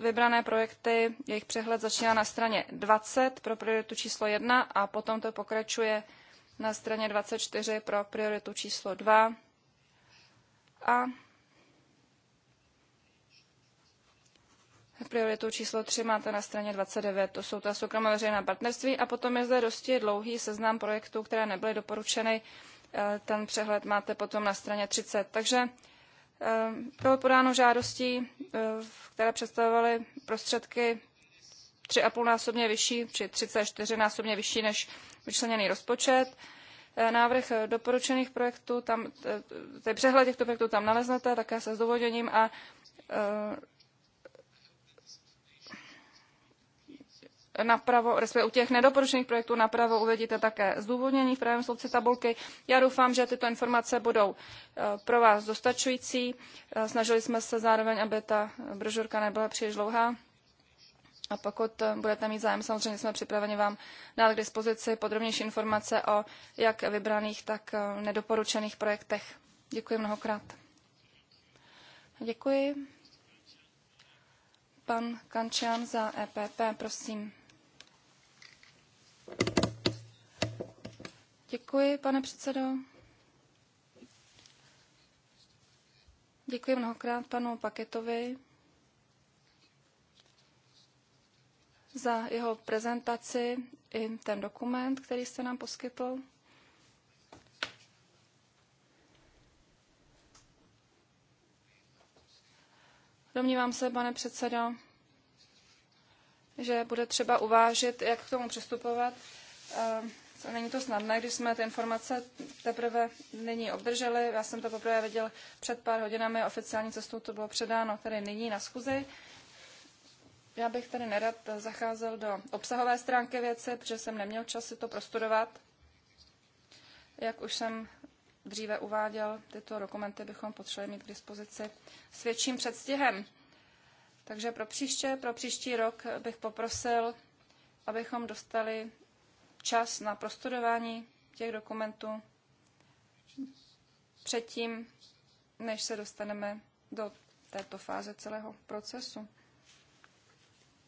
[SPEAKER 11] E, vybrané projekty, jejich přehled začíná na straně 20 pro prioritu číslo 1 a potom to pokračuje na straně 24 pro prioritu číslo 2. A Prioritu číslo 3 máte na straně 29, to jsou ta soukromé veřejná partnerství a potom je zde dosti dlouhý seznam projektů, které nebyly doporučeny. E, ten přehled máte potom na straně 30. Takže e, bylo podáno žádostí, e, které představovaly prostředky 3,5 násobně vyšší, či 34 násobně vyšší než vyčleněný rozpočet. Návrh doporučených projektů, tam, ten přehled těchto projektů tam naleznete, také se zdůvodněním a napravo, respektive u těch nedoporučených projektů napravo uvidíte také zdůvodnění v pravém sloupci tabulky. Já doufám, že tyto informace budou eh, pro vás dostačující. Eh, snažili jsme se zároveň, aby ta brožurka nebyla příliš dlouhá. A pokud eh, budete mít zájem, samozřejmě jsme připraveni vám dát k dispozici podrobnější informace o jak vybraných, tak nedoporučených projektech. Děkuji mnohokrát. Děkuji. Pan Kančan za EPP, prosím. Děkuji, pane předsedo. Děkuji mnohokrát panu Paketovi za jeho prezentaci i ten dokument, který jste nám poskytl. Domnívám se, pane předsedo, že bude třeba uvážit, jak k tomu přistupovat. Eh, Není to snadné, když jsme ty informace teprve nyní obdrželi. Já jsem to poprvé viděl před pár hodinami, oficiální cestou to bylo předáno tady nyní na schůzi. Já bych tady nerad zacházel do obsahové stránky věci, protože jsem neměl čas si to prostudovat. Jak už jsem dříve uváděl, tyto dokumenty bychom potřebovali mít k dispozici s větším předstihem. Takže pro příště, pro příští rok bych poprosil, abychom dostali čas na prostudování těch dokumentů předtím, než se dostaneme do této fáze celého procesu,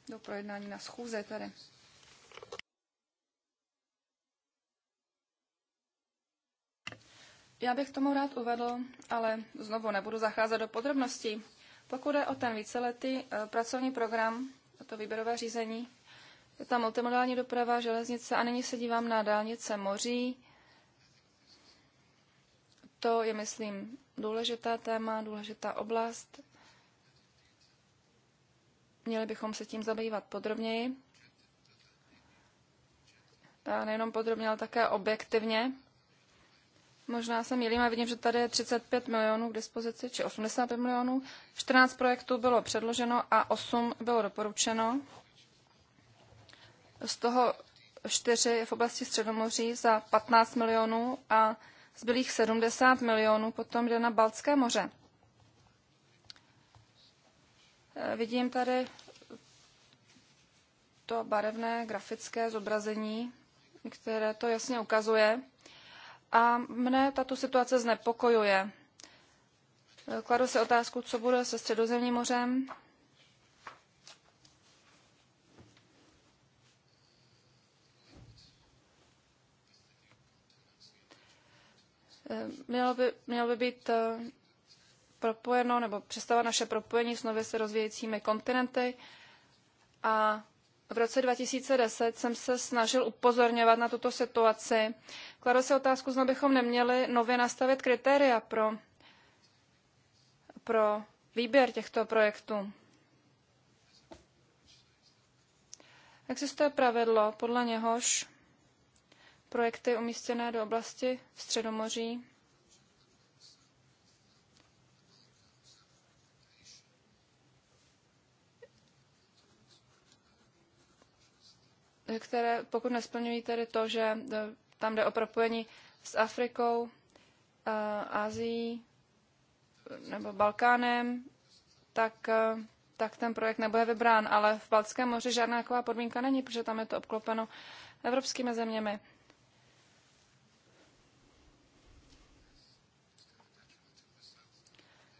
[SPEAKER 11] do projednání na schůze tady. Já bych tomu rád uvedl, ale znovu nebudu zacházet do podrobností. Pokud je o ten víceletý eh, pracovní program, to výběrové řízení, je tam multimodální doprava, železnice a nyní se dívám na dálnice moří. To je, myslím, důležitá téma, důležitá oblast. Měli bychom se tím zabývat podrobněji. A nejenom podrobně, ale také objektivně. Možná se mýlím a vidím, že tady je 35 milionů k dispozici, či 85 milionů. 14 projektů bylo předloženo a 8 bylo doporučeno z toho čtyři v oblasti Středomoří za 15 milionů a zbylých 70 milionů potom jde na Baltské moře. Eh, vidím tady to barevné grafické zobrazení, které to jasně ukazuje. A mne tato situace znepokojuje. Eh, kladu si otázku, co bude se Středozemním mořem, Eh, mělo by, mělo by být eh, propojeno nebo představovat naše propojení s nově se rozvíjejícími kontinenty. A v roce 2010 jsem se snažil upozorňovat na tuto situaci. Kladu se otázku, zda bychom neměli nově nastavit kritéria pro, pro výběr těchto projektů. Existuje pravidlo, podle něhož projekty umístěné do oblasti Středomoří. které pokud nesplňují tedy to, že e, tam jde o propojení s Afrikou, Asií e, nebo Balkánem, tak, e, tak ten projekt nebude vybrán. Ale v Balckém moři žádná taková podmínka není, protože tam je to obklopeno evropskými zeměmi.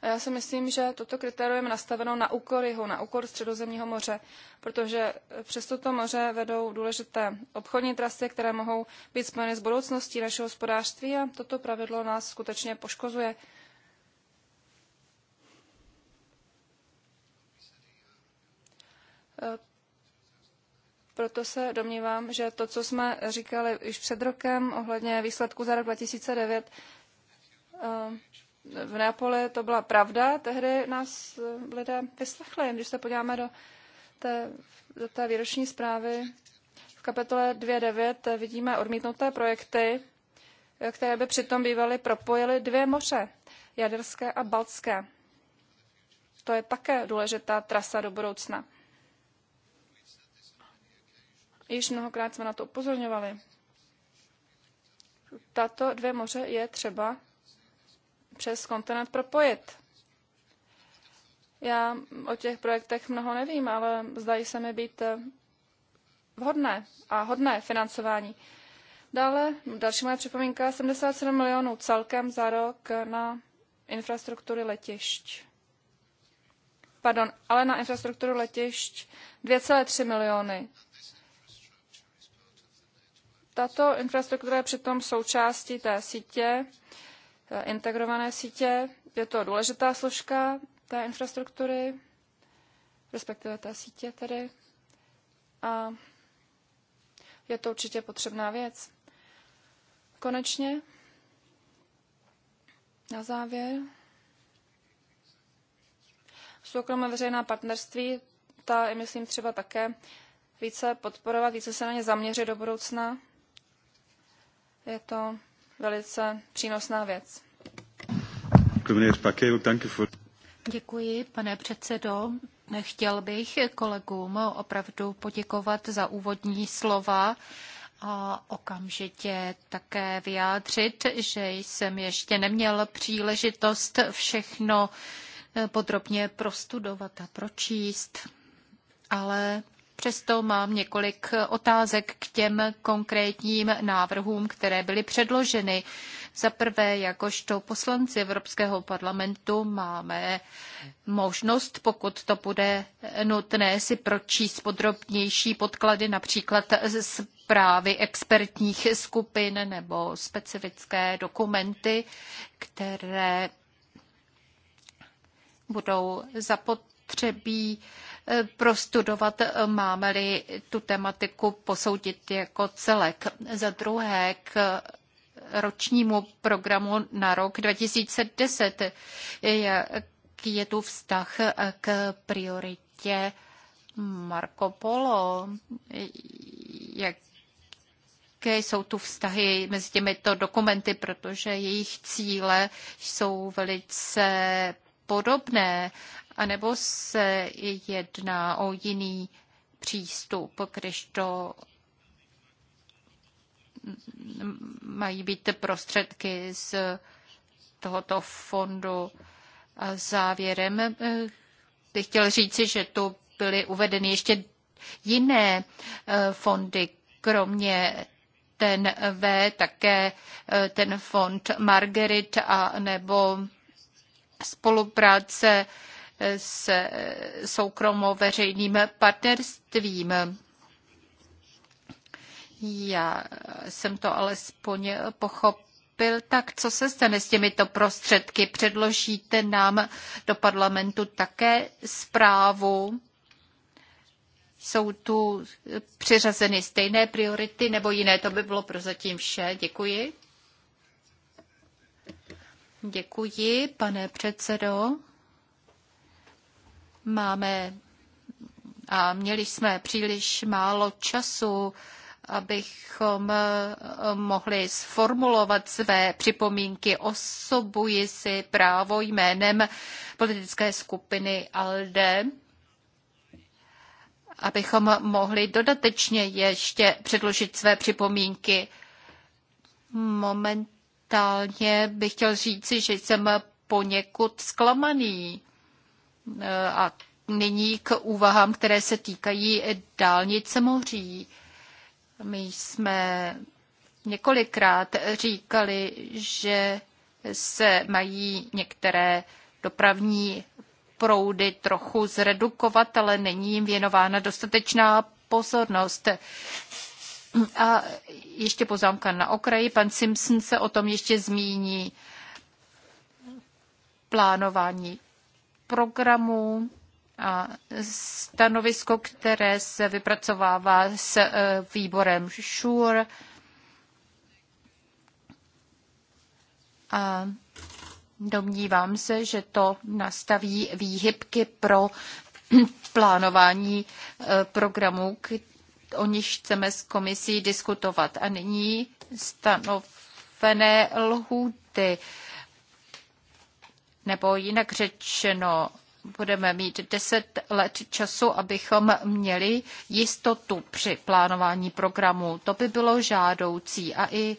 [SPEAKER 11] A já si myslím, že toto kritérium je nastaveno na úkor jihu, na úkor středozemního moře, protože e, přes toto moře vedou důležité obchodní trasy, které mohou být spojeny s budoucností našeho hospodářství a toto pravidlo nás skutečně poškozuje. E, proto se domnívám, že to, co jsme říkali již před rokem ohledně výsledku za rok 2009, v Neapoli to byla pravda, tehdy nás eh, lidé vyslechli. Když se podíváme do té, do té výroční zprávy, v kapitole 2.9 eh, vidíme odmítnuté projekty, eh, které by přitom bývaly propojily dvě moře, jaderské a baltské. To je také důležitá trasa do budoucna. Již mnohokrát jsme na to upozorňovali. Tato dvě moře je třeba přes kontinent propojit. Já o těch projektech mnoho nevím, ale zdají se mi být eh, vhodné a hodné financování. Dále další moje připomínka 77 milionů celkem za rok na infrastruktury letišť. Pardon, ale na infrastrukturu letišť 2,3 miliony. Tato infrastruktura je přitom součástí té sítě, Eh, integrované sítě. Je to důležitá složka té infrastruktury, respektive té sítě tedy. A je to určitě potřebná věc. Konečně, na závěr, soukromé veřejná partnerství, ta je, myslím, třeba také více podporovat, více se na ně zaměřit do budoucna. Je to velice přínosná věc.
[SPEAKER 9] Děkuji, pane předsedo. Chtěl bych kolegům opravdu poděkovat za úvodní slova a okamžitě také vyjádřit, že jsem ještě neměl příležitost všechno podrobně prostudovat a pročíst, ale Přesto mám několik otázek k těm konkrétním návrhům, které byly předloženy. Za prvé, jakožto poslanci Evropského parlamentu máme možnost, pokud to bude nutné, si pročíst podrobnější podklady, například zprávy expertních skupin nebo specifické dokumenty, které budou zapotřebí prostudovat, máme-li tu tematiku posoudit jako celek. Za druhé k ročnímu programu na rok 2010, jaký je tu vztah k prioritě Marco Polo, jak jaké jsou tu vztahy mezi těmito dokumenty, protože jejich cíle jsou velice podobné anebo se jedná o jiný přístup, když to mají být prostředky z tohoto fondu. A závěrem eh, bych chtěl říci, že tu byly uvedeny ještě jiné eh, fondy, kromě ten V, také eh, ten fond Margaret a nebo spolupráce s soukromo veřejným partnerstvím. Já jsem to alespoň pochopil. Tak co se stane s těmito prostředky? Předložíte nám do parlamentu také zprávu? Jsou tu přiřazeny stejné priority nebo jiné? To by bylo prozatím vše. Děkuji. Děkuji, pane předsedo. Máme a měli jsme příliš málo času, abychom eh, mohli sformulovat své připomínky. Osobuji si právo jménem politické skupiny ALDE, abychom mohli dodatečně ještě předložit své připomínky. Momentálně bych chtěl říci, že jsem poněkud zklamaný Eh, a nyní k úvahám, které se týkají dálnice moří. My jsme několikrát říkali, že se mají některé dopravní proudy trochu zredukovat, ale není jim věnována dostatečná pozornost. A ještě poznámka na okraji. Pan Simpson se o tom ještě zmíní. Plánování Programu a stanovisko, které se vypracovává s e, výborem ŠUR. A domnívám se, že to nastaví výhybky pro plánování e, programů, o nich chceme s komisí diskutovat. A nyní stanovené lhůty. Nebo jinak řečeno, budeme mít deset let času, abychom měli jistotu při plánování programu. To by bylo žádoucí a i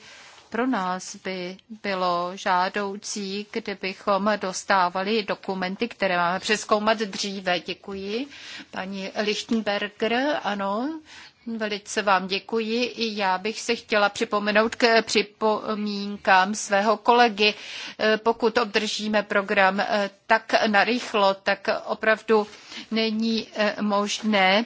[SPEAKER 9] pro nás by bylo žádoucí, kdybychom dostávali dokumenty, které máme přeskoumat dříve. Děkuji. Paní Lichtenberger, ano, Velice vám děkuji. I já bych se chtěla připomenout k připomínkám svého kolegy. Eh, pokud obdržíme program eh, tak narychlo, tak opravdu není eh, možné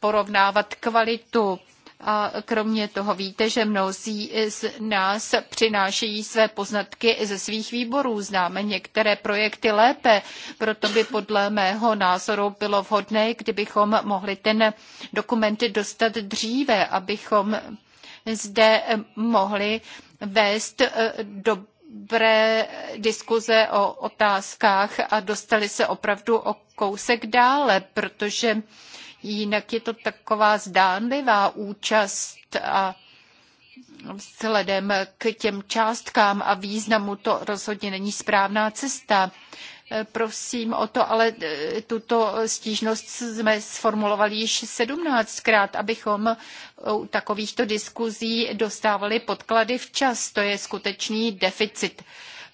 [SPEAKER 9] porovnávat kvalitu a kromě toho víte, že mnozí z nás přinášejí své poznatky ze svých výborů. Známe některé projekty lépe, proto by podle mého názoru bylo vhodné, kdybychom mohli ten dokument dostat dříve, abychom zde mohli vést do eh, dobré diskuze o otázkách a dostali se opravdu o kousek dále, protože Jinak je to taková zdánlivá účast a vzhledem k těm částkám a významu to rozhodně není správná cesta. Prosím o to, ale e, tuto stížnost jsme sformulovali již 17krát, abychom u takovýchto diskuzí dostávali podklady včas. To je skutečný deficit.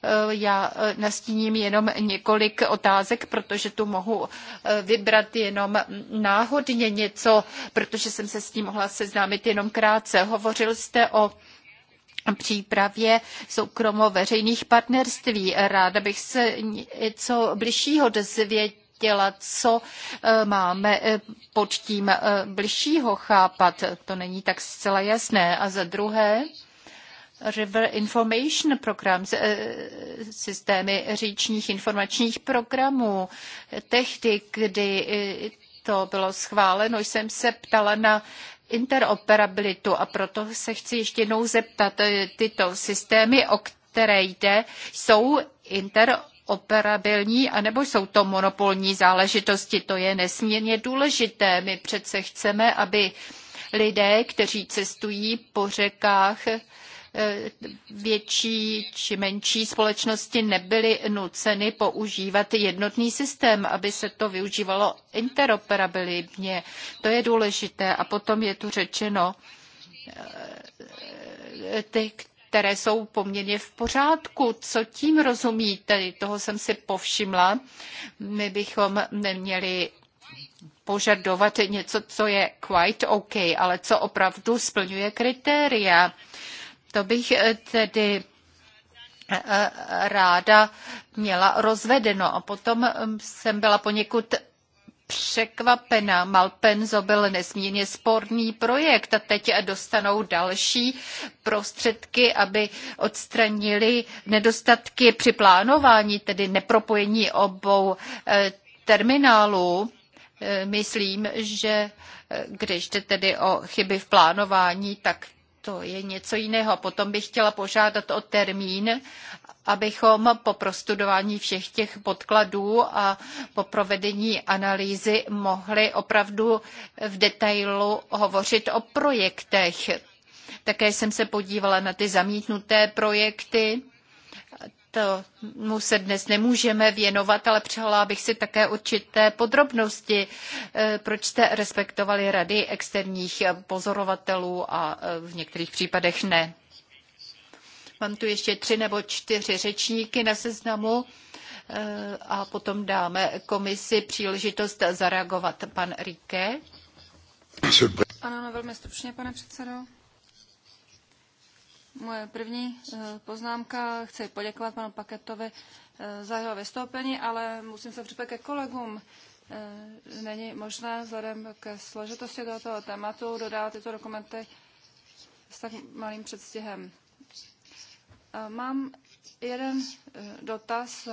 [SPEAKER 9] Eh, já eh, nastíním jenom několik otázek, protože tu mohu eh, vybrat jenom náhodně něco, protože jsem se s tím mohla seznámit jenom krátce. Hovořil jste o přípravě soukromo-veřejných partnerství. Ráda bych se něco bližšího dozvěděla dělat, co máme pod tím bližšího chápat. To není tak zcela jasné. A za druhé, River Information Programs, eh, systémy říčních informačních programů. Tehdy, kdy eh, to bylo schváleno, jsem se ptala na interoperabilitu a proto se chci ještě jednou zeptat, eh, tyto systémy, o které jde, jsou interoperabilní, anebo jsou to monopolní záležitosti. To je nesmírně důležité. My přece chceme, aby lidé, kteří cestují po řekách, Eh, větší či menší společnosti nebyly nuceny používat jednotný systém, aby se to využívalo interoperabilně. To je důležité. A potom je tu řečeno, eh, ty, které jsou poměrně v pořádku. Co tím rozumíte? Toho jsem si povšimla. My bychom neměli požadovat něco, co je quite OK, ale co opravdu splňuje kritéria. To bych eh, tedy eh, eh, ráda měla rozvedeno. A potom jsem byla poněkud překvapena. Malpenzo byl nesmírně sporný projekt a teď dostanou další prostředky, aby odstranili nedostatky při plánování, tedy nepropojení obou terminálů. Myslím, že když jde tedy o chyby v plánování, tak to je něco jiného. Potom bych chtěla požádat o termín, abychom po prostudování všech těch podkladů a po provedení analýzy mohli opravdu v detailu hovořit o projektech. Také jsem se podívala na ty zamítnuté projekty to mu se dnes nemůžeme věnovat, ale přála bych si také určité podrobnosti, eh, proč jste respektovali rady externích pozorovatelů a eh, v některých případech ne. Mám tu ještě tři nebo čtyři řečníky na seznamu eh, a potom dáme komisi příležitost zareagovat. Pan Rike.
[SPEAKER 11] Ano, no, velmi stručně, pane předsedo. Moje první eh, poznámka, chci poděkovat panu Paketovi eh, za jeho vystoupení, ale musím se připojit ke kolegům. Eh, není možné vzhledem ke složitosti tohoto tématu dodávat tyto dokumenty s tak malým předstihem. Mám jeden dotaz,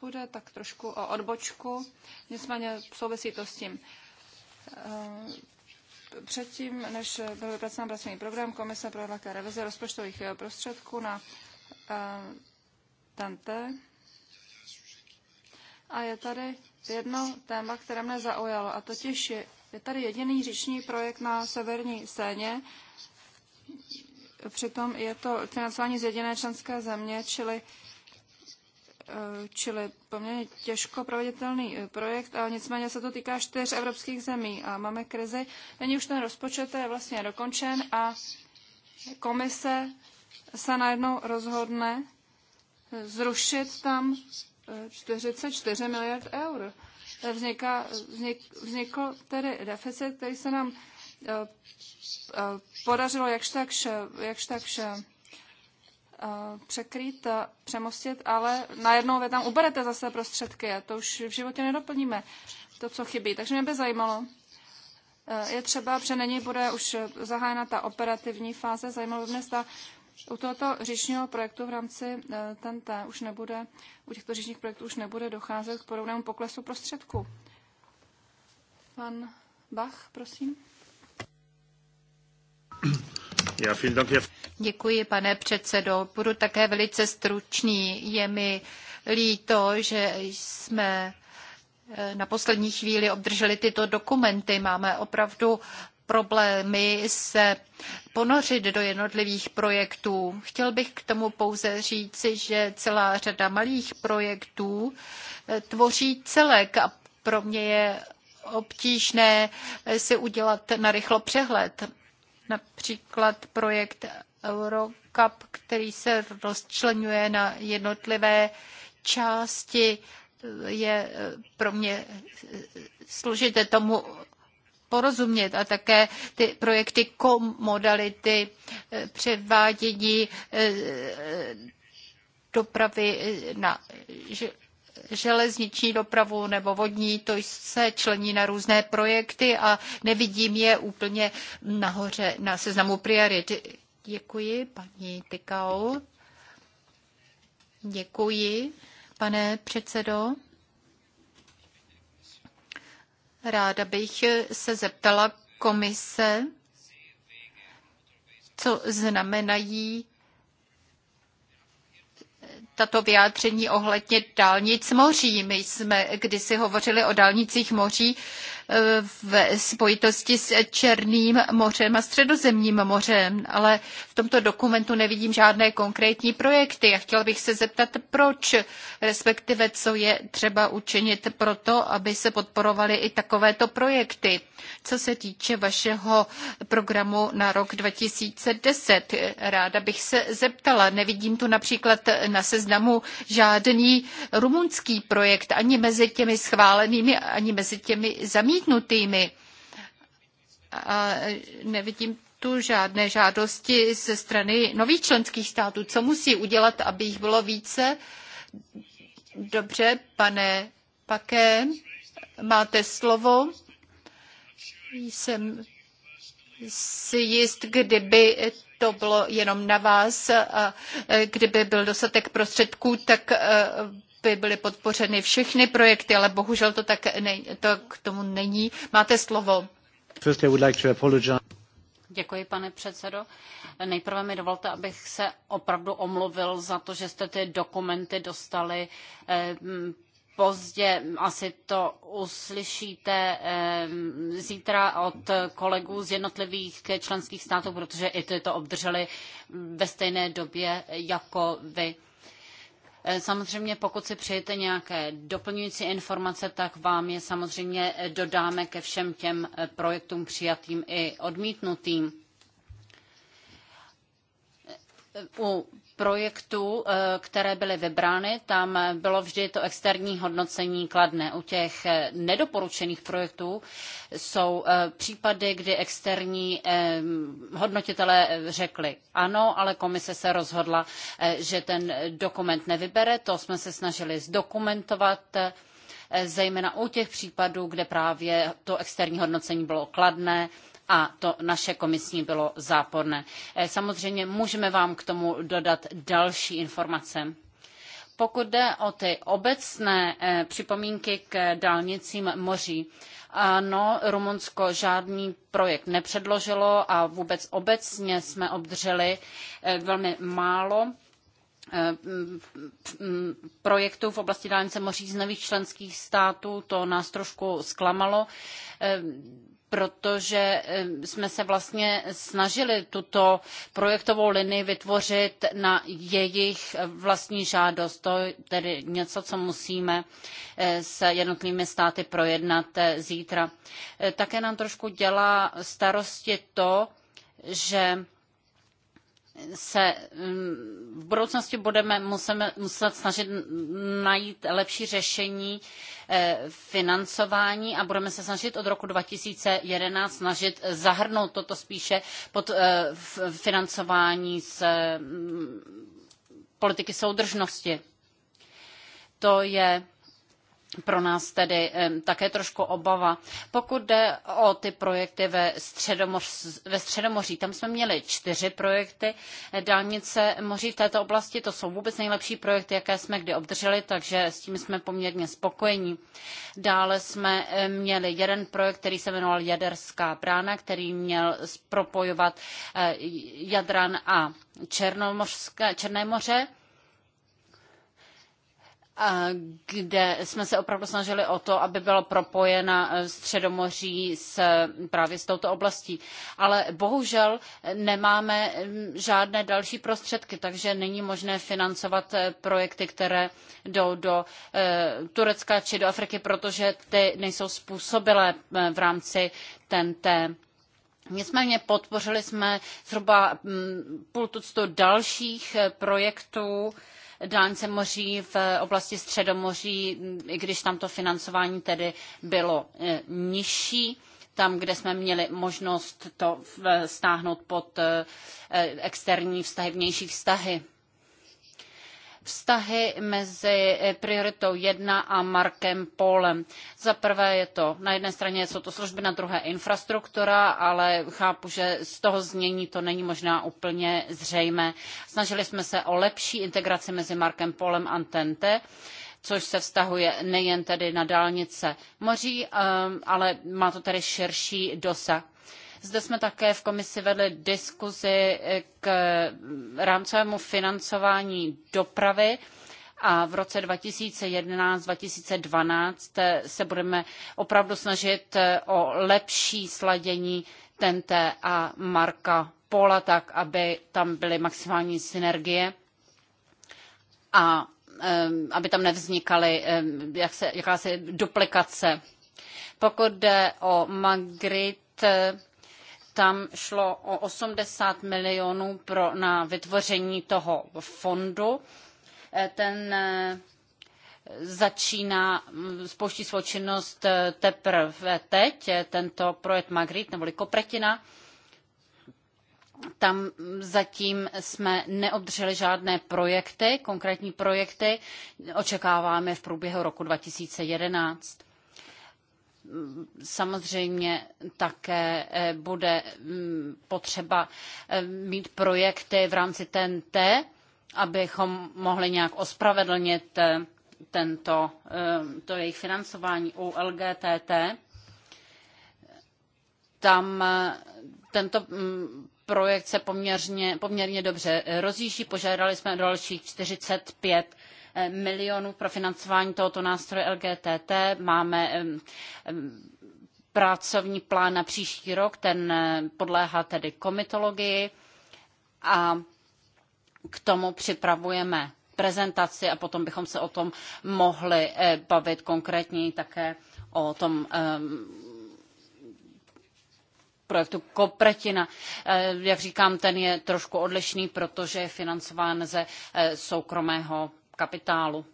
[SPEAKER 11] bude tak trošku o odbočku, nicméně souvisí to s tím. Předtím, než byl vypracován pracovní program, komise pro ke revize rozpočtových eh, prostředků na eh, Tante. A je tady jedno téma, které mne zaujalo, a totiž je, je tady jediný říční projekt na severní scéně. Přitom je to financování z jediné členské země, čili uh, Eh, čili poměrně těžko proveditelný eh, projekt, ale nicméně se to týká čtyř evropských zemí a máme krizi. Není už ten rozpočet, je vlastně dokončen a komise se najednou rozhodne eh, zrušit tam 44 miliard eur. Vzniká, vznik, vznikl tedy deficit, který se nám podařilo jakž takž, jakž takž Eh, překrýt, eh, přemostit, ale najednou vy tam uberete zase prostředky a to už v životě nedoplníme, to, co chybí. Takže mě by zajímalo, eh, je třeba, že není bude už zahájena ta operativní fáze, zajímalo by mě, zda u tohoto říčního projektu v rámci TNT už nebude, u těchto říčních projektů už nebude docházet k podobnému poklesu prostředků. Pan Bach, prosím. Děkuji, pane
[SPEAKER 9] předsedo. Budu také velice stručný. Je mi líto, že jsme eh, na poslední chvíli obdrželi tyto dokumenty. Máme opravdu problémy se ponořit do jednotlivých projektů. Chtěl bych k tomu pouze říci, že celá řada malých projektů eh, tvoří celek a pro mě je obtížné si udělat narychlo přehled. Například projekt Eurocup, který se rozčlenuje na jednotlivé části, je eh, pro mě eh, složité tomu porozumět a také ty projekty komodality, eh, převádění dopravy na železniční dopravu nebo vodní, to se člení na různé projekty a nevidím je úplně nahoře na seznamu priorit. Děkuji, paní Tykau. Děkuji, pane předsedo. Ráda bych se zeptala komise, co znamenají tato vyjádření ohledně dálnic moří. My jsme kdysi hovořili o dálnicích moří v spojitosti s Černým mořem a Středozemním mořem, ale v tomto dokumentu nevidím žádné konkrétní projekty a chtěla bych se zeptat, proč, respektive co je třeba učinit pro to, aby se podporovaly i takovéto projekty. Co se týče vašeho programu na rok 2010, ráda bych se zeptala, nevidím tu například na seznamu žádný rumunský projekt ani mezi těmi schválenými, ani mezi těmi zamítnutými zamítnutými. A nevidím tu žádné žádosti ze strany nových členských států. Co musí udělat, aby jich bylo více? Dobře, pane Paké, máte slovo. Jsem si jist, kdyby to bylo jenom na vás. A kdyby byl dostatek prostředků, tak eh, aby byly podpořeny všechny
[SPEAKER 10] projekty, ale bohužel to tak ne, to k tomu není. Máte slovo. Děkuji, pane předsedo. Nejprve mi dovolte, abych se opravdu omluvil za to, že jste ty dokumenty dostali eh, pozdě. Asi to uslyšíte eh, zítra od kolegů z jednotlivých členských států, protože i ty to obdrželi ve stejné době jako vy. Eh, samozřejmě, pokud si přejete nějaké doplňující informace, tak vám je samozřejmě eh, dodáme ke všem těm eh, projektům přijatým i odmítnutým. U projektů, eh, které byly vybrány, tam eh, bylo vždy to externí hodnocení kladné. U těch eh, nedoporučených projektů jsou případy, kdy externí hodnotitelé řekli ano, ale komise se rozhodla, že ten dokument nevybere. To jsme se snažili zdokumentovat zejména u těch případů, kde právě to externí hodnocení bylo kladné a to naše komisní bylo záporné. Eh, samozřejmě můžeme vám k tomu dodat další informace. Pokud jde o ty obecné eh, připomínky k dálnicím moří, ano, Rumunsko žádný projekt nepředložilo a vůbec obecně jsme obdrželi eh, velmi málo mm, projektů v oblasti dálnice moří z nových členských států. To nás trošku zklamalo protože jsme se vlastně snažili tuto projektovou linii vytvořit na jejich vlastní žádost. To je tedy něco, co musíme eh, s jednotlivými státy projednat eh, zítra. Eh, také nám trošku dělá starosti to, že se mm, v budoucnosti budeme musíme, muset snažit najít lepší řešení eh, financování a budeme se snažit od roku 2011 snažit zahrnout toto spíše pod eh, financování z mm, politiky soudržnosti. To je pro nás tedy také trošku obava. Pokud jde o ty projekty ve, Středomoř, ve Středomoří, tam jsme měli čtyři projekty. Eh, dálnice moří v této oblasti, to jsou vůbec nejlepší projekty, jaké jsme kdy obdrželi, takže s tím jsme poměrně spokojení. Dále jsme měli jeden projekt, který se jmenoval Jaderská brána, který měl propojovat eh, Jadran a Černé moře kde jsme se opravdu snažili o to, aby byla propojena eh, Středomoří s, mm, právě s touto oblastí. Ale bohužel nemáme mm, žádné další prostředky, takže není možné financovat eh, projekty, které jdou do eh, Turecka či do Afriky, protože ty nejsou způsobilé v rámci TNT. Nicméně podpořili jsme zhruba mm, půl tuctu dalších projektů, dálnice moří v oblasti Středomoří, i když tam to financování tedy bylo e, nižší, tam, kde jsme měli možnost to stáhnout pod e, e, externí vztahy, vnější vztahy vztahy mezi eh, prioritou 1 a Markem Polem. Za prvé je to, na jedné straně jsou to služby, na druhé infrastruktura, ale chápu, že z toho znění to není možná úplně zřejmé. Snažili jsme se o lepší integraci mezi Markem Polem a TNT což se vztahuje nejen tedy na dálnice moří, eh, ale má to tedy širší dosah. Zde jsme také v komisi vedli diskuzi k rámcovému financování dopravy a v roce 2011-2012 se budeme opravdu snažit o lepší sladění TNT a Marka Pola, tak aby tam byly maximální synergie a eh, aby tam nevznikaly eh, jak se, jakási duplikace. Pokud jde o Magritte, tam šlo o 80 milionů pro, na vytvoření toho fondu. E, ten e, začíná, mm, spouští svou činnost e, teprve teď, tento projekt Magritte neboli Kopretina. Tam zatím jsme neobdrželi žádné projekty, konkrétní projekty, očekáváme v průběhu roku 2011 samozřejmě také eh, bude mm, potřeba eh, mít projekty v rámci TNT, abychom mohli nějak ospravedlnit eh, tento, to jejich financování u LGTT. Tam tento mm, projekt se poměrně, poměrně dobře rozjíždí. Požádali jsme dalších 45 milionů pro financování tohoto nástroje LGTT. Máme pracovní plán na příští rok, ten eh, podléhá tedy komitologii a k tomu připravujeme prezentaci a potom bychom se o tom mohli eh, bavit konkrétně také o tom projektu Kopretina. Eh, jak říkám, ten je trošku odlišný, protože je financován ze soukromého kapitálu.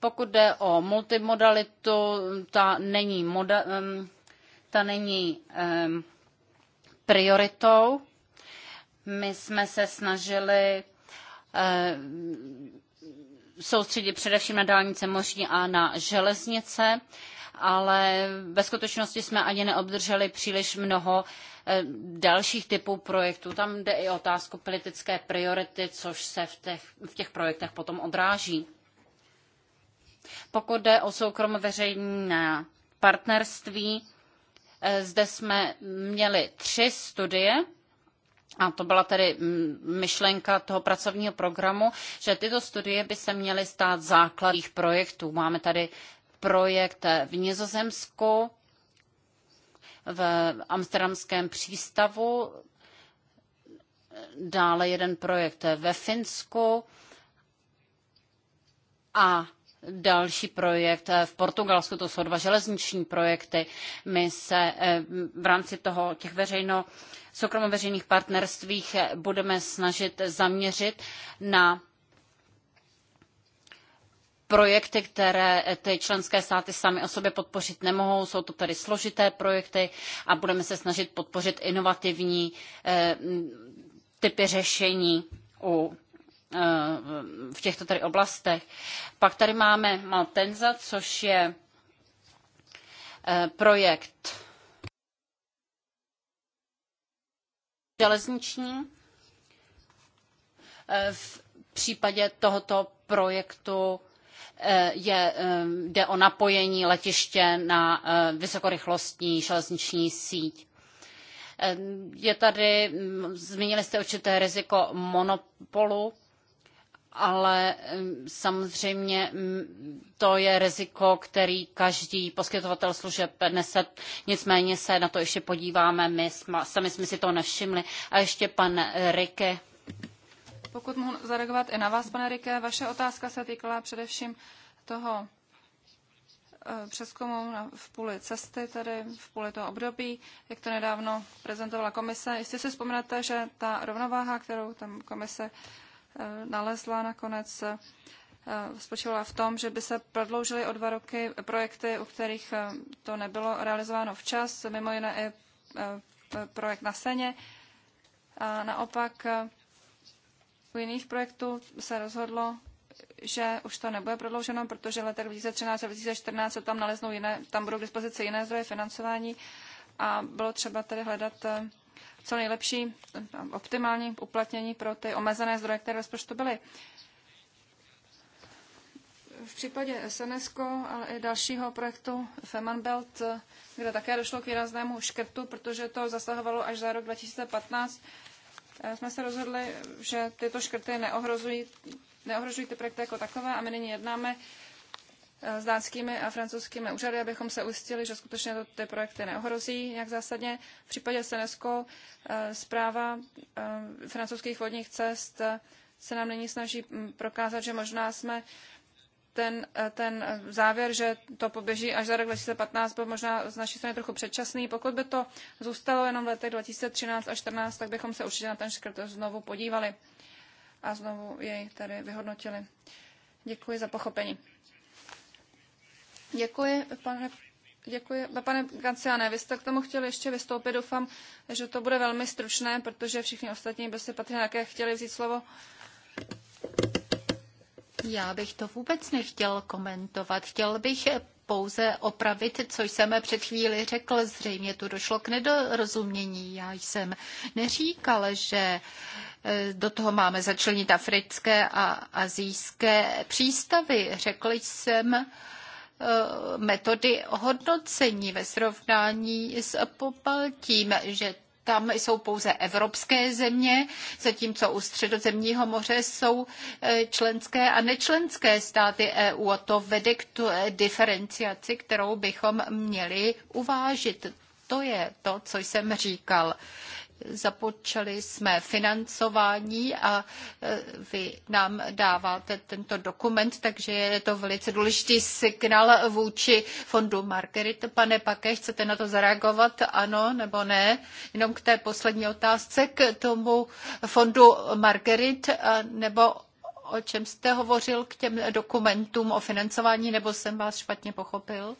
[SPEAKER 10] Pokud jde o multimodalitu, ta není, moda, ta není prioritou. My jsme se snažili eh, soustředit především na dálnice mořní a na železnice, ale ve skutečnosti jsme ani neobdrželi příliš mnoho Eh, dalších typů projektů. Tam jde i otázku politické priority, což se v těch, v těch projektech potom odráží. Pokud jde o soukromo-veřejné partnerství, eh, zde jsme měli tři studie, a to byla tedy mm, myšlenka toho pracovního programu, že tyto studie by se měly stát základních projektů. Máme tady projekt v Nizozemsku, v amsterdamském přístavu, dále jeden projekt ve Finsku a další projekt v Portugalsku, to jsou dva železniční projekty. My se eh, v rámci toho těch veřejno, soukromo veřejných partnerstvích eh, budeme snažit zaměřit na projekty, které eh, ty členské státy sami o sobě podpořit nemohou. Jsou to tedy složité projekty a budeme se snažit podpořit inovativní eh, typy řešení u eh, v těchto tady oblastech. Pak tady máme Maltenza, což je projekt železniční. V případě tohoto projektu Eh, je, eh, jde o napojení letiště na eh, vysokorychlostní železniční síť. Je tady, mm, zmínili jste určité riziko monopolu, ale mm, samozřejmě mm, to je riziko, který každý poskytovatel služeb nese. Nicméně se na to ještě podíváme, my sami jsme si to nevšimli. A ještě pan Rike
[SPEAKER 11] pokud mohu zareagovat i na vás, pane Rike, vaše otázka se týkala především toho eh, přeskumu v půli cesty, tedy v půli toho období, jak to nedávno prezentovala komise. Jestli si vzpomenete, že ta rovnováha, kterou tam komise eh, nalezla nakonec, eh, spočívala v tom, že by se prodloužily o dva roky projekty, u kterých to nebylo realizováno včas, mimo jiné i projekt na Seně. A naopak jiných projektů se rozhodlo, že už to nebude prodlouženo, protože letech 2013 a 2014 se tam naleznou jiné, tam budou k dispozici jiné zdroje financování a bylo třeba tedy hledat eh, co nejlepší eh, optimální uplatnění pro ty omezené zdroje, které rozpočtu byly. V případě SNS, ale i dalšího projektu Femanbelt, eh, kde také došlo k výraznému škrtu, protože to zasahovalo až za rok 2015, Eh, jsme se rozhodli, že tyto škrty neohrozují, neohrožují ty projekty jako takové a my nyní jednáme eh, s dánskými a francouzskými úřady, abychom se ujistili, že skutečně to ty projekty neohrozí nějak zásadně. V případě Senesko eh, zpráva francouzských vodních cest se nám nyní snaží mm, prokázat, že možná jsme ten, ten závěr, že to poběží až za rok 2015, byl možná z naší strany trochu předčasný. Pokud by to zůstalo jenom v letech 2013 a 2014, tak bychom se určitě na ten škrt znovu podívali a znovu jej tady vyhodnotili. Děkuji za pochopení. Děkuji, pane Děkuji. No, pane Kanciane, vy jste k tomu chtěli ještě vystoupit. Doufám, že to bude velmi stručné, protože všichni ostatní by si patrně také chtěli vzít slovo.
[SPEAKER 9] Já bych to vůbec nechtěl komentovat. Chtěl bych pouze opravit, co jsem před chvíli řekl. Zřejmě tu došlo k nedorozumění. Já jsem neříkal, že eh, do toho máme začlenit africké a azijské přístavy. Řekl jsem eh, metody hodnocení ve srovnání s pobaltím, že tam jsou pouze evropské země, zatímco u středozemního moře jsou e, členské a nečlenské státy EU. A to vede k tu e, diferenciaci, kterou bychom měli uvážit. To je to, co jsem říkal. Započali jsme financování a e, vy nám dáváte tento dokument, takže je to velice důležitý signál vůči fondu Margaret. Pane Pake, chcete na to zareagovat, ano nebo ne? Jenom k té poslední otázce, k tomu fondu Margaret e, nebo o čem jste hovořil k těm dokumentům o financování, nebo jsem vás špatně pochopil?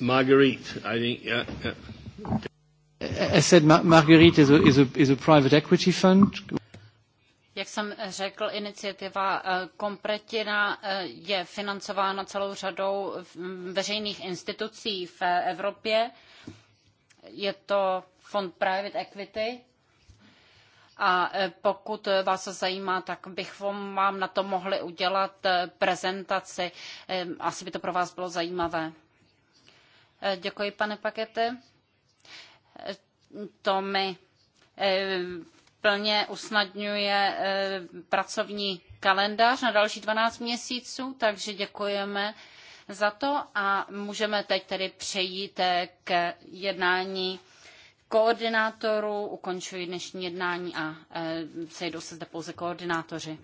[SPEAKER 1] Marguerite, I think. Yeah, yeah. I said
[SPEAKER 8] Marguerite is a, is a, is a private equity fund.
[SPEAKER 10] Jak jsem řekl, iniciativa eh, Kompretina eh, je financována celou řadou mm, veřejných institucí v eh, Evropě. Je to fond private equity. A pokud vás zajímá, tak bych vám na to mohli udělat prezentaci. Asi by to pro vás bylo zajímavé. Eh, děkuji, pane Pakete. Eh, to mi eh, plně usnadňuje pracovní kalendář na další 12 měsíců, takže děkujeme za to a můžeme teď tedy přejít k jednání koordinátorů. Ukončuji dnešní jednání a sejdou se zde pouze koordinátoři.